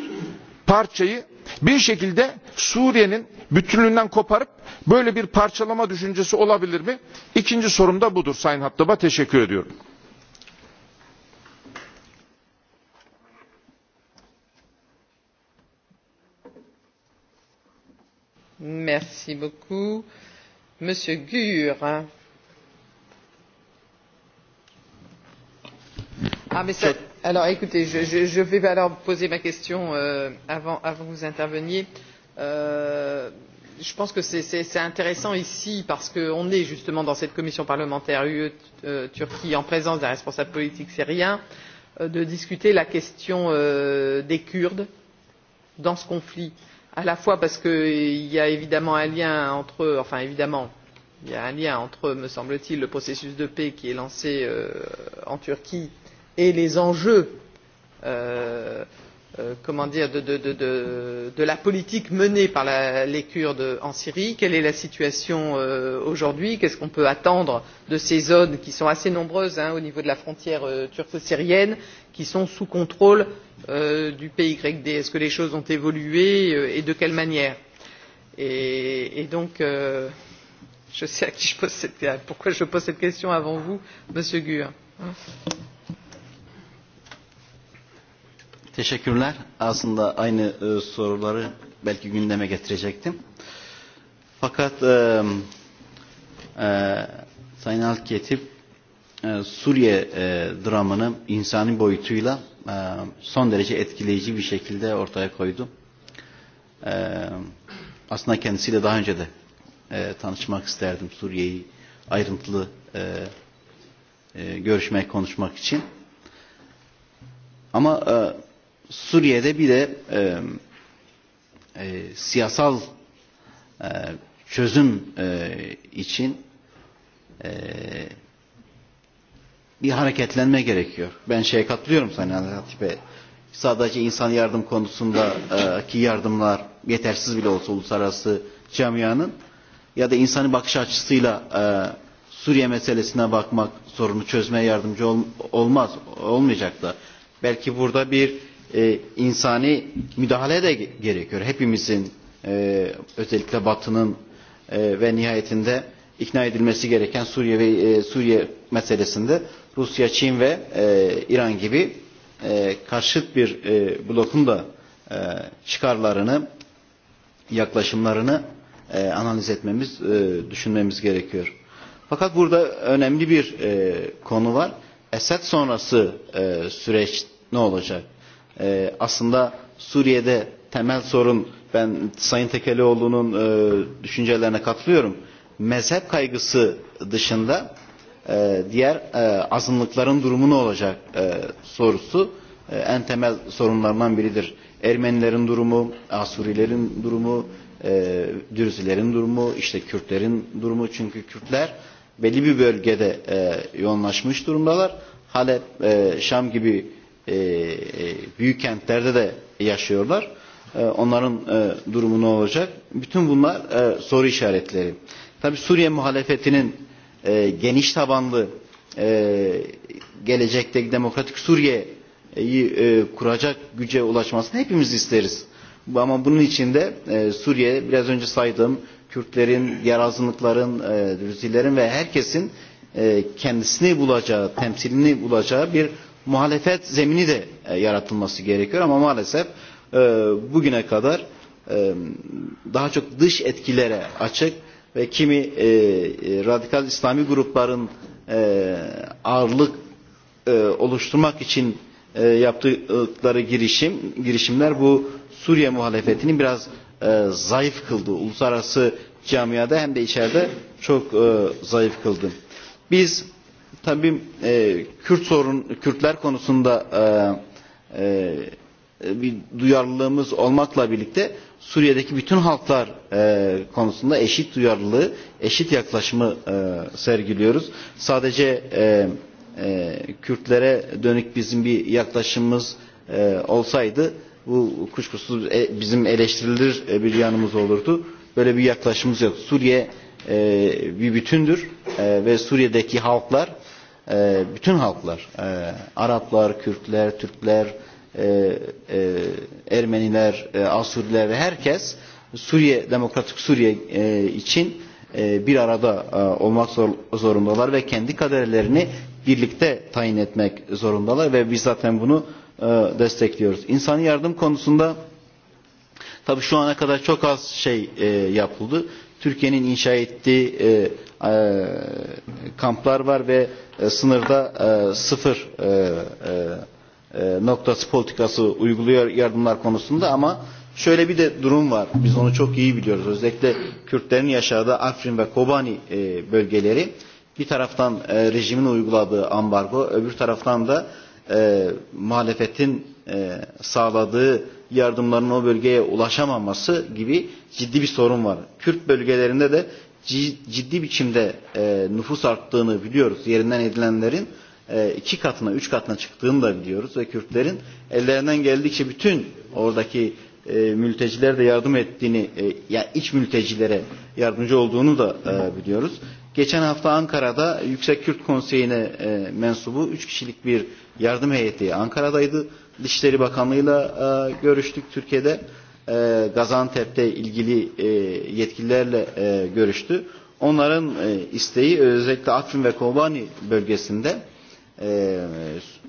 parçayı bir şekilde Suriye'nin bütünlüğünden koparıp böyle bir parçalama düşüncesi olabilir mi? İkinci sorum da budur Sayın Hattab'a teşekkür ediyorum.
Merci beaucoup. Monsieur Gure. Ah, mais ça, alors écoutez, je, je, je vais alors poser ma question euh, avant, avant que vous interveniez. Euh, je pense que c'est intéressant ici parce qu'on est justement dans cette commission parlementaire ue turquie en présence d'un responsable politique syrien de discuter la question des kurdes dans ce conflit à la fois parce qu'il y a évidemment un lien entre enfin évidemment il y a un lien entre me semble t il le processus de paix qui est lancé en turquie et les enjeux comment dire de la politique menée par les kurdes en syrie quelle est la situation aujourd'hui qu'est ce qu'on peut attendre de ces zones qui sont assez nombreuses au niveau de la frontière turco syrienne qui sont sous contrôle du pyd est ce que les choses ont évolué et de quelle manière? et donc je sais pourquoi je pose cette question avant vous monsieur gür
Teşekkürler. Aslında aynı e, soruları belki gündeme getirecektim. Fakat e, e, Sayın Alketip e, Suriye e, dramını insani boyutuyla e, son derece etkileyici bir şekilde ortaya koydu. E, aslında kendisiyle daha önce de e, tanışmak isterdim Suriye'yi ayrıntılı e, e, görüşmek, konuşmak için. Ama e, Suriye'de bir de e, e, siyasal e, çözüm e, için e, bir hareketlenme gerekiyor. Ben şeye katılıyorum sana Hatice. Sadece insan yardım konusundaki yardımlar yetersiz bile olsa uluslararası camianın ya da insani bakış açısıyla e, Suriye meselesine bakmak sorunu çözmeye yardımcı ol, olmaz olmayacak da belki burada bir insani müdahale de gerekiyor. Hepimizin özellikle Batı'nın ve nihayetinde ikna edilmesi gereken Suriye ve Suriye meselesinde Rusya, Çin ve İran gibi karşıt bir blokun da çıkarlarını, yaklaşımlarını analiz etmemiz, düşünmemiz gerekiyor. Fakat burada önemli bir konu var. Esed sonrası süreç ne olacak? E, aslında Suriye'de temel sorun ben Sayın Tekelioğlu'nun e, düşüncelerine katılıyorum. Mezhep kaygısı dışında e, diğer e, azınlıkların durumu ne olacak e, sorusu e, en temel sorunlarından biridir. Ermenilerin durumu, Asurilerin durumu, e, Dürzilerin durumu, işte Kürtlerin durumu çünkü Kürtler belli bir bölgede e, yoğunlaşmış durumdalar. Halep, e, Şam gibi e, büyük kentlerde de yaşıyorlar. E, onların e, durumu ne olacak? Bütün bunlar e, soru işaretleri. Tabi Suriye muhalefetinin e, geniş tabanlı e, gelecekteki demokratik Suriye'yi e, kuracak güce ulaşmasını hepimiz isteriz. Ama bunun içinde e, Suriye biraz önce saydığım Kürtlerin, yer azınlıkların, e, Rüzilerin ve herkesin e, kendisini bulacağı, temsilini bulacağı bir muhalefet zemini de yaratılması gerekiyor ama maalesef bugüne kadar daha çok dış etkilere açık ve kimi radikal İslami grupların ağırlık oluşturmak için yaptıkları girişim girişimler bu Suriye muhalefetini biraz zayıf kıldı. Uluslararası camiada hem de içeride çok zayıf kıldı. Biz Tabii e, Kürt sorun, Kürtler konusunda e, e, bir duyarlılığımız olmakla birlikte Suriye'deki bütün halklar e, konusunda eşit duyarlılığı, eşit yaklaşımı e, sergiliyoruz. Sadece e, e, Kürtlere dönük bizim bir yaklaşımımız e, olsaydı bu kuşkusuz e, bizim eleştirilir e, bir yanımız olurdu. Böyle bir yaklaşımımız yok. Suriye e, bir bütündür e, ve Suriye'deki halklar e, bütün halklar, e, Araplar, Kürtler, Türkler, e, e, Ermeniler, e, Asuriler ve herkes Suriye, Demokratik Suriye e, için e, bir arada e, olmak zor, zorundalar ve kendi kaderlerini birlikte tayin etmek zorundalar ve biz zaten bunu e, destekliyoruz. İnsani yardım konusunda tabi şu ana kadar çok az şey e, yapıldı. Türkiye'nin inşa ettiği e, kamplar var ve sınırda sıfır noktası politikası uyguluyor yardımlar konusunda ama şöyle bir de durum var. Biz onu çok iyi biliyoruz. Özellikle Kürtlerin yaşadığı Afrin ve Kobani bölgeleri bir taraftan rejimin uyguladığı ambargo, öbür taraftan da muhalefetin sağladığı yardımların o bölgeye ulaşamaması gibi ciddi bir sorun var. Kürt bölgelerinde de ciddi biçimde e, nüfus arttığını biliyoruz. Yerinden edilenlerin e, iki katına, üç katına çıktığını da biliyoruz ve Kürtlerin ellerinden geldikçe bütün oradaki e, mültecilere de yardım ettiğini, e, yani iç mültecilere yardımcı olduğunu da e, biliyoruz. Geçen hafta Ankara'da Yüksek Kürt Konseyi'ne e, mensubu üç kişilik bir yardım heyeti Ankara'daydı. Dışişleri Bakanlığı'yla e, görüştük Türkiye'de e, Gaziantep'te ilgili e, yetkililerle e, görüştü. Onların e, isteği özellikle Afrin ve Kobani bölgesinde e,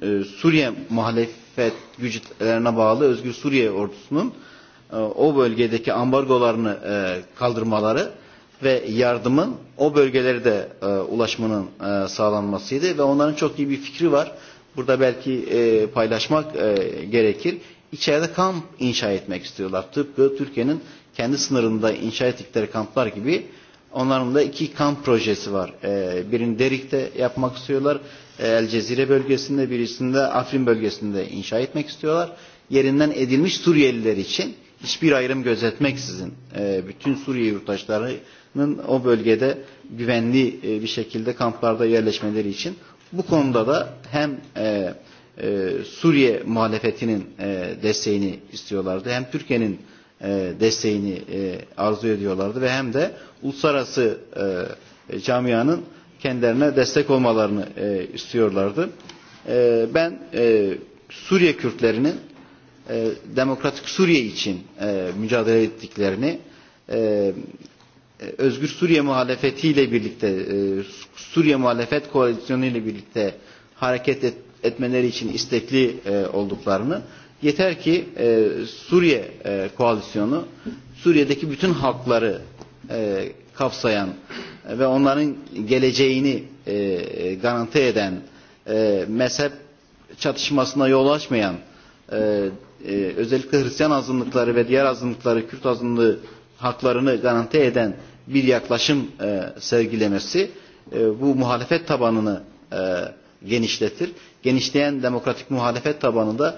e, Suriye muhalefet güçlerine bağlı Özgür Suriye ordusunun e, o bölgedeki ambargolarını e, kaldırmaları ve yardımın o bölgelere de e, ulaşmanın e, sağlanmasıydı ve onların çok iyi bir fikri var. Burada belki e, paylaşmak e, gerekir içeride kamp inşa etmek istiyorlar. Tıpkı Türkiye'nin kendi sınırında inşa ettikleri kamplar gibi onların da iki kamp projesi var. Ee, birini Derik'te yapmak istiyorlar. Ee, El Cezire bölgesinde birisinde Afrin bölgesinde inşa etmek istiyorlar. Yerinden edilmiş Suriyeliler için hiçbir ayrım gözetmeksizin e, bütün Suriye yurttaşlarının o bölgede güvenli e, bir şekilde kamplarda yerleşmeleri için bu konuda da hem e, e, Suriye muhalefetinin e, desteğini istiyorlardı. Hem Türkiye'nin e, desteğini e, arzu ediyorlardı ve hem de uluslararası e, camianın kendilerine destek olmalarını e, istiyorlardı. E, ben e, Suriye Kürtlerinin e, Demokratik Suriye için e, mücadele ettiklerini e, Özgür Suriye muhalefetiyle birlikte, e, Suriye muhalefet koalisyonu ile birlikte hareket et, etmeleri için istekli e, olduklarını yeter ki e, Suriye e, koalisyonu Suriye'deki bütün halkları e, kapsayan e, ve onların geleceğini e, garanti eden e, mezhep çatışmasına yol açmayan e, e, özellikle Hristiyan azınlıkları ve diğer azınlıkları Kürt azınlığı haklarını garanti eden bir yaklaşım e, sergilemesi e, bu muhalefet tabanını e, genişletir genişleyen demokratik muhalefet tabanında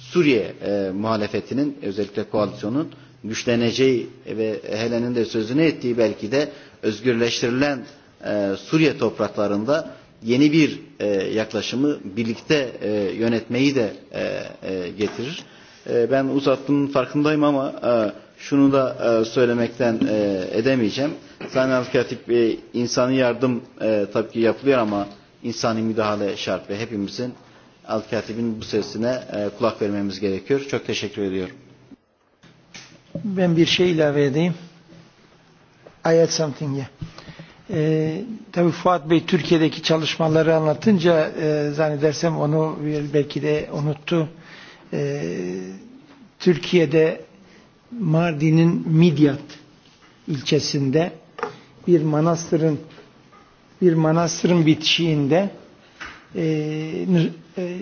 Suriye e, muhalefetinin özellikle koalisyonun güçleneceği ve Helen'in de sözünü ettiği belki de özgürleştirilen e, Suriye topraklarında yeni bir e, yaklaşımı birlikte e, yönetmeyi de e, e, getirir. E, ben uzattığımın farkındayım ama e, şunu da e, söylemekten e, edemeyeceğim. Sayın Al-Katip e, insanı yardım e, tabii ki yapılıyor ama insani müdahale şart ve hepimizin al katibin bu sesine e, kulak vermemiz gerekiyor. Çok teşekkür ediyorum.
Ben bir şey ilave edeyim. I add something here. Ee, tabii Fuat Bey Türkiye'deki çalışmaları anlatınca e, zannedersem onu belki de unuttu. E, Türkiye'de Mardin'in Midyat ilçesinde bir manastırın bir manastırın bitişiğinde e, e,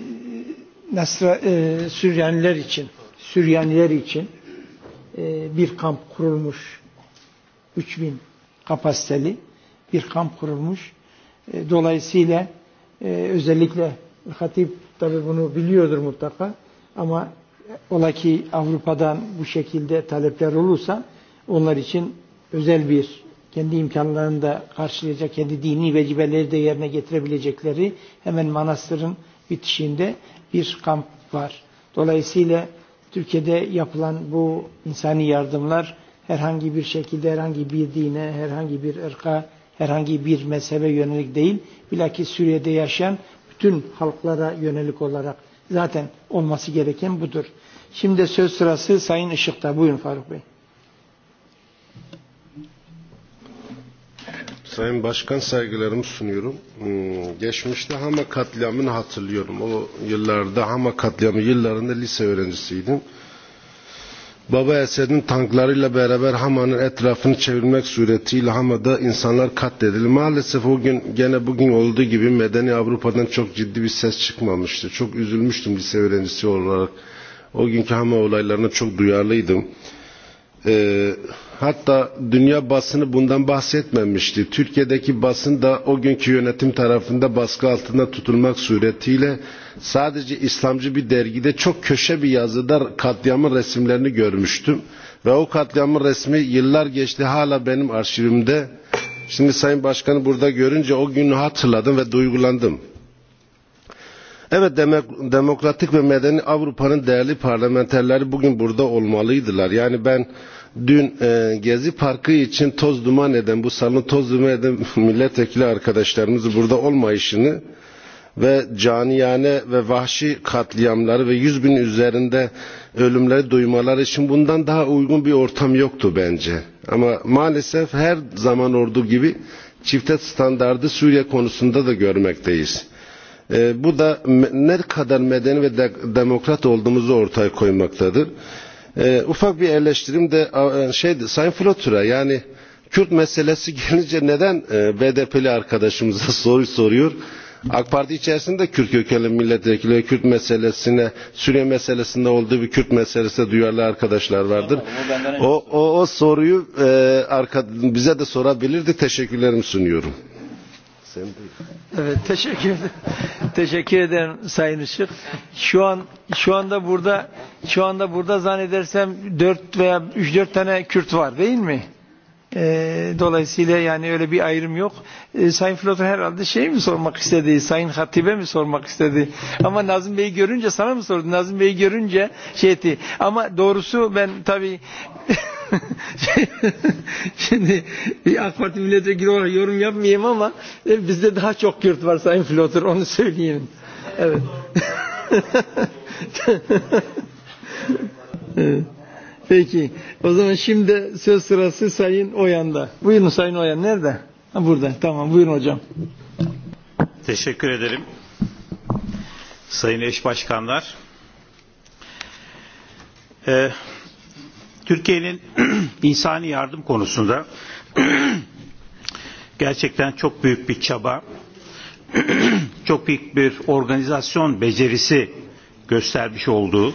Nasra, e, Süryaniler için Süryaniler için e, bir kamp kurulmuş 3000 kapasiteli bir kamp kurulmuş. E, dolayısıyla e, özellikle Hatip tabi bunu biliyordur mutlaka ama ola ki Avrupa'dan bu şekilde talepler olursa onlar için özel bir kendi imkanlarını da karşılayacak, kendi dini vecibeleri de yerine getirebilecekleri hemen manastırın bitişinde bir kamp var. Dolayısıyla Türkiye'de yapılan bu insani yardımlar herhangi bir şekilde herhangi bir dine, herhangi bir ırka, herhangi bir mezhebe yönelik değil, bilakis Suriye'de yaşayan bütün halklara yönelik olarak zaten olması gereken budur. Şimdi söz sırası Sayın Işık'ta. Buyurun Faruk Bey.
Sayın Başkan saygılarımı sunuyorum. Geçmişte Hama katliamını hatırlıyorum. O yıllarda Hama katliamı yıllarında lise öğrencisiydim. Baba Esed'in tanklarıyla beraber Hama'nın etrafını çevirmek suretiyle Hama'da insanlar katledildi. Maalesef o gün gene bugün olduğu gibi medeni Avrupa'dan çok ciddi bir ses çıkmamıştı. Çok üzülmüştüm lise öğrencisi olarak. O günkü Hama olaylarına çok duyarlıydım hatta dünya basını bundan bahsetmemişti. Türkiye'deki basın da o günkü yönetim tarafında baskı altında tutulmak suretiyle sadece İslamcı bir dergide çok köşe bir yazıda katliamın resimlerini görmüştüm. Ve o katliamın resmi yıllar geçti hala benim arşivimde. Şimdi Sayın Başkanı burada görünce o günü hatırladım ve duygulandım. Evet demek, demokratik ve medeni Avrupa'nın değerli parlamenterleri bugün burada olmalıydılar. Yani ben dün e, Gezi Parkı için toz duman eden bu salonu toz duman eden milletvekili arkadaşlarımız burada olmayışını ve caniyane ve vahşi katliamları ve yüz bin üzerinde ölümleri duymaları için bundan daha uygun bir ortam yoktu bence. Ama maalesef her zaman ordu gibi çifte standardı Suriye konusunda da görmekteyiz bu da ne kadar medeni ve de demokrat olduğumuzu ortaya koymaktadır. E, Ufak bir eleştirim de şey Sayın Flotura yani Kürt meselesi gelince neden e, BDP'li arkadaşımıza soru soruyor? AK Parti içerisinde Kürt kökenli milletvekili ve Kürt meselesine, Suriye meselesinde olduğu bir Kürt meselesine duyarlı arkadaşlar vardır. O, o, o soruyu e, arka, bize de sorabilirdi. Teşekkürlerimi sunuyorum.
Evet teşekkür ederim. teşekkür ederim Sayın Işık. Şu an şu anda burada şu anda burada zannedersem 4 veya 3 4 tane Kürt var değil mi? dolayısıyla yani öyle bir ayrım yok. E, Sayın Flotter herhalde şey mi sormak istedi? Sayın Hatibe mi sormak istedi? Ama Nazım Bey'i görünce sana mı sordu? Nazım Bey'i görünce şey etti. Ama doğrusu ben tabii şimdi bir AK Parti milletvekili olarak yorum yapmayayım ama e, bizde daha çok Kürt var Sayın Flotter onu söyleyeyim. Evet. evet. Peki. O zaman şimdi söz sırası Sayın Oyan'da. Buyurun Sayın Oyan. Nerede? Ha, burada. Tamam. Buyurun hocam.
Teşekkür ederim. Sayın eş başkanlar. Ee, Türkiye'nin insani yardım konusunda gerçekten çok büyük bir çaba, çok büyük bir organizasyon becerisi göstermiş olduğu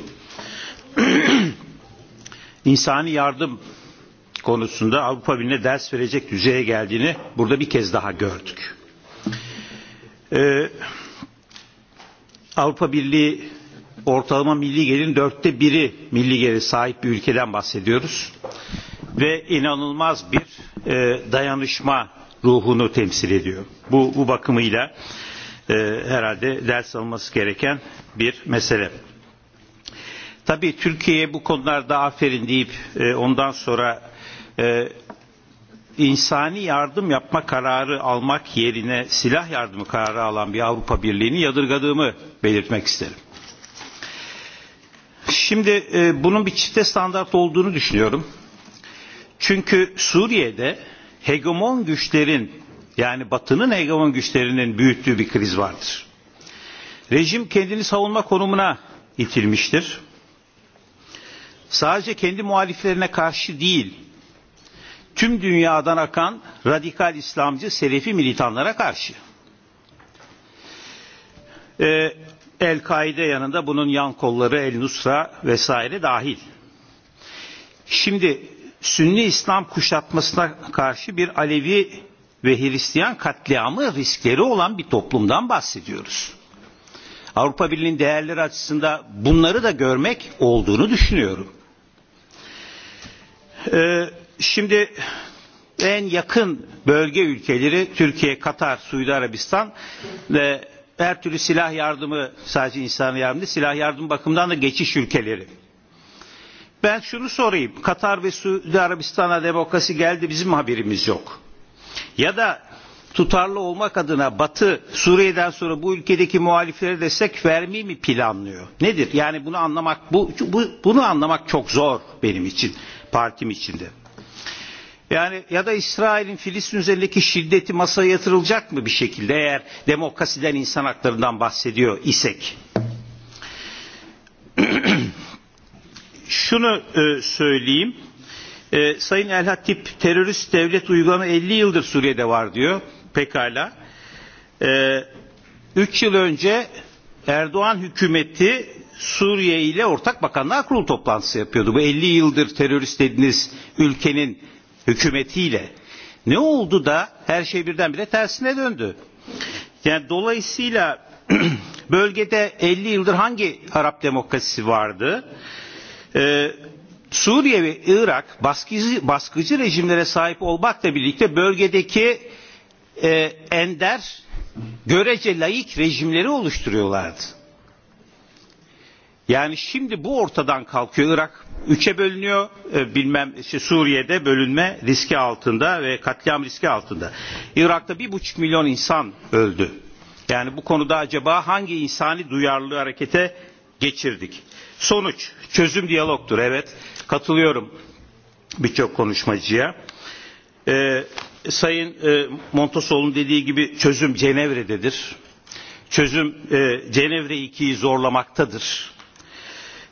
insani yardım konusunda Avrupa Birliği'ne ders verecek düzeye geldiğini burada bir kez daha gördük. Ee, Avrupa Birliği ortalama milli gelirin dörtte biri milli geliri sahip bir ülkeden bahsediyoruz. Ve inanılmaz bir e, dayanışma ruhunu temsil ediyor. Bu, bu bakımıyla e, herhalde ders alması gereken bir mesele. Tabii Türkiye'ye bu konularda aferin deyip e, ondan sonra e, insani yardım yapma kararı almak yerine silah yardımı kararı alan bir Avrupa Birliği'ni yadırgadığımı belirtmek isterim. Şimdi e, bunun bir çifte standart olduğunu düşünüyorum. Çünkü Suriye'de hegemon güçlerin yani batının hegemon güçlerinin büyüttüğü bir kriz vardır. Rejim kendini savunma konumuna itilmiştir sadece kendi muhaliflerine karşı değil, tüm dünyadan akan radikal İslamcı Selefi militanlara karşı. Ee, El-Kaide yanında bunun yan kolları El-Nusra vesaire dahil. Şimdi Sünni İslam kuşatmasına karşı bir Alevi ve Hristiyan katliamı riskleri olan bir toplumdan bahsediyoruz. Avrupa Birliği'nin değerleri açısında bunları da görmek olduğunu düşünüyorum. Ee, Şimdi en yakın bölge ülkeleri Türkiye, Katar, Suudi Arabistan ve her türlü silah yardımı sadece insan yardımı silah yardımı bakımından da geçiş ülkeleri. Ben şunu sorayım. Katar ve Suudi Arabistan'a demokrasi geldi bizim haberimiz yok. Ya da tutarlı olmak adına Batı Suriye'den sonra bu ülkedeki muhaliflere destek vermeyi mi planlıyor? Nedir? Yani bunu anlamak bu, bu bunu anlamak çok zor benim için partim içinde. Yani ya da İsrail'in Filistin üzerindeki şiddeti masaya yatırılacak mı bir şekilde eğer demokrasiden insan haklarından bahsediyor isek? Şunu e, söyleyeyim. E, Sayın El Hatip terörist devlet uygulama 50 yıldır Suriye'de var diyor. Pekala. E, 3 yıl önce Erdoğan hükümeti Suriye ile ortak bakanlar kurulu toplantısı yapıyordu. Bu 50 yıldır terörist dediğiniz ülkenin hükümetiyle. Ne oldu da her şey birdenbire tersine döndü? Yani dolayısıyla bölgede 50 yıldır hangi Arap demokrasisi vardı? Ee, Suriye ve Irak baskıcı, baskıcı rejimlere sahip olmakla birlikte bölgedeki e, ender görece layık rejimleri oluşturuyorlardı. Yani şimdi bu ortadan kalkıyor. Irak üçe bölünüyor. E, bilmem işte Suriye'de bölünme riski altında ve katliam riski altında. Irak'ta bir buçuk milyon insan öldü. Yani bu konuda acaba hangi insani duyarlılığı harekete geçirdik? Sonuç, çözüm diyalogtur. Evet, katılıyorum birçok konuşmacıya. Ee, Sayın e, Montosol'un dediği gibi çözüm Cenevre'dedir. Çözüm e, Cenevre 2'yi zorlamaktadır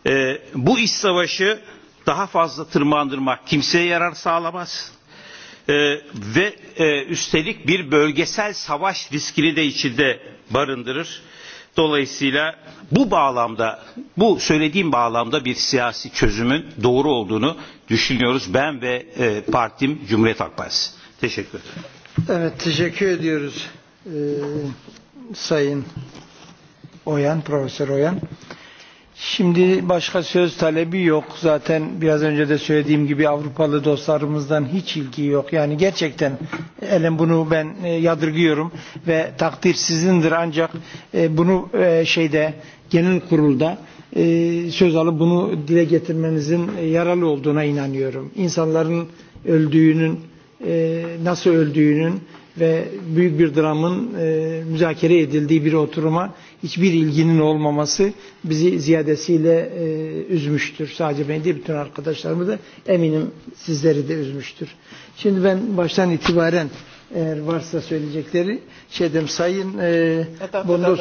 e, bu iş savaşı daha fazla tırmandırmak kimseye yarar sağlamaz e, ve e, üstelik bir bölgesel savaş riskini de içinde barındırır. Dolayısıyla bu bağlamda, bu söylediğim bağlamda bir siyasi çözümün doğru olduğunu düşünüyoruz. Ben ve e, partim Cumhuriyet Halk Partisi. Teşekkür ederim.
Evet, teşekkür ediyoruz. e, Sayın Oyan, Profesör Oyan. Şimdi başka söz talebi yok. Zaten biraz önce de söylediğim gibi Avrupalı dostlarımızdan hiç ilgi yok. Yani gerçekten Elen bunu ben yadırgıyorum ve takdir sizindir ancak bunu şeyde genel kurulda söz alıp bunu dile getirmenizin yaralı olduğuna inanıyorum. İnsanların öldüğünün nasıl öldüğünün ve büyük bir dramın müzakere edildiği bir oturuma hiçbir ilginin olmaması bizi ziyadesiyle e, üzmüştür. Sadece beni değil bütün arkadaşlarımı da eminim sizleri de üzmüştür. Şimdi ben baştan itibaren eğer varsa söyleyecekleri şeydim sayın e, Bondosoğlu.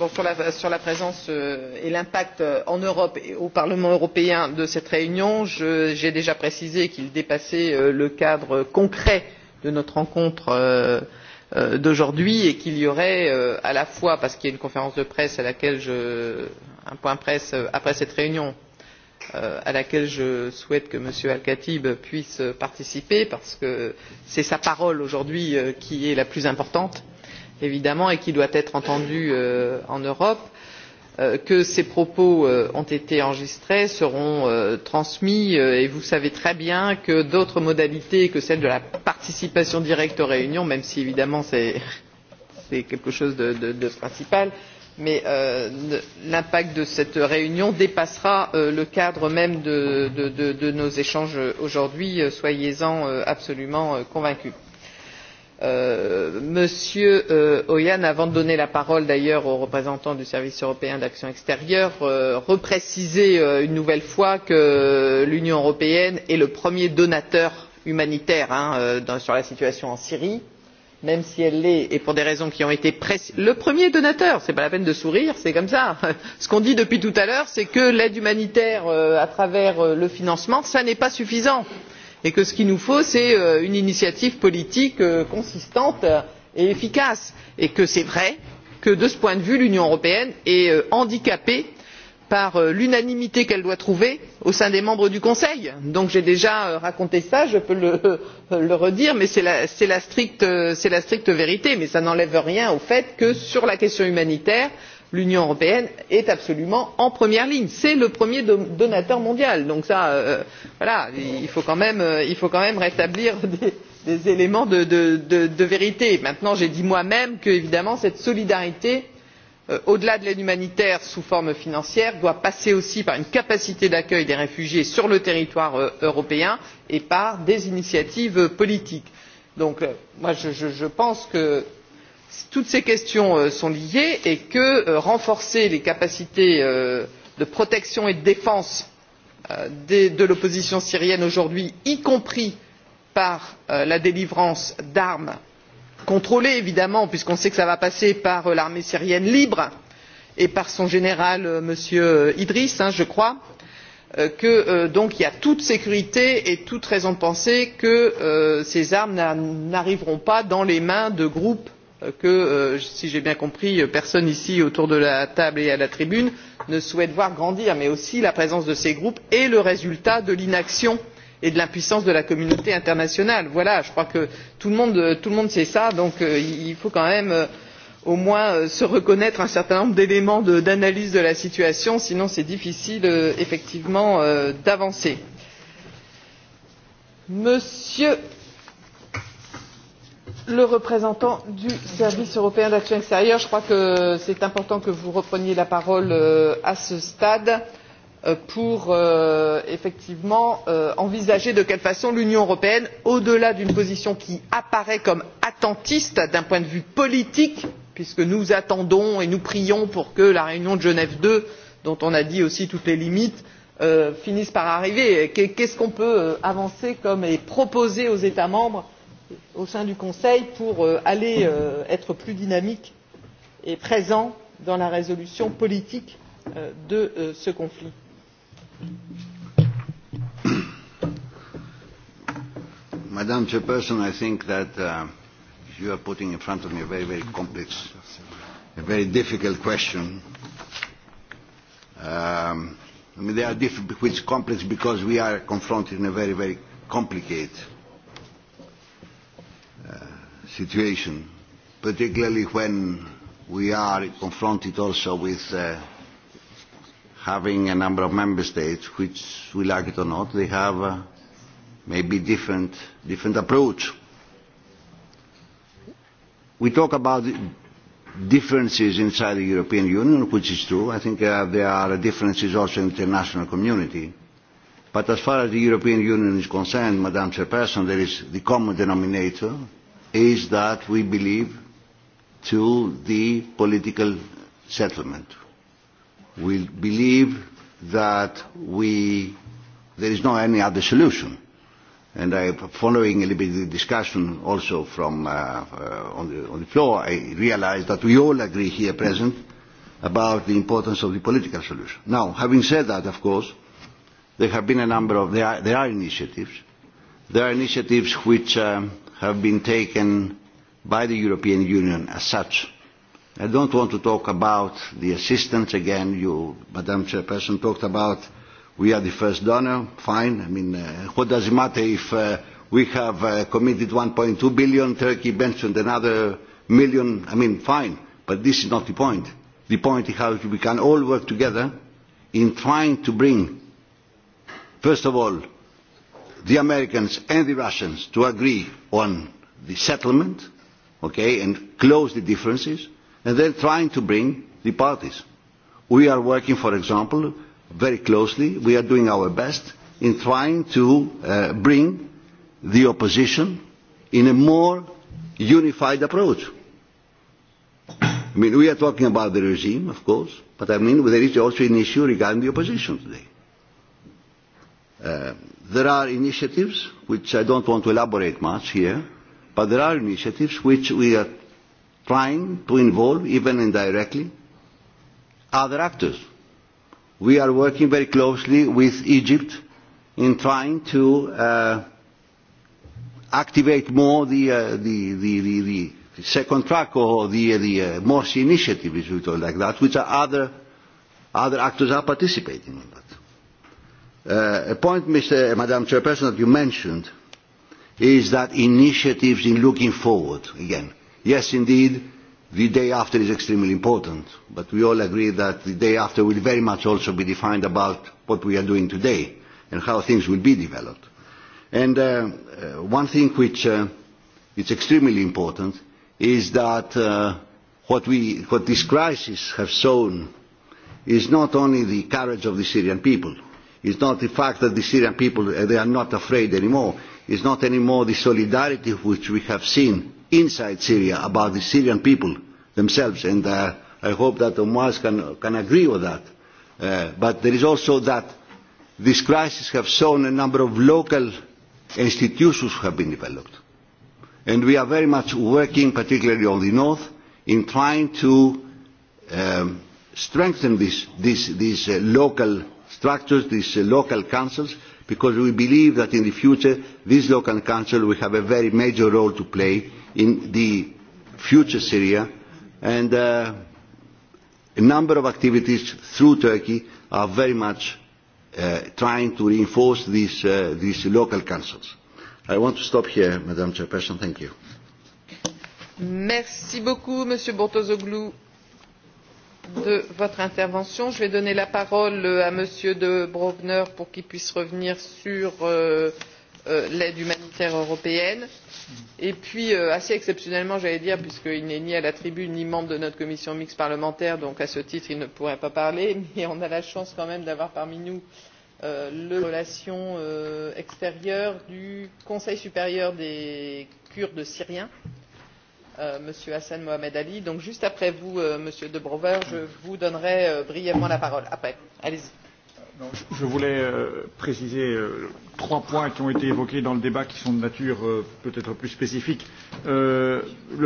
Bon, sur, la, sur la présence euh, et l'impact euh, en Europe et au Parlement européen de cette réunion, j'ai déjà précisé qu'il dépassait euh, le cadre concret de notre rencontre euh, d'aujourd'hui et qu'il y aurait à la fois parce qu'il y a une conférence de presse à laquelle je un point presse après cette réunion à laquelle je souhaite que m. al khatib puisse participer parce que c'est sa parole aujourd'hui qui est la plus importante évidemment et qui doit être entendue en europe que ces propos ont été enregistrés seront transmis et vous savez très bien que d'autres modalités que celle de la participation directe aux réunions même si évidemment c'est quelque chose de principal mais l'impact de cette réunion dépassera le cadre même de nos échanges aujourd'hui soyez en absolument convaincus monsieur hoyer avant de donner la parole d'ailleurs au représentant du service européen pour l'action extérieure repréciser une nouvelle fois que l'union européenne est le premier donateur humanitaire sur la situation en syrie même si elle l'est et pour des raisons qui ont été précisées le premier donateur ce n'est pas la peine de sourire c'est comme cela. ce qu'on dit depuis tout à l'heure c'est que l'aide humanitaire à travers le financement ce n'est pas suffisant. il et que ce qu'il nous faut c'est une initiative politique consistante et efficace et que c'est vrai que de ce point de vue l'union européenne est handicapée par l'unanimité qu'elle doit trouver au sein des membres du conseil. j'ai déjà raconté cela je peux le redire mais c'est la stricte vérité mais cela n'enlève rien au fait que sur la question humanitaire l'union européenne est absolument en première ligne c'est le premier donateur mondial donc il faut quand même rétablir des éléments de vérité. maintenant j'ai dit moi même que, évidemment, cette solidarité au delà de l'aide humanitaire sous forme financière doit passer aussi par une capacité d'accueil des réfugiés sur le territoire européen et par des initiatives politiques. donc je pense que toutes ces questions sont liées et que renforcer les capacités de protection et de défense de l'opposition syrienne aujourd'hui y compris par la délivrance d'armes contrôlées évidemment puisqu'on sait que cela va passer par l'armée syrienne libre et par son général m. idriss je crois que donc il y a toute sécurité et toute raison de penser que ces armes n'arriveront pas dans les mains de groupes que si j'ai bien compris personne ici autour de la table et à la tribune ne souhaite voir grandir mais aussi la présence de ces groupes est le résultat de l'inaction et de l'impuissance de la communauté internationale. voilà je crois que tout le monde sait cela donc il faut quand même au moins se reconnaître un certain nombre d'éléments d'analyse de la situation sinon c'est difficile effectivement d'avancer. monsieur le représentant du service européen d'action extérieure je crois que c'est important que vous repreniez la parole à ce stade pour effectivement envisager de quelle façon l'union européenne au delà d'une position qui apparaît comme attentiste d'un point de vue politique puisque nous attendons et nous prions pour que la réunion de genève ii dont on a dit aussi toutes les limites finisse par arriver qu'est ce qu'on peut avancer et proposer aux états membres au sein du conseil pour aller, être plus dynamique et présent dans la résolution politique de ce conflit.
Madam Chairperson, I think that uh, you are putting in front of me a very, very complex, a very difficult question. Um, I mean, they are diff- which complex because we are confronted in a very, very complicated situation, particularly when we are confronted also with uh, having a number of member states, which we like it or not, they have uh, maybe different, different approach. We talk about differences inside the European Union, which is true. I think uh, there are differences also in the international community. But as far as the European Union is concerned, Madam Chairperson, there is the common denominator, is that we believe to the political settlement. We believe that we, there is no any other solution. And I, following a little bit the discussion also from uh, uh, on, the, on the floor, I realized that we all agree here present about the importance of the political solution. Now, having said that, of course, there have been a number of, there are, there are initiatives. There are initiatives which um, have been taken by the European Union as such. I don't want to talk about the assistance again. You, Madam Chairperson, talked about we are the first donor. Fine. I mean, uh, what does it matter if uh, we have uh, committed 1.2 billion, Turkey mentioned another million. I mean, fine. But this is not the point. The point is how we can all work together in trying to bring, first of all, the Americans and the Russians to agree on the settlement, and close the differences, and then trying to bring the parties. We are working, for example, very closely. We are doing our best in trying to bring the opposition in a more unified approach. I mean, we are talking about the regime, of course, but I mean, there is also an issue regarding the opposition today. Uh, There are initiatives, which I don't want to elaborate much here, but there are initiatives which we are trying to involve, even indirectly, other actors. We are working very closely with Egypt in trying to uh, activate more the, uh, the, the, the, the second track or the, the uh, Morsi initiative, if you like that, which are other, other actors are participating in that a point madam chairperson that you mentioned is that initiatives in looking forward again yes indeed the day after is extremely important but we all agree that the day after will very much also be defined about what we are doing today and how things will be developed and one thing which is extremely important is that what we what this crisis has shown is not only the courage of the syrian people It's not the fact that the Syrian people, they are not afraid anymore. It's not anymore the solidarity which we have seen inside Syria about the Syrian people themselves. And uh, I hope that Omar can, can agree with that. Uh, but there is also that this crisis has shown a number of local institutions have been developed. And we are very much working, particularly on the north, in trying to um, strengthen this, this, these uh, local structures, these local councils, because we believe that in the future these local councils will have a very major role to play in the future Syria and uh, a number of activities through Turkey are very much uh, trying to reinforce these, uh, these local councils. I want to stop here, Madam Chairperson. Thank you.
Merci beaucoup, Monsieur de votre intervention. je vais donner la parole à m. de brovner pour qu'il puisse revenir sur l'aide humanitaire européenne et puis assez exceptionnellement j'allais dire puisqu'il n'est ni à la tribune ni membre de notre commission mixte parlementaire donc à ce titre il ne pourrait pas parler mais on a la chance quand même d'avoir parmi nous le relations extérieures du conseil supérieur des kurdes syriens Monsieur hassan mohamed ali donc juste après vous monsieur de brouwer je vous donnerai brièvement la parole après allez y.
je voulais préciser trois points qui ont été évoqués dans le débat qui sont de nature peut être plus spécifique. le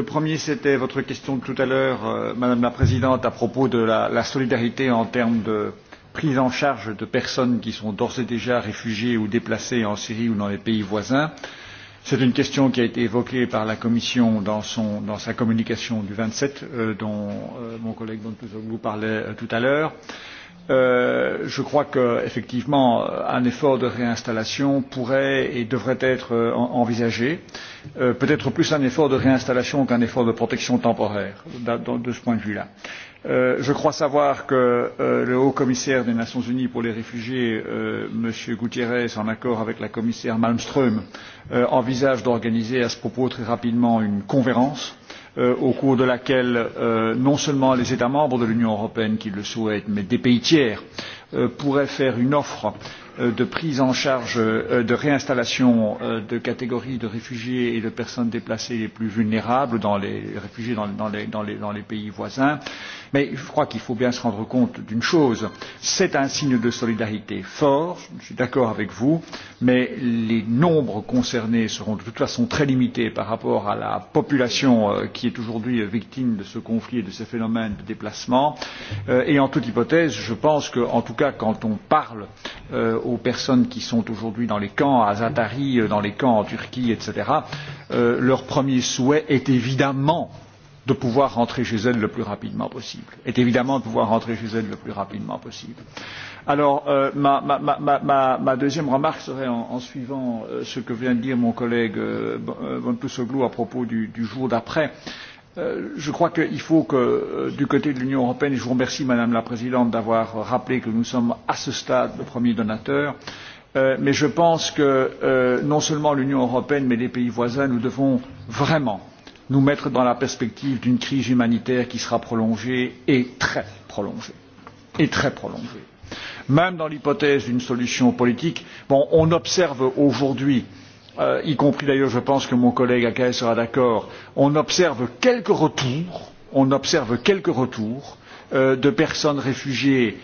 premier c'était votre question de tout à l'heure madame la présidente à propos de la solidarité en termes de prise en charge de personnes qui sont d'ores et déjà réfugiées ou déplacées en syrie ou dans les pays voisins. C'est une question qui a été évoquée par la Commission dans, son, dans sa communication du 27, euh, dont euh, mon collègue vous parlait euh, tout à l'heure. Euh, je crois qu'effectivement, un effort de réinstallation pourrait et devrait être euh, envisagé, euh, peut-être plus un effort de réinstallation qu'un effort de protection temporaire, de, de ce point de vue-là je crois savoir que le haut commissaire des Nations Unies pour les réfugiés, M. Gutiérrez, en accord avec la commissaire Malmström, envisage d'organiser à ce propos très rapidement une conférence au cours de laquelle non seulement les États membres de l'Union européenne qui le souhaitent, mais des pays tiers pourraient faire une offre de prise en charge de réinstallation de catégories de réfugiés et de personnes déplacées les plus vulnérables dans les réfugiés dans, les, pays voisins Mais je crois qu'il faut bien se rendre compte d'une chose, c'est un signe de solidarité fort, je suis d'accord avec vous, mais les nombres concernés seront de toute façon très limités par rapport à la population qui est aujourd'hui victime de ce conflit et de ces phénomènes de déplacement. Et en toute hypothèse, je pense que, en tout cas, quand on parle aux personnes qui sont aujourd'hui dans les camps à Zatari, dans les camps en Turquie, etc., leur premier souhait est évidemment de pouvoir rentrer chez elle le plus rapidement possible est évidemment de pouvoir rentrer chez elle le plus rapidement possible. Alors ma, ma, ma, ma, ma deuxième remarque serait en, en suivant ce que vient de dire mon collègue euh, Pussoglou à propos du, du jour d'après. Je crois qu'il faut que, du côté de l'Union européenne, et je vous remercie, Madame la Présidente, d'avoir rappelé que nous sommes à ce stade le premier donateur, mais je pense que non seulement l'Union européenne, mais les pays voisins, nous devons vraiment nous mettre dans la perspective d'une crise humanitaire qui sera prolongée et très prolongée et très prolongée. Même dans l'hypothèse d'une solution politique, bon, on observe aujourd'hui y compris d'ailleurs je pense que mon collègue Akaï sera d'accord, on observe quelques retours, on observe quelques retours de personnes réfugiées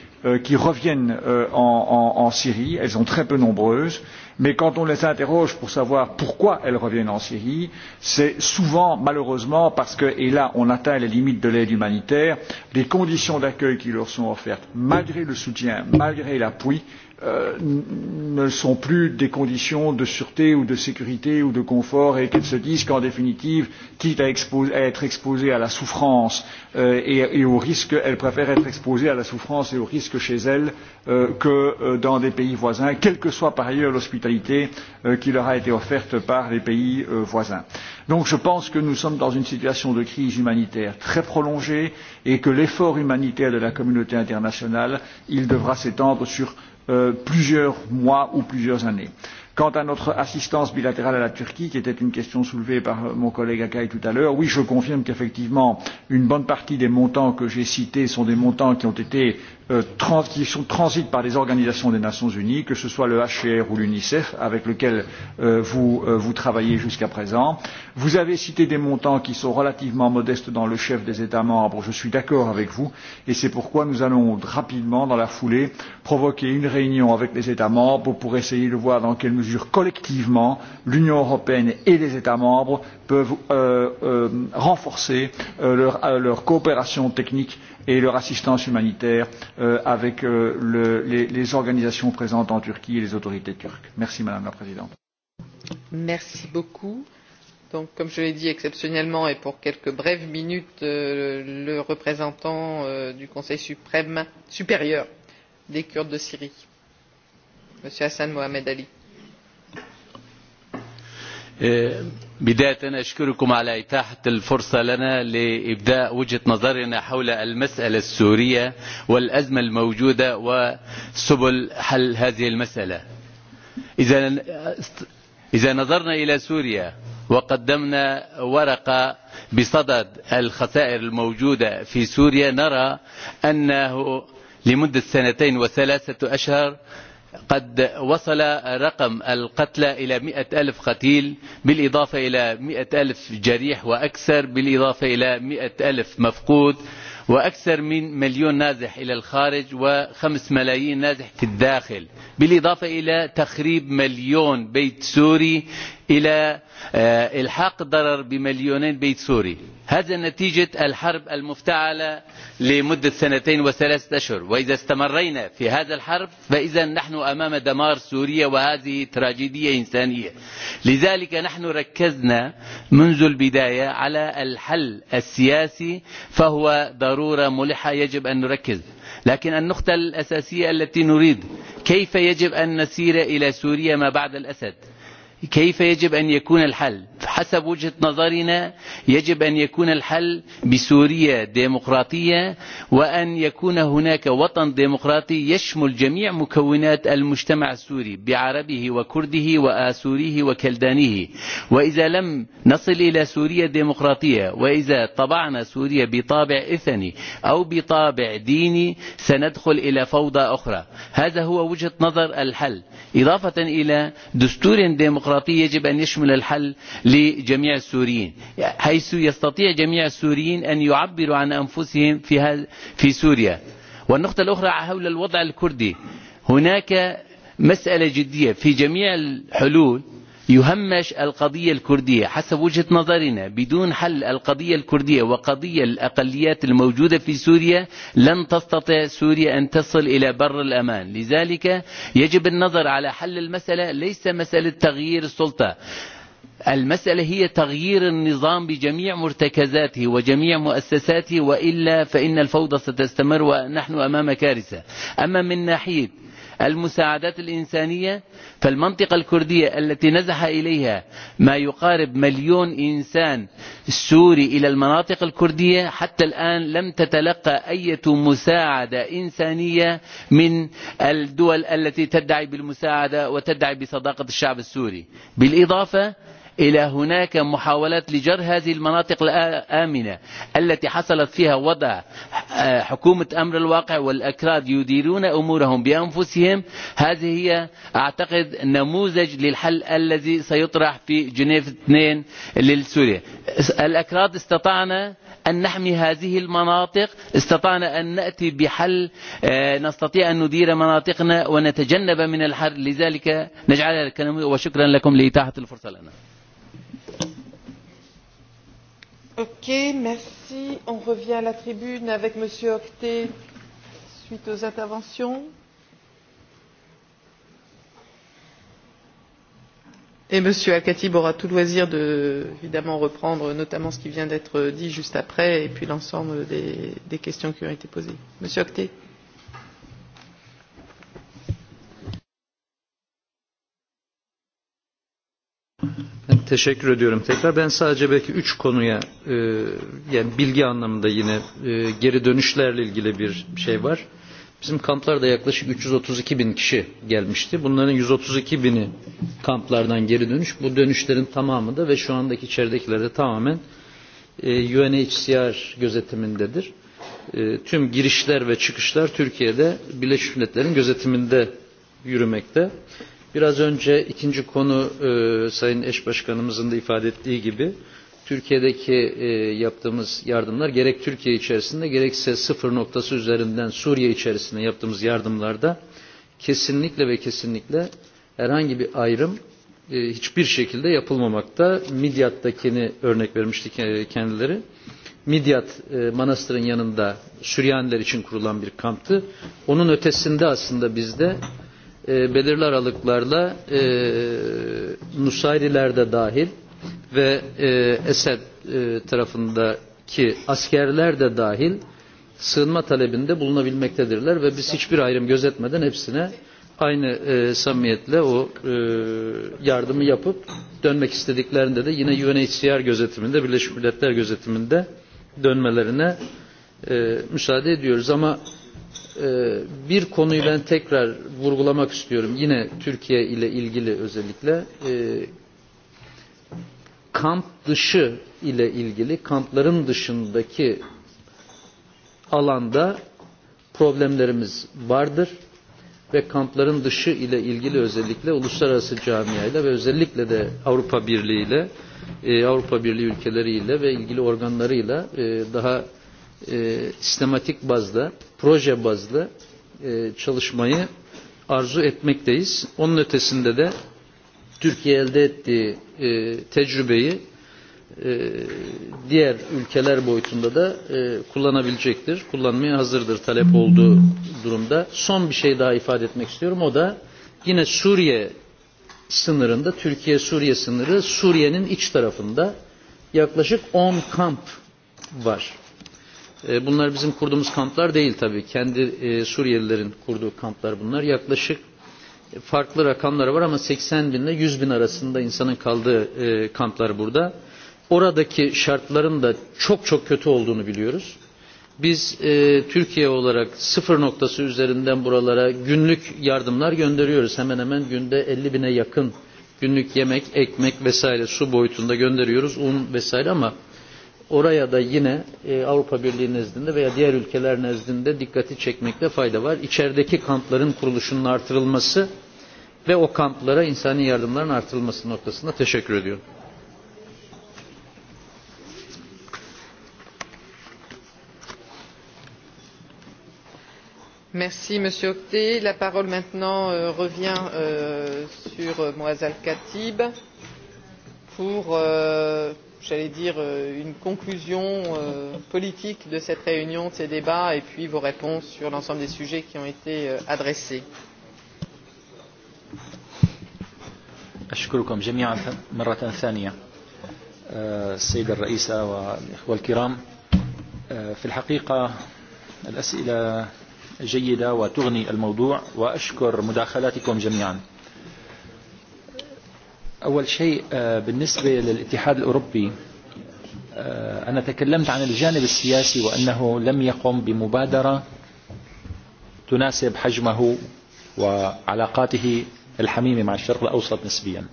qui reviennent en, Syrie, elles sont très peu nombreuses, mais quand on les interroge pour savoir pourquoi elles reviennent en Syrie, c'est souvent, malheureusement, parce que, et là on atteint les limites de l'aide humanitaire, les conditions d'accueil qui leur sont offertes, malgré le soutien, malgré l'appui, ne sont plus des conditions de sûreté ou de sécurité ou de confort et qu'elles se disent qu'en définitive, quitte à, être exposées à la souffrance et, au risque, elles préfèrent être exposées à la souffrance et au risque chez elles que dans des pays voisins, quelle que soit par ailleurs l'hospitalité qui leur a été offerte par les pays voisins. Donc je pense que nous sommes dans une situation de crise humanitaire très prolongée et que l'effort humanitaire de la communauté internationale, devra s'étendre sur plusieurs mois ou plusieurs années. Quant à notre assistance bilatérale à la Turquie, qui était une question soulevée par mon collègue Akai tout à l'heure, oui, je confirme qu'effectivement, une bonne partie des montants que j'ai cités sont des montants qui ont été qui sont transitées par les organisations des Nations Unies, que ce soit le HCR ou l'UNICEF, avec lequel vous, travaillez jusqu'à présent. Vous avez cité des montants qui sont relativement modestes dans le chef des États membres. Je suis d'accord avec vous et c'est pourquoi nous allons rapidement, dans la foulée, provoquer une réunion avec les États membres pour essayer de voir dans quelle mesure collectivement l'Union européenne et les États membres peuvent renforcer leur coopération technique et leur assistance humanitaire avec les, organisations présentes en Turquie et les autorités turques. Merci Madame la Présidente.
Merci beaucoup. Donc, comme je l'ai dit exceptionnellement et pour quelques brèves minutes, le représentant du Conseil suprême supérieur des Kurdes de Syrie, M. Hassan Mohamed Ali
بداية أشكركم على إتاحة الفرصة لنا لإبداء وجهة نظرنا حول المسألة السورية والأزمة الموجودة وسبل حل هذه المسألة إذا نظرنا إلى سوريا وقدمنا ورقة بصدد الخسائر الموجودة في سوريا نرى أنه لمدة سنتين وثلاثة أشهر قد وصل رقم القتلى إلى مئة ألف قتيل بالإضافة إلى مئة ألف جريح وأكثر بالإضافة إلى مئة ألف مفقود وأكثر من مليون نازح إلى الخارج وخمس ملايين نازح في الداخل بالإضافة إلى تخريب مليون بيت سوري إلى إلحاق ضرر بمليونين بيت سوري هذا نتيجة الحرب المفتعلة لمدة سنتين وثلاثة أشهر وإذا استمرينا في هذا الحرب فإذا نحن أمام دمار سوريا وهذه تراجيدية إنسانية لذلك نحن ركزنا منذ البداية على الحل السياسي فهو ضرورة ملحة يجب أن نركز لكن النقطة الأساسية التي نريد كيف يجب أن نسير إلى سوريا ما بعد الأسد كيف يجب أن يكون الحل حسب وجهة نظرنا يجب أن يكون الحل بسوريا ديمقراطية وأن يكون هناك وطن ديمقراطي يشمل جميع مكونات المجتمع السوري بعربه وكرده وآسوره وكلدانه وإذا لم نصل إلى سوريا ديمقراطية وإذا طبعنا سوريا بطابع إثني أو بطابع ديني سندخل إلى فوضى أخرى هذا هو وجهة نظر الحل إضافة إلى دستور ديمقراطي الديمقراطية يجب أن يشمل الحل لجميع السوريين حيث يستطيع جميع السوريين أن يعبروا عن أنفسهم في, في سوريا والنقطة الأخرى حول الوضع الكردي هناك مسألة جدية في جميع الحلول يهمش القضية الكردية حسب وجهة نظرنا بدون حل القضية الكردية وقضية الأقليات الموجودة في سوريا لن تستطيع سوريا أن تصل إلى بر الأمان لذلك يجب النظر على حل المسألة ليس مسألة تغيير السلطة المسألة هي تغيير النظام بجميع مرتكزاته وجميع مؤسساته وإلا فإن الفوضى ستستمر ونحن أمام كارثة أما من ناحية المساعدات الإنسانية فالمنطقة الكردية التي نزح إليها ما يقارب مليون إنسان سوري إلى المناطق الكردية حتى الآن لم تتلقى أي مساعدة إنسانية من الدول التي تدعي بالمساعدة وتدعي بصداقة الشعب السوري بالإضافة إلى هناك محاولات لجر هذه المناطق الآمنة التي حصلت فيها وضع حكومة أمر الواقع والأكراد يديرون أمورهم بأنفسهم هذه هي أعتقد نموذج للحل الذي سيطرح في جنيف 2 للسوريا الأكراد استطعنا أن نحمي هذه المناطق استطعنا أن نأتي بحل نستطيع أن ندير مناطقنا ونتجنب من الحر لذلك نجعلها كنموذج وشكرا لكم لإتاحة الفرصة لنا
Ok, merci. On revient à la tribune avec Monsieur Octet suite aux interventions. Et Monsieur Alcatib aura tout loisir de évidemment reprendre notamment ce qui vient d'être dit juste après et puis l'ensemble des, des questions qui ont été posées. Monsieur Octet.
Teşekkür ediyorum tekrar. Ben sadece belki üç konuya e, yani bilgi anlamında yine e, geri dönüşlerle ilgili bir şey var. Bizim kamplarda yaklaşık 332 bin kişi gelmişti. Bunların 132 bini kamplardan geri dönüş. Bu dönüşlerin tamamı da ve şu andaki içeridekiler de tamamen e, UNHCR gözetimindedir. E, tüm girişler ve çıkışlar Türkiye'de Birleşmiş Milletler'in gözetiminde yürümekte. E, Biraz önce ikinci konu e, Sayın Eş Başkanımızın da ifade ettiği gibi Türkiye'deki e, yaptığımız yardımlar gerek Türkiye içerisinde gerekse sıfır noktası üzerinden Suriye içerisinde yaptığımız yardımlarda kesinlikle ve kesinlikle herhangi bir ayrım e, hiçbir şekilde yapılmamakta. Midyat'takini örnek vermişti kendileri. Midyat e, manastırın yanında Süryaniler için kurulan bir kamptı. Onun ötesinde aslında bizde e, belirli aralıklarla e, Nusayriler de dahil ve e, Esed e, tarafındaki askerler de dahil sığınma talebinde bulunabilmektedirler ve biz hiçbir ayrım gözetmeden hepsine aynı e, samimiyetle o e, yardımı yapıp dönmek istediklerinde de yine UNHCR gözetiminde, Birleşmiş Milletler gözetiminde dönmelerine e, müsaade ediyoruz. Ama bir konuyu ben tekrar vurgulamak istiyorum. Yine Türkiye ile ilgili özellikle kamp dışı ile ilgili kampların dışındaki alanda problemlerimiz vardır ve kampların dışı ile ilgili özellikle uluslararası camiayla ve özellikle de Avrupa Birliği ile Avrupa Birliği ülkeleriyle ve ilgili organlarıyla daha e, sistematik bazda, proje bazda e, çalışmayı arzu etmekteyiz. Onun ötesinde de Türkiye elde ettiği e, tecrübeyi e, diğer ülkeler boyutunda da e, kullanabilecektir. Kullanmaya hazırdır talep olduğu durumda. Son bir şey daha ifade etmek istiyorum. O da yine Suriye sınırında, Türkiye-Suriye sınırı Suriye'nin iç tarafında yaklaşık 10 kamp var Bunlar bizim kurduğumuz kamplar değil tabii. Kendi Suriyelilerin kurduğu kamplar bunlar. Yaklaşık farklı rakamları var ama 80 bin ile 100 bin arasında insanın kaldığı kamplar burada. Oradaki şartların da çok çok kötü olduğunu biliyoruz. Biz e, Türkiye olarak sıfır noktası üzerinden buralara günlük yardımlar gönderiyoruz. Hemen hemen günde 50 bine yakın günlük yemek, ekmek vesaire su boyutunda gönderiyoruz, un vesaire ama oraya da yine e, Avrupa Birliği nezdinde veya diğer ülkeler nezdinde dikkati çekmekte fayda var. İçerideki kampların kuruluşunun artırılması ve o kamplara insani yardımların artırılması noktasında teşekkür ediyorum.
Merci Monsieur Octé. La parole maintenant euh, revient euh, sur euh, Moazal khatib pour euh, j'allais dire une conclusion politique de cette réunion de ces débats et puis vos réponses sur l'ensemble des sujets qui ont été adressés.
اشكركم جميعا مرة ثانية السيدة الرئيسة والإخوة الكرام في الحقيقة الأسئلة جيدة وتغني الموضوع وأشكر مداخلاتكم جميعا أول شيء بالنسبة للاتحاد الأوروبي أنا تكلمت عن الجانب السياسي وأنه لم يقم بمبادرة تناسب حجمه وعلاقاته الحميمة مع الشرق الأوسط نسبيا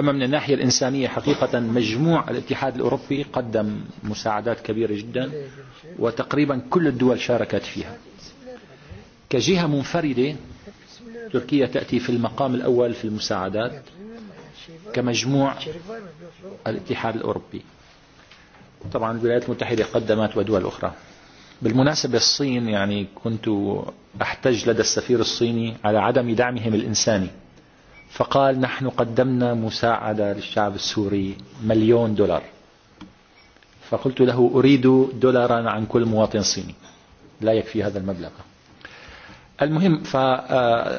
أما من الناحية الإنسانية حقيقة مجموع الاتحاد الأوروبي قدم مساعدات كبيرة جدا وتقريبا كل الدول شاركت فيها كجهة منفردة تركيا تأتي في المقام الأول في المساعدات كمجموع الاتحاد الأوروبي طبعا الولايات المتحدة قدمت ودول أخرى بالمناسبة الصين يعني كنت أحتج لدى السفير الصيني على عدم دعمهم الإنساني فقال نحن قدمنا مساعدة للشعب السوري مليون دولار فقلت له أريد دولارا عن كل مواطن صيني لا يكفي هذا المبلغ المهم ف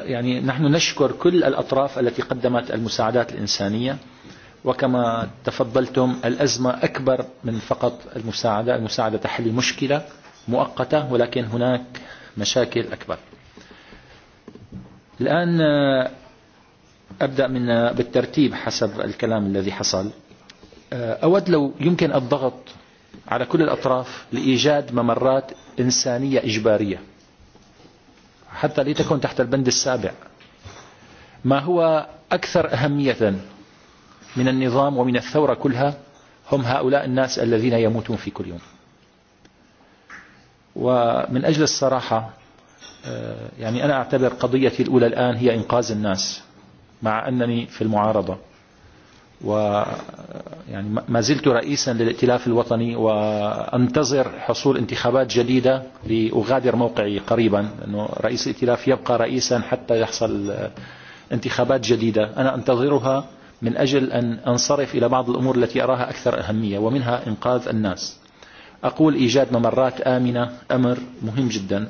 يعني نحن نشكر كل الأطراف التي قدمت المساعدات الإنسانية وكما تفضلتم الأزمة أكبر من فقط المساعدة المساعدة تحل مشكلة مؤقتة ولكن هناك مشاكل أكبر الآن أبدأ من بالترتيب حسب الكلام الذي حصل أود لو يمكن الضغط على كل الأطراف لإيجاد ممرات إنسانية إجبارية حتى لتكن تحت البند السابع ما هو أكثر أهمية من النظام ومن الثورة كلها هم هؤلاء الناس الذين يموتون في كل يوم ومن أجل الصراحة يعني أنا أعتبر قضيتي الأولى الآن هي إنقاذ الناس مع أنني في المعارضة ويعني ما زلت رئيسا للائتلاف الوطني وانتظر حصول انتخابات جديده لاغادر موقعي قريبا انه رئيس الائتلاف يبقى رئيسا حتى يحصل انتخابات جديده انا انتظرها من اجل ان انصرف الى بعض الامور التي اراها اكثر اهميه ومنها انقاذ الناس. اقول ايجاد ممرات امنه امر مهم جدا.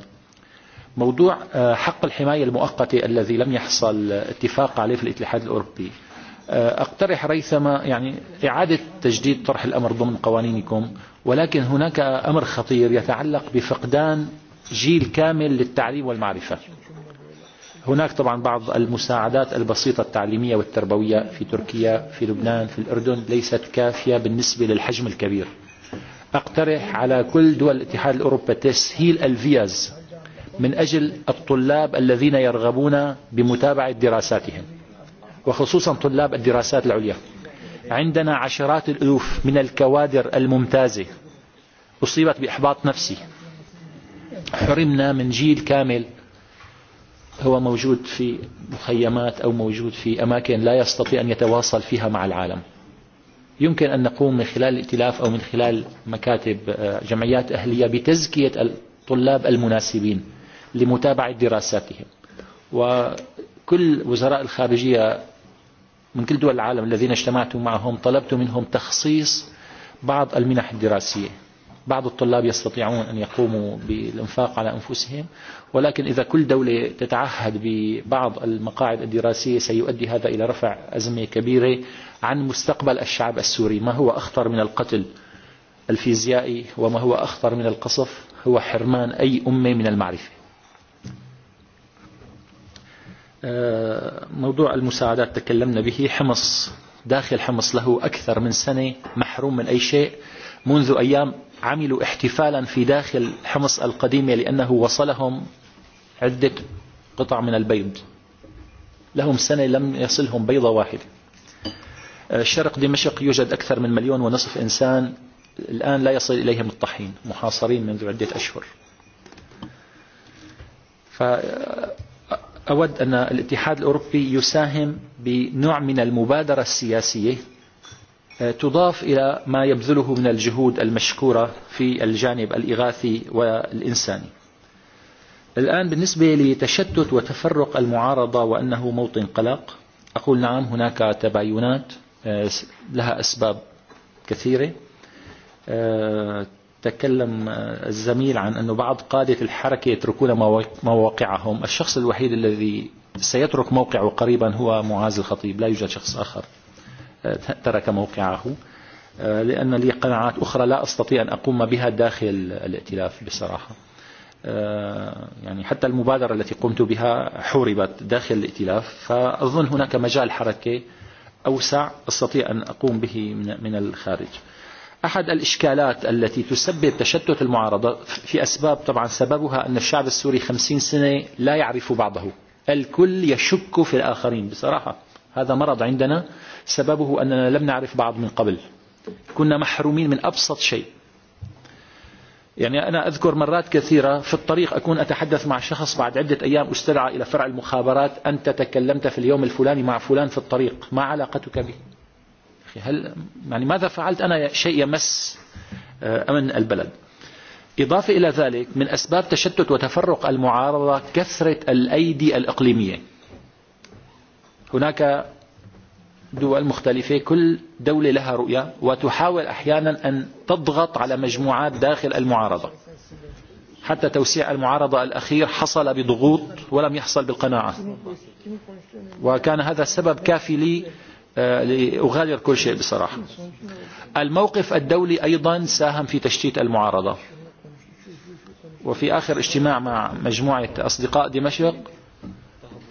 موضوع حق الحمايه المؤقته الذي لم يحصل اتفاق عليه في الاتحاد الاوروبي أقترح ريثما يعني إعادة تجديد طرح الأمر ضمن قوانينكم ولكن هناك أمر خطير يتعلق بفقدان جيل كامل للتعليم والمعرفة هناك طبعا بعض المساعدات البسيطة التعليمية والتربوية في تركيا في لبنان في الأردن ليست كافية بالنسبة للحجم الكبير أقترح على كل دول الاتحاد الأوروبي تسهيل الفيز من أجل الطلاب الذين يرغبون بمتابعة دراساتهم وخصوصا طلاب الدراسات العليا عندنا عشرات الألوف من الكوادر الممتازة أصيبت بإحباط نفسي حرمنا من جيل كامل هو موجود في مخيمات أو موجود في أماكن لا يستطيع أن يتواصل فيها مع العالم يمكن أن نقوم من خلال الائتلاف أو من خلال مكاتب جمعيات أهلية بتزكية الطلاب المناسبين لمتابعة دراساتهم وكل وزراء الخارجية من كل دول العالم الذين اجتمعت معهم طلبت منهم تخصيص بعض المنح الدراسية بعض الطلاب يستطيعون أن يقوموا بالانفاق على أنفسهم ولكن إذا كل دولة تتعهد ببعض المقاعد الدراسية سيؤدي هذا إلى رفع أزمة كبيرة عن مستقبل الشعب السوري ما هو أخطر من القتل الفيزيائي وما هو أخطر من القصف هو حرمان أي أمة من المعرفة موضوع المساعدات تكلمنا به حمص داخل حمص له أكثر من سنة محروم من أي شيء منذ أيام عملوا احتفالا في داخل حمص القديمة لأنه وصلهم عدة قطع من البيض لهم سنة لم يصلهم بيضة واحدة شرق دمشق يوجد أكثر من مليون ونصف إنسان الآن لا يصل إليهم الطحين محاصرين منذ عدة أشهر أود أن الاتحاد الأوروبي يساهم بنوع من المبادرة السياسية تضاف إلى ما يبذله من الجهود المشكورة في الجانب الإغاثي والإنساني الآن بالنسبة لتشتت وتفرق المعارضة وأنه موطن قلق أقول نعم هناك تباينات لها أسباب كثيرة تكلم الزميل عن أن بعض قادة الحركة يتركون مواقعهم الشخص الوحيد الذي سيترك موقعه قريبا هو معاذ الخطيب لا يوجد شخص آخر ترك موقعه لأن لي قناعات أخرى لا أستطيع أن أقوم بها داخل الائتلاف بصراحة يعني حتى المبادرة التي قمت بها حوربت داخل الائتلاف فأظن هناك مجال حركة أوسع أستطيع أن أقوم به من الخارج أحد الإشكالات التي تسبب تشتت المعارضة في أسباب طبعا سببها أن الشعب السوري خمسين سنة لا يعرف بعضه الكل يشك في الآخرين بصراحة هذا مرض عندنا سببه أننا لم نعرف بعض من قبل كنا محرومين من أبسط شيء يعني أنا أذكر مرات كثيرة في الطريق أكون أتحدث مع شخص بعد عدة أيام استدعى إلى فرع المخابرات أنت تكلمت في اليوم الفلاني مع فلان في الطريق ما علاقتك به أخي هل يعني ماذا فعلت أنا شيء يمس أمن البلد إضافة إلى ذلك من أسباب تشتت وتفرق المعارضة كثرة الأيدي الإقليمية هناك دول مختلفة كل دولة لها رؤية وتحاول أحيانا أن تضغط على مجموعات داخل المعارضة حتى توسيع المعارضة الأخير حصل بضغوط ولم يحصل بالقناعة وكان هذا السبب كافي لي أغادر كل شيء بصراحة الموقف الدولي أيضا ساهم في تشتيت المعارضة وفي آخر اجتماع مع مجموعة أصدقاء دمشق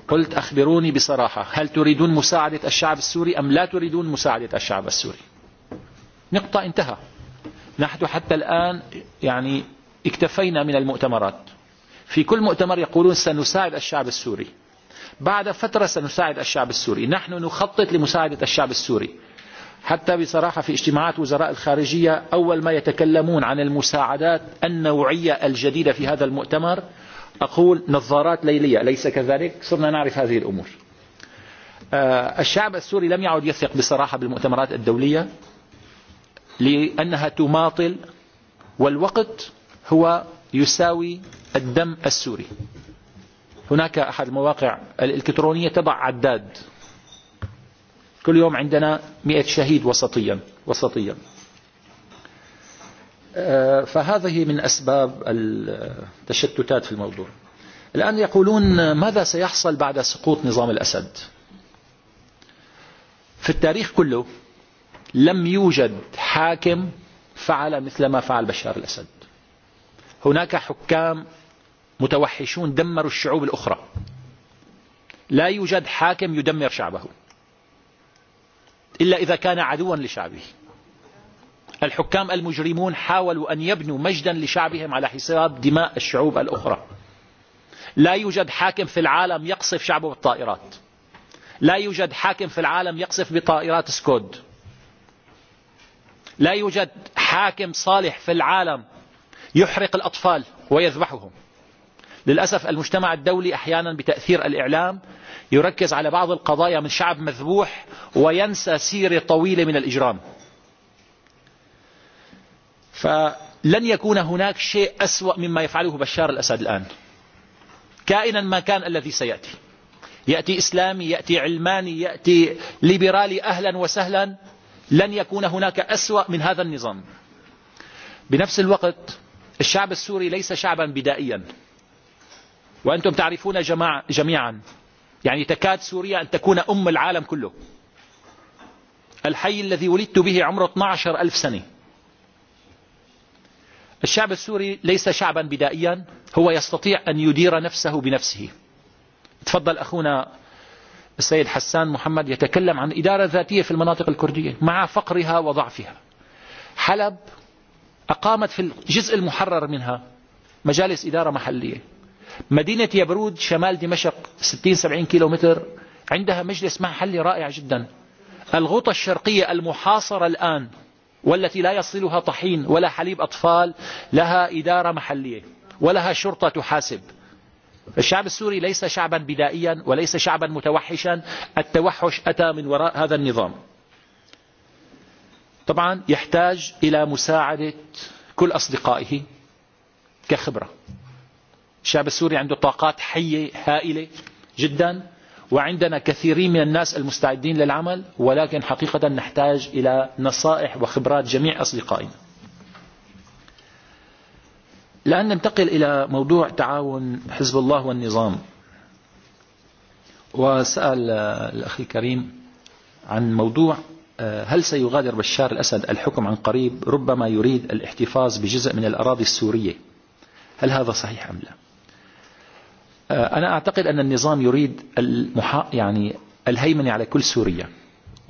قلت أخبروني بصراحة هل تريدون مساعدة الشعب السوري أم لا تريدون مساعدة الشعب السوري نقطة انتهى نحن حتى الآن يعني اكتفينا من المؤتمرات في كل مؤتمر يقولون سنساعد الشعب السوري بعد فترة سنساعد الشعب السوري نحن نخطط لمساعدة الشعب السوري حتى بصراحة في اجتماعات وزراء الخارجية أول ما يتكلمون عن المساعدات النوعية الجديدة في هذا المؤتمر أقول نظارات ليلية ليس كذلك صرنا نعرف هذه الأمور الشعب السوري لم يعد يثق بصراحة بالمؤتمرات الدولية لأنها تماطل والوقت هو يساوي الدم السوري هناك أحد المواقع الإلكترونية تضع عداد كل يوم عندنا مئة شهيد وسطيا وسطيا فهذه من أسباب التشتتات في الموضوع الآن يقولون ماذا سيحصل بعد سقوط نظام الأسد في التاريخ كله لم يوجد حاكم فعل مثل ما فعل بشار الأسد هناك حكام متوحشون دمروا الشعوب الأخرى لا يوجد حاكم يدمر شعبه إلا إذا كان عدوا لشعبه الحكام المجرمون حاولوا أن يبنوا مجدا لشعبهم على حساب دماء الشعوب الأخرى لا يوجد حاكم في العالم يقصف شعبه بالطائرات لا يوجد حاكم في العالم يقصف بطائرات سكود لا يوجد حاكم صالح في العالم يحرق الأطفال ويذبحهم للأسف المجتمع الدولي أحيانا بتأثير الإعلام يركز على بعض القضايا من شعب مذبوح وينسى سيرة طويلة من الإجرام فلن يكون هناك شيء أسوأ مما يفعله بشار الأسد الآن كائنا ما كان الذي سيأتي يأتي إسلامي يأتي علماني يأتي ليبرالي أهلا وسهلا لن يكون هناك أسوأ من هذا النظام بنفس الوقت الشعب السوري ليس شعبا بدائيا وأنتم تعرفون جميعا يعني تكاد سوريا أن تكون أم العالم كله الحي الذي ولدت به عمره 12 ألف سنة الشعب السوري ليس شعبا بدائيا هو يستطيع أن يدير نفسه بنفسه تفضل أخونا السيد حسان محمد يتكلم عن إدارة ذاتية في المناطق الكردية مع فقرها وضعفها حلب أقامت في الجزء المحرر منها مجالس إدارة محلية مدينة يبرود شمال دمشق 60-70 كيلومتر عندها مجلس محلي رائع جدا الغوطة الشرقية المحاصرة الآن والتي لا يصلها طحين ولا حليب أطفال لها إدارة محلية ولها شرطة تحاسب الشعب السوري ليس شعبا بدائيا وليس شعبا متوحشا التوحش أتى من وراء هذا النظام طبعا يحتاج إلى مساعدة كل أصدقائه كخبرة الشعب السوري عنده طاقات حية هائلة جدا وعندنا كثيرين من الناس المستعدين للعمل ولكن حقيقة نحتاج إلى نصائح وخبرات جميع أصدقائنا لأن ننتقل إلى موضوع تعاون حزب الله والنظام وسأل الأخ الكريم عن موضوع هل سيغادر بشار الأسد الحكم عن قريب ربما يريد الاحتفاظ بجزء من الأراضي السورية هل هذا صحيح أم لا أنا أعتقد أن النظام يريد المحا... يعني الهيمنة على كل سوريا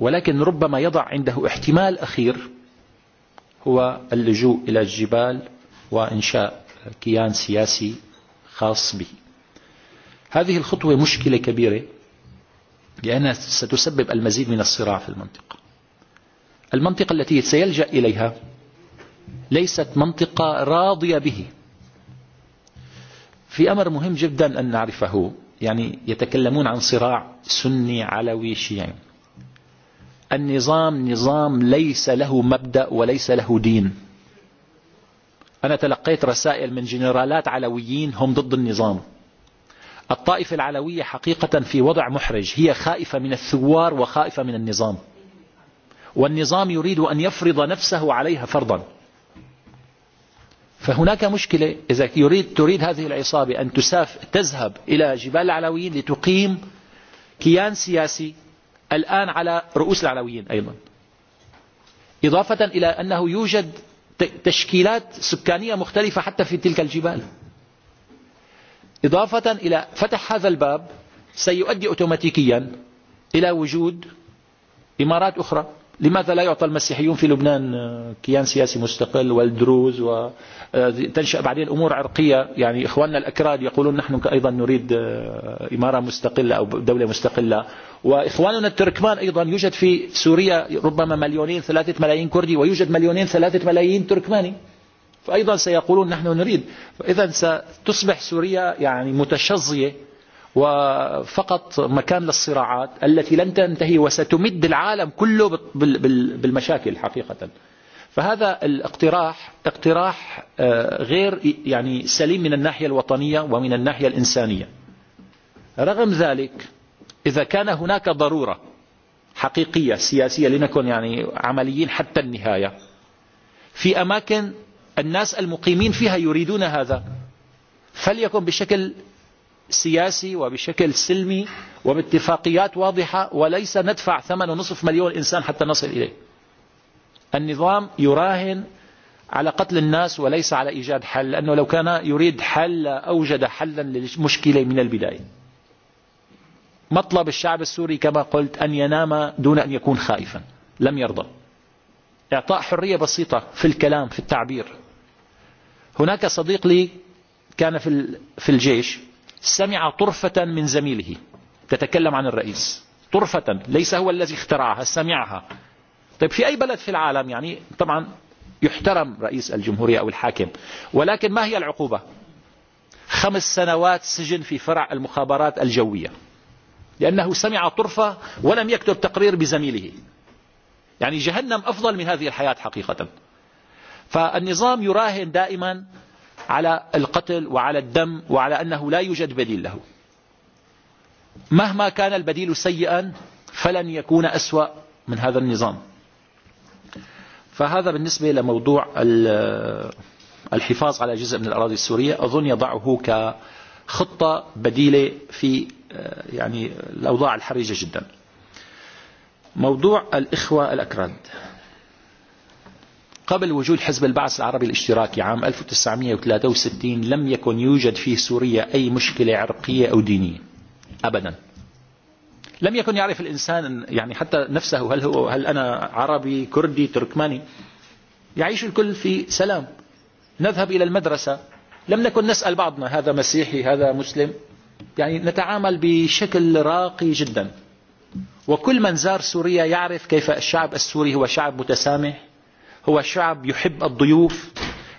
ولكن ربما يضع عنده احتمال أخير هو اللجوء إلى الجبال وإنشاء كيان سياسي خاص به هذه الخطوة مشكلة كبيرة لأنها ستسبب المزيد من الصراع في المنطقة المنطقة التي سيلجأ إليها ليست منطقة راضية به في أمر مهم جدا أن نعرفه يعني يتكلمون عن صراع سني علوي شيعي النظام نظام ليس له مبدأ وليس له دين أنا تلقيت رسائل من جنرالات علويين هم ضد النظام الطائفة العلوية حقيقة في وضع محرج هي خائفة من الثوار وخائفة من النظام والنظام يريد أن يفرض نفسه عليها فرضاً فهناك مشكلة إذا يريد تريد هذه العصابة أن تساف تذهب إلى جبال العلويين لتقيم كيان سياسي الآن على رؤوس العلويين أيضا إضافة إلى أنه يوجد تشكيلات سكانية مختلفة حتى في تلك الجبال إضافة إلى فتح هذا الباب سيؤدي أوتوماتيكيا إلى وجود إمارات أخرى لماذا لا يعطى المسيحيون في لبنان كيان سياسي مستقل والدروز وتنشأ بعدين أمور عرقية يعني إخواننا الأكراد يقولون نحن أيضا نريد إمارة مستقلة أو دولة مستقلة وإخواننا التركمان أيضا يوجد في سوريا ربما مليونين ثلاثة ملايين كردي ويوجد مليونين ثلاثة ملايين تركماني فأيضا سيقولون نحن نريد فإذا ستصبح سوريا يعني متشظية وفقط مكان للصراعات التي لن تنتهي وستمد العالم كله بالمشاكل حقيقة فهذا الاقتراح اقتراح غير يعني سليم من الناحية الوطنية ومن الناحية الإنسانية رغم ذلك إذا كان هناك ضرورة حقيقية سياسية لنكن يعني عمليين حتى النهاية في أماكن الناس المقيمين فيها يريدون هذا فليكن بشكل سياسي وبشكل سلمي وباتفاقيات واضحة وليس ندفع ثمن ونصف مليون إنسان حتى نصل إليه النظام يراهن على قتل الناس وليس على إيجاد حل لأنه لو كان يريد حل أوجد حلا للمشكلة من البداية مطلب الشعب السوري كما قلت أن ينام دون أن يكون خائفا لم يرضى إعطاء حرية بسيطة في الكلام في التعبير هناك صديق لي كان في الجيش سمع طرفة من زميله تتكلم عن الرئيس طرفة ليس هو الذي اخترعها سمعها طيب في أي بلد في العالم يعني طبعا يحترم رئيس الجمهورية أو الحاكم ولكن ما هي العقوبة خمس سنوات سجن في فرع المخابرات الجوية لأنه سمع طرفة ولم يكتب تقرير بزميله يعني جهنم أفضل من هذه الحياة حقيقة فالنظام يراهن دائما على القتل وعلى الدم وعلى أنه لا يوجد بديل له مهما كان البديل سيئا فلن يكون أسوأ من هذا النظام فهذا بالنسبة لموضوع الحفاظ على جزء من الأراضي السورية أظن يضعه كخطة بديلة في يعني الأوضاع الحرجة جدا موضوع الإخوة الأكراد قبل وجود حزب البعث العربي الاشتراكي عام 1963 لم يكن يوجد في سوريا أي مشكلة عرقية أو دينية أبدا لم يكن يعرف الإنسان يعني حتى نفسه هل, هو هل أنا عربي كردي تركماني يعيش الكل في سلام نذهب إلى المدرسة لم نكن نسأل بعضنا هذا مسيحي هذا مسلم يعني نتعامل بشكل راقي جدا وكل من زار سوريا يعرف كيف الشعب السوري هو شعب متسامح هو شعب يحب الضيوف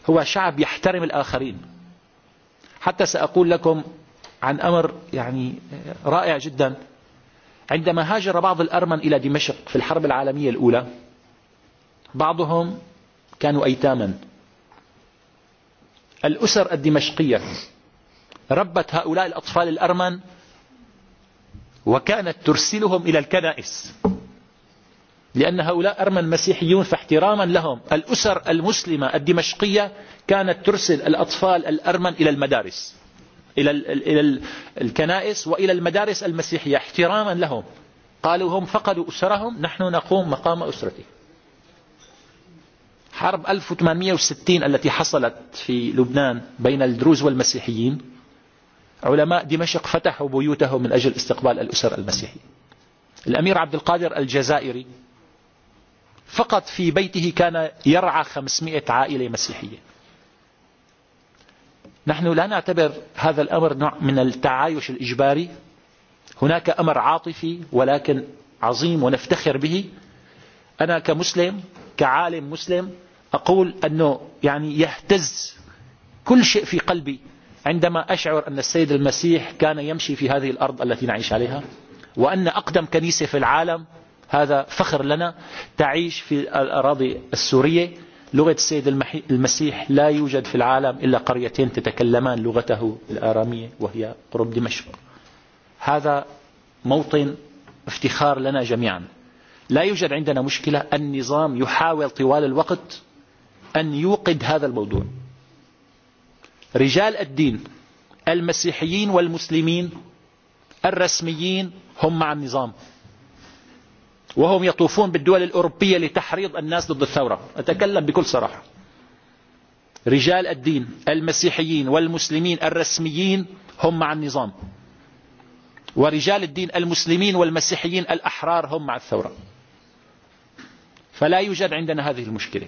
هو شعب يحترم الآخرين حتى سأقول لكم عن أمر يعني رائع جدا عندما هاجر بعض الأرمن إلى دمشق في الحرب العالمية الأولى بعضهم كانوا أيتاما الأسر الدمشقية ربت هؤلاء الأطفال الأرمن وكانت ترسلهم إلى الكنائس لأن هؤلاء أرمن مسيحيون فاحتراما لهم الأسر المسلمة الدمشقية كانت ترسل الأطفال الأرمن إلى المدارس إلى, الـ إلى الـ الكنائس وإلى المدارس المسيحية احتراما لهم قالوا هم فقدوا أسرهم نحن نقوم مقام أسرته حرب 1860 التي حصلت في لبنان بين الدروز والمسيحيين علماء دمشق فتحوا بيوتهم من أجل استقبال الأسر المسيحي الأمير عبد القادر الجزائري فقط في بيته كان يرعى خمسمائة عائلة مسيحية نحن لا نعتبر هذا الأمر نوع من التعايش الإجباري هناك أمر عاطفي ولكن عظيم ونفتخر به أنا كمسلم كعالم مسلم أقول أنه يعني يهتز كل شيء في قلبي عندما أشعر أن السيد المسيح كان يمشي في هذه الأرض التي نعيش عليها وأن أقدم كنيسة في العالم هذا فخر لنا تعيش في الأراضي السورية لغة السيد المسيح لا يوجد في العالم إلا قريتين تتكلمان لغته الآرامية وهي قرب دمشق هذا موطن افتخار لنا جميعا لا يوجد عندنا مشكلة النظام يحاول طوال الوقت أن يوقد هذا الموضوع رجال الدين المسيحيين والمسلمين الرسميين هم مع النظام وهم يطوفون بالدول الأوروبية لتحريض الناس ضد الثورة أتكلم بكل صراحة رجال الدين المسيحيين والمسلمين الرسميين هم مع النظام ورجال الدين المسلمين والمسيحيين الأحرار هم مع الثورة فلا يوجد عندنا هذه المشكلة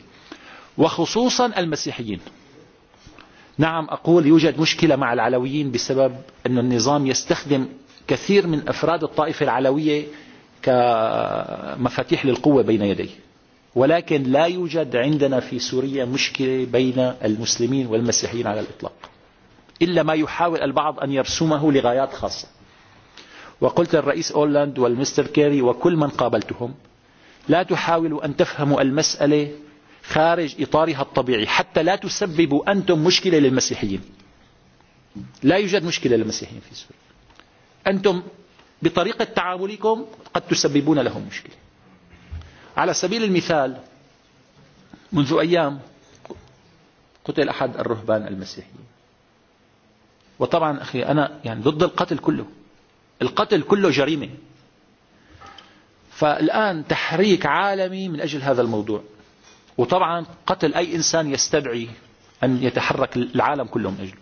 وخصوصا المسيحيين نعم أقول يوجد مشكلة مع العلويين بسبب أن النظام يستخدم كثير من أفراد الطائفة العلوية كمفاتيح للقوة بين يديه ولكن لا يوجد عندنا في سوريا مشكلة بين المسلمين والمسيحيين على الإطلاق إلا ما يحاول البعض أن يرسمه لغايات خاصة وقلت الرئيس أولاند والمستر كيري وكل من قابلتهم لا تحاولوا أن تفهموا المسألة خارج إطارها الطبيعي حتى لا تسببوا أنتم مشكلة للمسيحيين لا يوجد مشكلة للمسيحيين في سوريا أنتم بطريقة تعاملكم قد تسببون لهم مشكلة على سبيل المثال منذ أيام قتل أحد الرهبان المسيحيين وطبعا أخي أنا يعني ضد القتل كله القتل كله جريمة فالآن تحريك عالمي من أجل هذا الموضوع وطبعا قتل أي إنسان يستدعي أن يتحرك العالم كله من أجله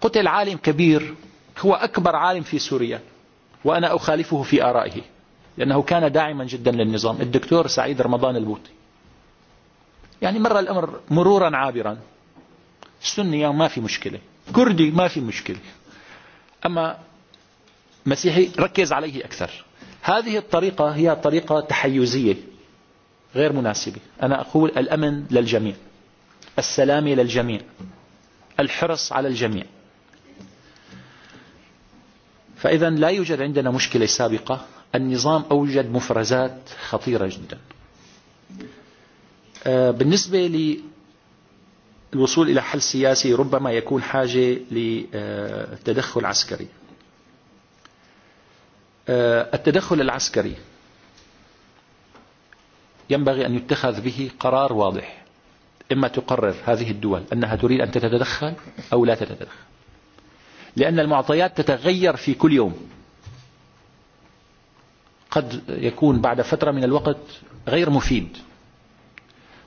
قتل عالم كبير هو أكبر عالم في سوريا وأنا أخالفه في آرائه لأنه كان داعما جدا للنظام الدكتور سعيد رمضان البوطي يعني مر الأمر مرورا عابرا سني ما في مشكلة كردي ما في مشكلة أما مسيحي ركز عليه أكثر هذه الطريقة هي طريقة تحيزية غير مناسبة أنا أقول الأمن للجميع السلام للجميع الحرص على الجميع فإذا لا يوجد عندنا مشكلة سابقة النظام أوجد مفرزات خطيرة جدا بالنسبة للوصول إلى حل سياسي ربما يكون حاجة لتدخل عسكري التدخل العسكري ينبغي أن يتخذ به قرار واضح إما تقرر هذه الدول أنها تريد أن تتدخل أو لا تتدخل لأن المعطيات تتغير في كل يوم قد يكون بعد فترة من الوقت غير مفيد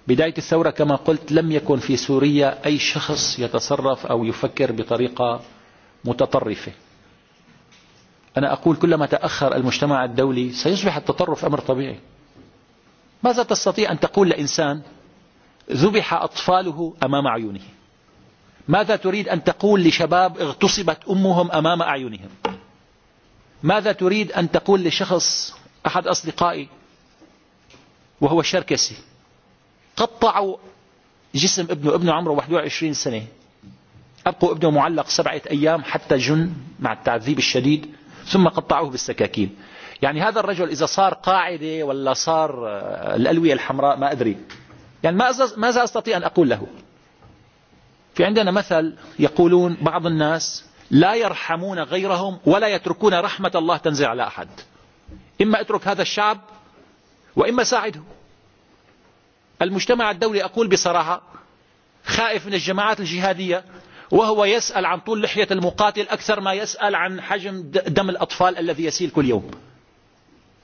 بداية الثورة كما قلت لم يكن في سوريا أي شخص يتصرف أو يفكر بطريقة متطرفة أنا أقول كلما تأخر المجتمع الدولي سيصبح التطرف أمر طبيعي ماذا تستطيع أن تقول لإنسان ذبح أطفاله أمام عيونه ماذا تريد أن تقول لشباب اغتصبت أمهم أمام أعينهم ماذا تريد أن تقول لشخص أحد أصدقائي وهو الشركسي قطعوا جسم ابنه ابنه عمره 21 سنة أبقوا ابنه معلق سبعة أيام حتى جن مع التعذيب الشديد ثم قطعوه بالسكاكين يعني هذا الرجل إذا صار قاعدة ولا صار الألوية الحمراء ما أدري يعني ماذا أستطيع أن أقول له في عندنا مثل يقولون بعض الناس لا يرحمون غيرهم ولا يتركون رحمة الله تنزل على أحد إما اترك هذا الشعب وإما ساعده المجتمع الدولي أقول بصراحة خائف من الجماعات الجهادية وهو يسأل عن طول لحية المقاتل أكثر ما يسأل عن حجم دم الأطفال الذي يسيل كل يوم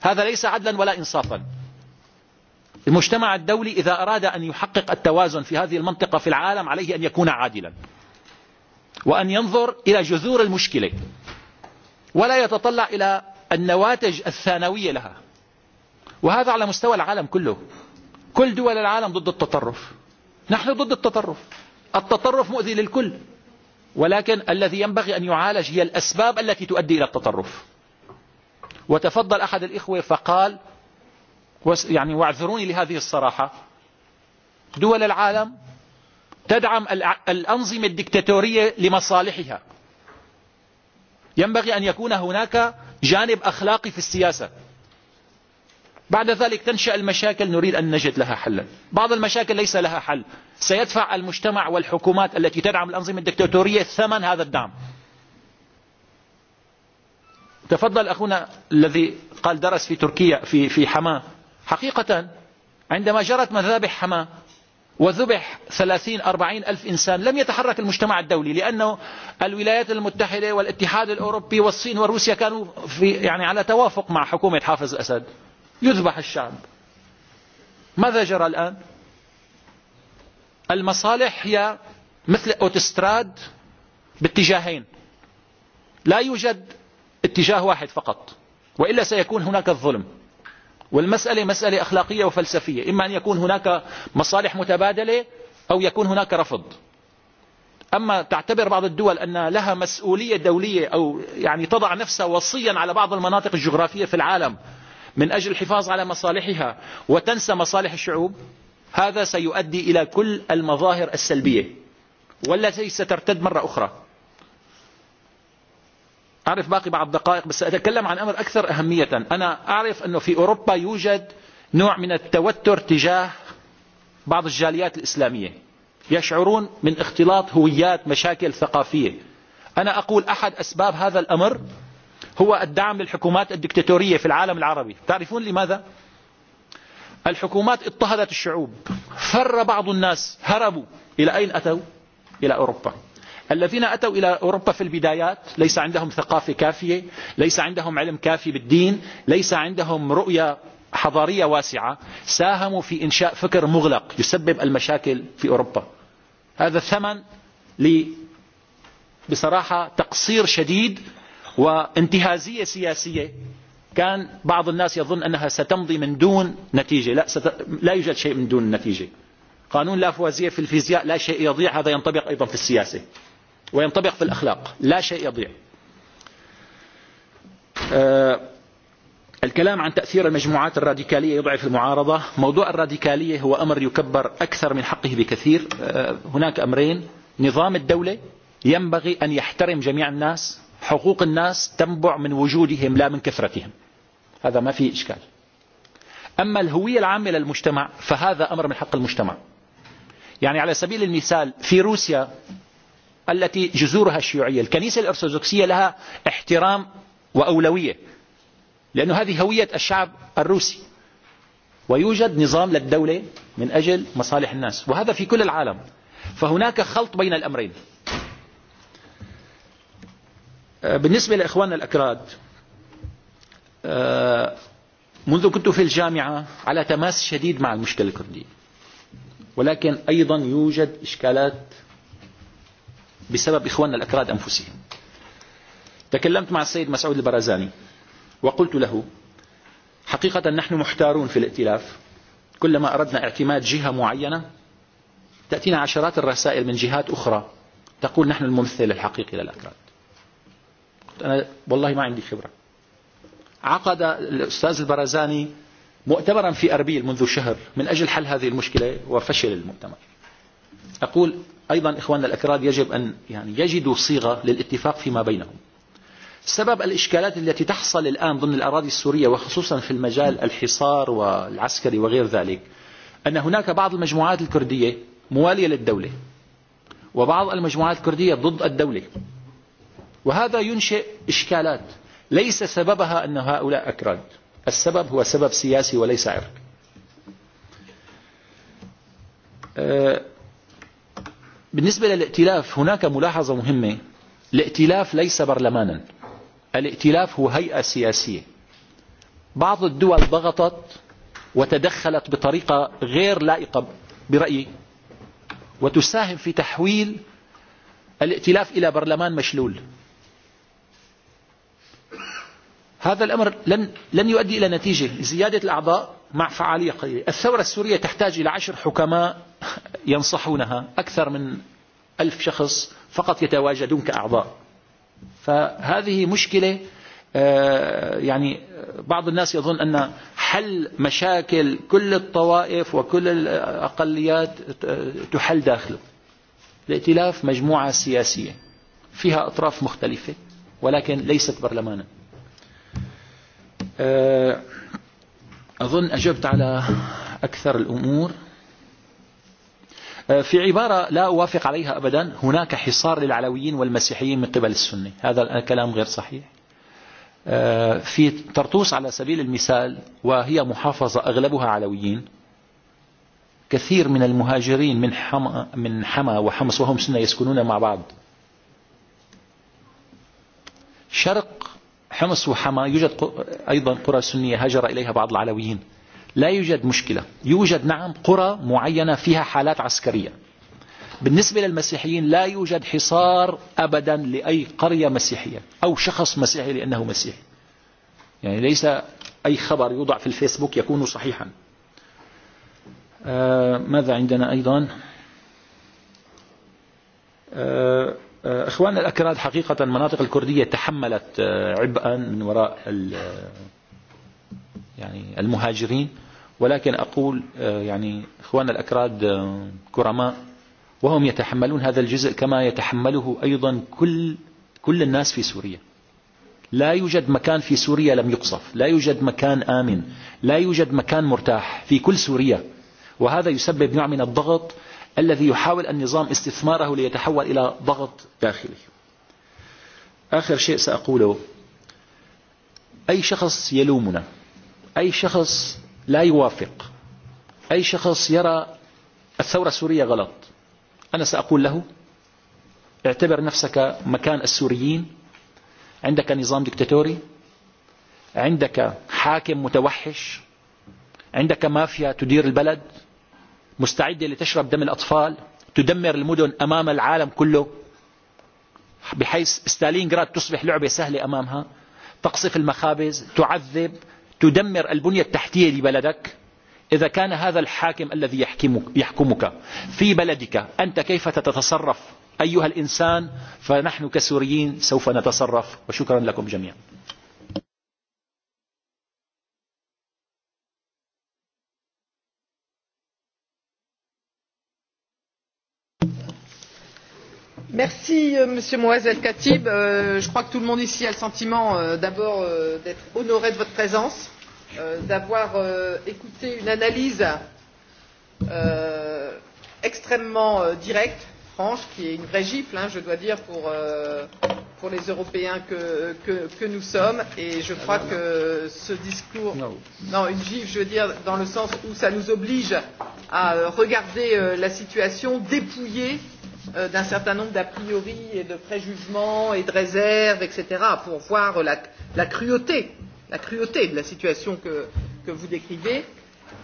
هذا ليس عدلا ولا إنصافا المجتمع الدولي إذا أراد أن يحقق التوازن في هذه المنطقة في العالم عليه أن يكون عادلا وأن ينظر إلى جذور المشكلة ولا يتطلع إلى النواتج الثانوية لها وهذا على مستوى العالم كله كل دول العالم ضد التطرف نحن ضد التطرف التطرف مؤذي للكل ولكن الذي ينبغي أن يعالج هي الأسباب التي تؤدي إلى التطرف وتفضل أحد الإخوة فقال يعني واعذروني لهذه الصراحة دول العالم تدعم الأنظمة الدكتاتورية لمصالحها ينبغي أن يكون هناك جانب أخلاقي في السياسة بعد ذلك تنشأ المشاكل نريد أن نجد لها حلا بعض المشاكل ليس لها حل سيدفع المجتمع والحكومات التي تدعم الأنظمة الدكتاتورية ثمن هذا الدعم تفضل أخونا الذي قال درس في تركيا في في حماه حقيقة عندما جرت مذابح حما وذبح ثلاثين أربعين ألف إنسان لم يتحرك المجتمع الدولي لأن الولايات المتحدة والاتحاد الأوروبي والصين وروسيا كانوا في يعني على توافق مع حكومة حافظ الأسد يذبح الشعب ماذا جرى الآن المصالح هي مثل أوتستراد باتجاهين لا يوجد اتجاه واحد فقط وإلا سيكون هناك الظلم والمسألة مسألة أخلاقية وفلسفية إما أن يكون هناك مصالح متبادلة أو يكون هناك رفض أما تعتبر بعض الدول أن لها مسؤولية دولية أو يعني تضع نفسها وصيا على بعض المناطق الجغرافية في العالم من أجل الحفاظ على مصالحها وتنسى مصالح الشعوب هذا سيؤدي إلى كل المظاهر السلبية والتي سترتد مرة أخرى أعرف باقي بعض الدقائق بس أتكلم عن أمر أكثر أهمية أنا أعرف أنه في أوروبا يوجد نوع من التوتر تجاه بعض الجاليات الإسلامية يشعرون من اختلاط هويات مشاكل ثقافية أنا أقول أحد أسباب هذا الأمر هو الدعم للحكومات الدكتاتورية في العالم العربي تعرفون لماذا؟ الحكومات اضطهدت الشعوب فر بعض الناس هربوا إلى أين أتوا؟ إلى أوروبا الذين أتوا إلى أوروبا في البدايات ليس عندهم ثقافة كافية ليس عندهم علم كافي بالدين ليس عندهم رؤية حضارية واسعة ساهموا في إنشاء فكر مغلق يسبب المشاكل في أوروبا هذا الثمن ل بصراحة تقصير شديد وانتهازية سياسية كان بعض الناس يظن أنها ستمضي من دون نتيجة لا, ست... لا يوجد شيء من دون نتيجة قانون لافوازية في الفيزياء لا شيء يضيع هذا ينطبق أيضا في السياسة وينطبق في الأخلاق لا شيء يضيع الكلام عن تأثير المجموعات الراديكالية يضعف المعارضة موضوع الراديكالية هو أمر يكبر أكثر من حقه بكثير هناك أمرين نظام الدولة ينبغي أن يحترم جميع الناس حقوق الناس تنبع من وجودهم لا من كثرتهم هذا ما فيه إشكال أما الهوية العامة للمجتمع فهذا أمر من حق المجتمع يعني على سبيل المثال في روسيا التي جذورها الشيوعية الكنيسة الأرثوذكسية لها احترام وأولوية لأن هذه هوية الشعب الروسي ويوجد نظام للدولة من أجل مصالح الناس وهذا في كل العالم فهناك خلط بين الأمرين بالنسبة لإخواننا الأكراد منذ كنت في الجامعة على تماس شديد مع المشكلة الكردية ولكن أيضا يوجد إشكالات بسبب إخواننا الأكراد أنفسهم تكلمت مع السيد مسعود البرازاني وقلت له حقيقة نحن محتارون في الائتلاف كلما أردنا اعتماد جهة معينة تأتينا عشرات الرسائل من جهات أخرى تقول نحن الممثل الحقيقي للأكراد قلت أنا والله ما عندي خبرة عقد الأستاذ البرزاني مؤتمرا في أربيل منذ شهر من أجل حل هذه المشكلة وفشل المؤتمر أقول أيضا إخواننا الأكراد يجب أن يعني يجدوا صيغة للاتفاق فيما بينهم سبب الإشكالات التي تحصل الآن ضمن الأراضي السورية وخصوصا في المجال الحصار والعسكري وغير ذلك أن هناك بعض المجموعات الكردية موالية للدولة وبعض المجموعات الكردية ضد الدولة وهذا ينشئ إشكالات ليس سببها أن هؤلاء أكراد السبب هو سبب سياسي وليس عرقي بالنسبة للائتلاف هناك ملاحظة مهمة الائتلاف ليس برلمانا الائتلاف هو هيئة سياسية بعض الدول ضغطت وتدخلت بطريقة غير لائقة برأيي وتساهم في تحويل الائتلاف إلى برلمان مشلول هذا الأمر لن, لن يؤدي إلى نتيجة زيادة الأعضاء مع فعالية قليلة الثورة السورية تحتاج إلى عشر حكماء ينصحونها أكثر من ألف شخص فقط يتواجدون كأعضاء فهذه مشكلة يعني بعض الناس يظن أن حل مشاكل كل الطوائف وكل الأقليات تحل داخله الائتلاف مجموعة سياسية فيها أطراف مختلفة ولكن ليست برلمانا أظن أجبت على أكثر الأمور في عبارة لا أوافق عليها أبدا هناك حصار للعلويين والمسيحيين من قبل السنة هذا الكلام غير صحيح في ترطوس على سبيل المثال وهي محافظة أغلبها علويين كثير من المهاجرين من حما, من حما وحمص وهم سنة يسكنون مع بعض شرق حمص وحما يوجد أيضا قرى سنية هجر إليها بعض العلويين لا يوجد مشكلة يوجد نعم قرى معينة فيها حالات عسكرية بالنسبة للمسيحيين لا يوجد حصار أبدا لأي قرية مسيحية أو شخص مسيحي لأنه مسيحي يعني ليس أي خبر يوضع في الفيسبوك يكون صحيحا ماذا عندنا أيضا آه إخواننا الأكراد حقيقة المناطق الكردية تحملت عبئا من وراء يعني المهاجرين ولكن أقول يعني إخواننا الأكراد كرماء وهم يتحملون هذا الجزء كما يتحمله أيضا كل كل الناس في سوريا لا يوجد مكان في سوريا لم يقصف لا يوجد مكان آمن لا يوجد مكان مرتاح في كل سوريا وهذا يسبب نوع من الضغط الذي يحاول النظام استثماره ليتحول إلى ضغط داخلي آخر شيء سأقوله أي شخص يلومنا أي شخص لا يوافق أي شخص يرى الثورة السورية غلط أنا سأقول له اعتبر نفسك مكان السوريين عندك نظام دكتاتوري عندك حاكم متوحش عندك مافيا تدير البلد مستعدة لتشرب دم الأطفال تدمر المدن أمام العالم كله بحيث ستالينغراد تصبح لعبة سهلة أمامها تقصف المخابز تعذب تدمر البنية التحتية لبلدك إذا كان هذا الحاكم الذي يحكمك في بلدك أنت كيف تتصرف أيها الإنسان فنحن كسوريين سوف نتصرف وشكرا لكم جميعا
monsieur moraes el khatib je crois que tout le monde ici a le sentiment d'abord d'être honoré de votre présence d'avoir écouté une analyse extrêmement directe franche qui est une vraie gifle je dois dire pour les européens que nous sommes et je crois que ce discours non une gifle je veux dire dans le sens où ça nous oblige à regarder la situation dépouillée d'un certain nombre d'a priori et de préjugements et de réserves, etc., pour voir la, la cruauté, la cruauté de la situation que, que vous décrivez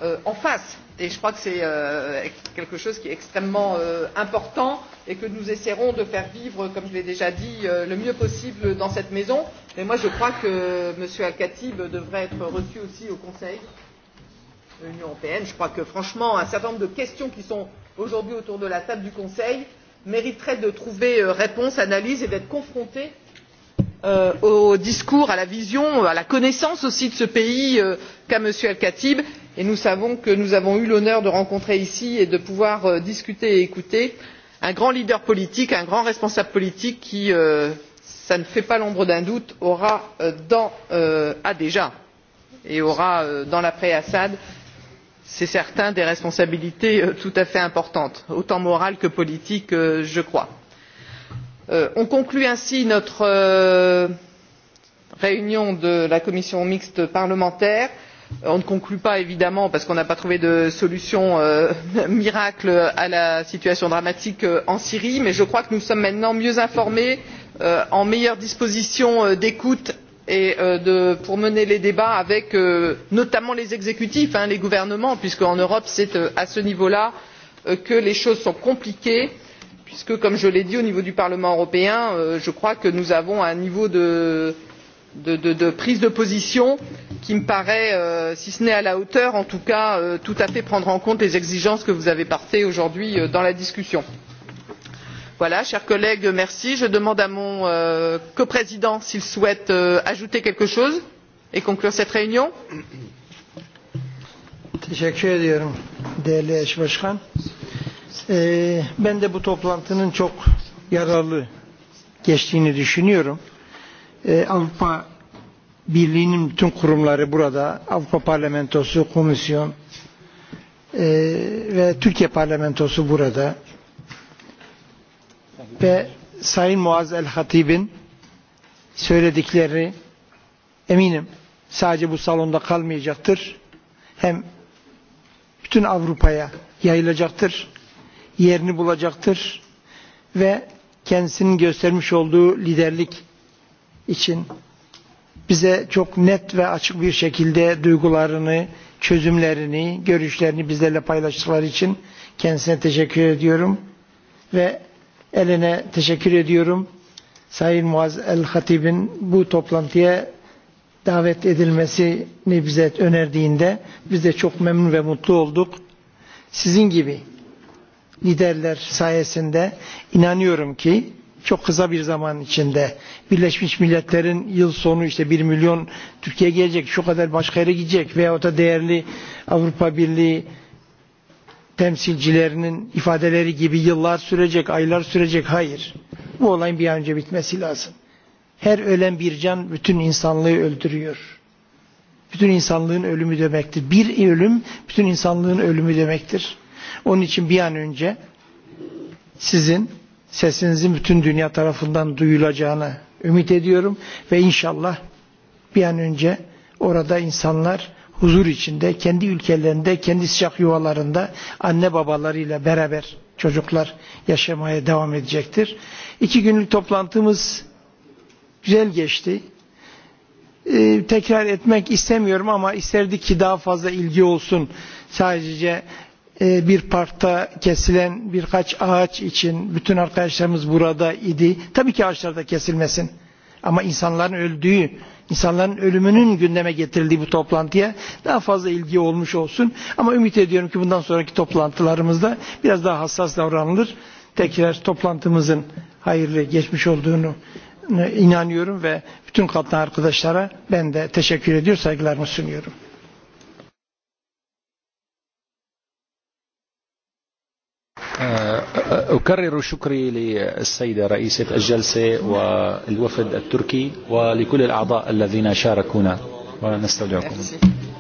euh, en face. Et je crois que c'est euh, quelque chose qui est extrêmement euh, important et que nous essaierons de faire vivre, comme je l'ai déjà dit, euh, le mieux possible dans cette maison. Mais moi, je crois que M. Al-Khatib devrait être reçu aussi au Conseil de l'Union européenne. Je crois que, franchement, un certain nombre de questions qui sont aujourd'hui autour de la table du Conseil mériterait de trouver réponse analyse et d'être confronté au discours à la vision à la connaissance aussi de ce pays qu'a m. Al khatib et nous savons que nous avons eu l'honneur de rencontrer ici et de pouvoir discuter et écouter un grand leader politique un grand responsable politique qui ça ne fait pas l'ombre d'un doute aura a déjà et aura dans l'après assad c'est certain des responsabilités tout à fait importantes autant morales que politiques je crois. on conclut ainsi notre réunion de la commission mixte parlementaire. on ne conclut pas évidemment parce qu'on n'a pas trouvé de solution miracle à la situation dramatique en syrie mais je crois que nous sommes maintenant mieux informés en meilleure disposition d'écoute et pour mener les débats avec notamment les exécutifs les gouvernements puisque, en europe c'est à ce niveau là que les choses sont compliquées puisque comme je l'ai dit au niveau du parlement européen je crois que nous avons un niveau de prise de position qui me paraît si ce n'est à la hauteur en tout cas tout à fait prendre en compte les exigences que vous avez portées aujourd'hui dans la discussion voilà chers collègues merci. je demande à mon coprésident s'il souhaite ajouter quelque chose et conclure cette réunion.
Teşekkür ediyorum değerli eş başkan. Ee, ben de bu toplantının çok yararlı geçtiğini düşünüyorum. Ee, Avrupa Birliği'nin bütün kurumları burada, Avrupa Parlamentosu, Komisyon e, ve Türkiye Parlamentosu burada ve Sayın Muaz el-Hatib'in söyledikleri eminim sadece bu salonda kalmayacaktır. Hem bütün Avrupa'ya yayılacaktır, yerini bulacaktır ve kendisinin göstermiş olduğu liderlik için bize çok net ve açık bir şekilde duygularını, çözümlerini, görüşlerini bizlerle paylaştıkları için kendisine teşekkür ediyorum ve eline teşekkür ediyorum. Sayın Muaz El-Hatib'in bu toplantıya davet edilmesini bize önerdiğinde biz de çok memnun ve mutlu olduk. Sizin gibi liderler sayesinde inanıyorum ki çok kısa bir zaman içinde Birleşmiş Milletler'in yıl sonu işte 1 milyon Türkiye gelecek, şu kadar başka yere gidecek veyahut da değerli Avrupa Birliği temsilcilerinin ifadeleri gibi yıllar sürecek, aylar sürecek. Hayır. Bu olayın bir an önce bitmesi lazım. Her ölen bir can bütün insanlığı öldürüyor. Bütün insanlığın ölümü demektir. Bir ölüm bütün insanlığın ölümü demektir. Onun için bir an önce sizin sesinizin bütün dünya tarafından duyulacağını ümit ediyorum ve inşallah bir an önce orada insanlar huzur içinde, kendi ülkelerinde, kendi sıcak yuvalarında anne babalarıyla beraber çocuklar yaşamaya devam edecektir. İki günlük toplantımız güzel geçti. Ee, tekrar etmek istemiyorum ama isterdik ki daha fazla ilgi olsun. Sadece e, bir parkta kesilen birkaç ağaç için bütün arkadaşlarımız burada idi. Tabii ki ağaçlar da kesilmesin. Ama insanların öldüğü insanların ölümünün gündeme getirildiği bu toplantıya daha fazla ilgi olmuş olsun. Ama ümit ediyorum ki bundan sonraki toplantılarımızda biraz daha hassas davranılır. Tekrar toplantımızın hayırlı geçmiş olduğunu inanıyorum ve bütün katılan arkadaşlara ben de teşekkür ediyor, saygılarımı sunuyorum.
أكرر
شكري للسيدة رئيسة الجلسة والوفد التركي ولكل الأعضاء الذين شاركونا ونستودعكم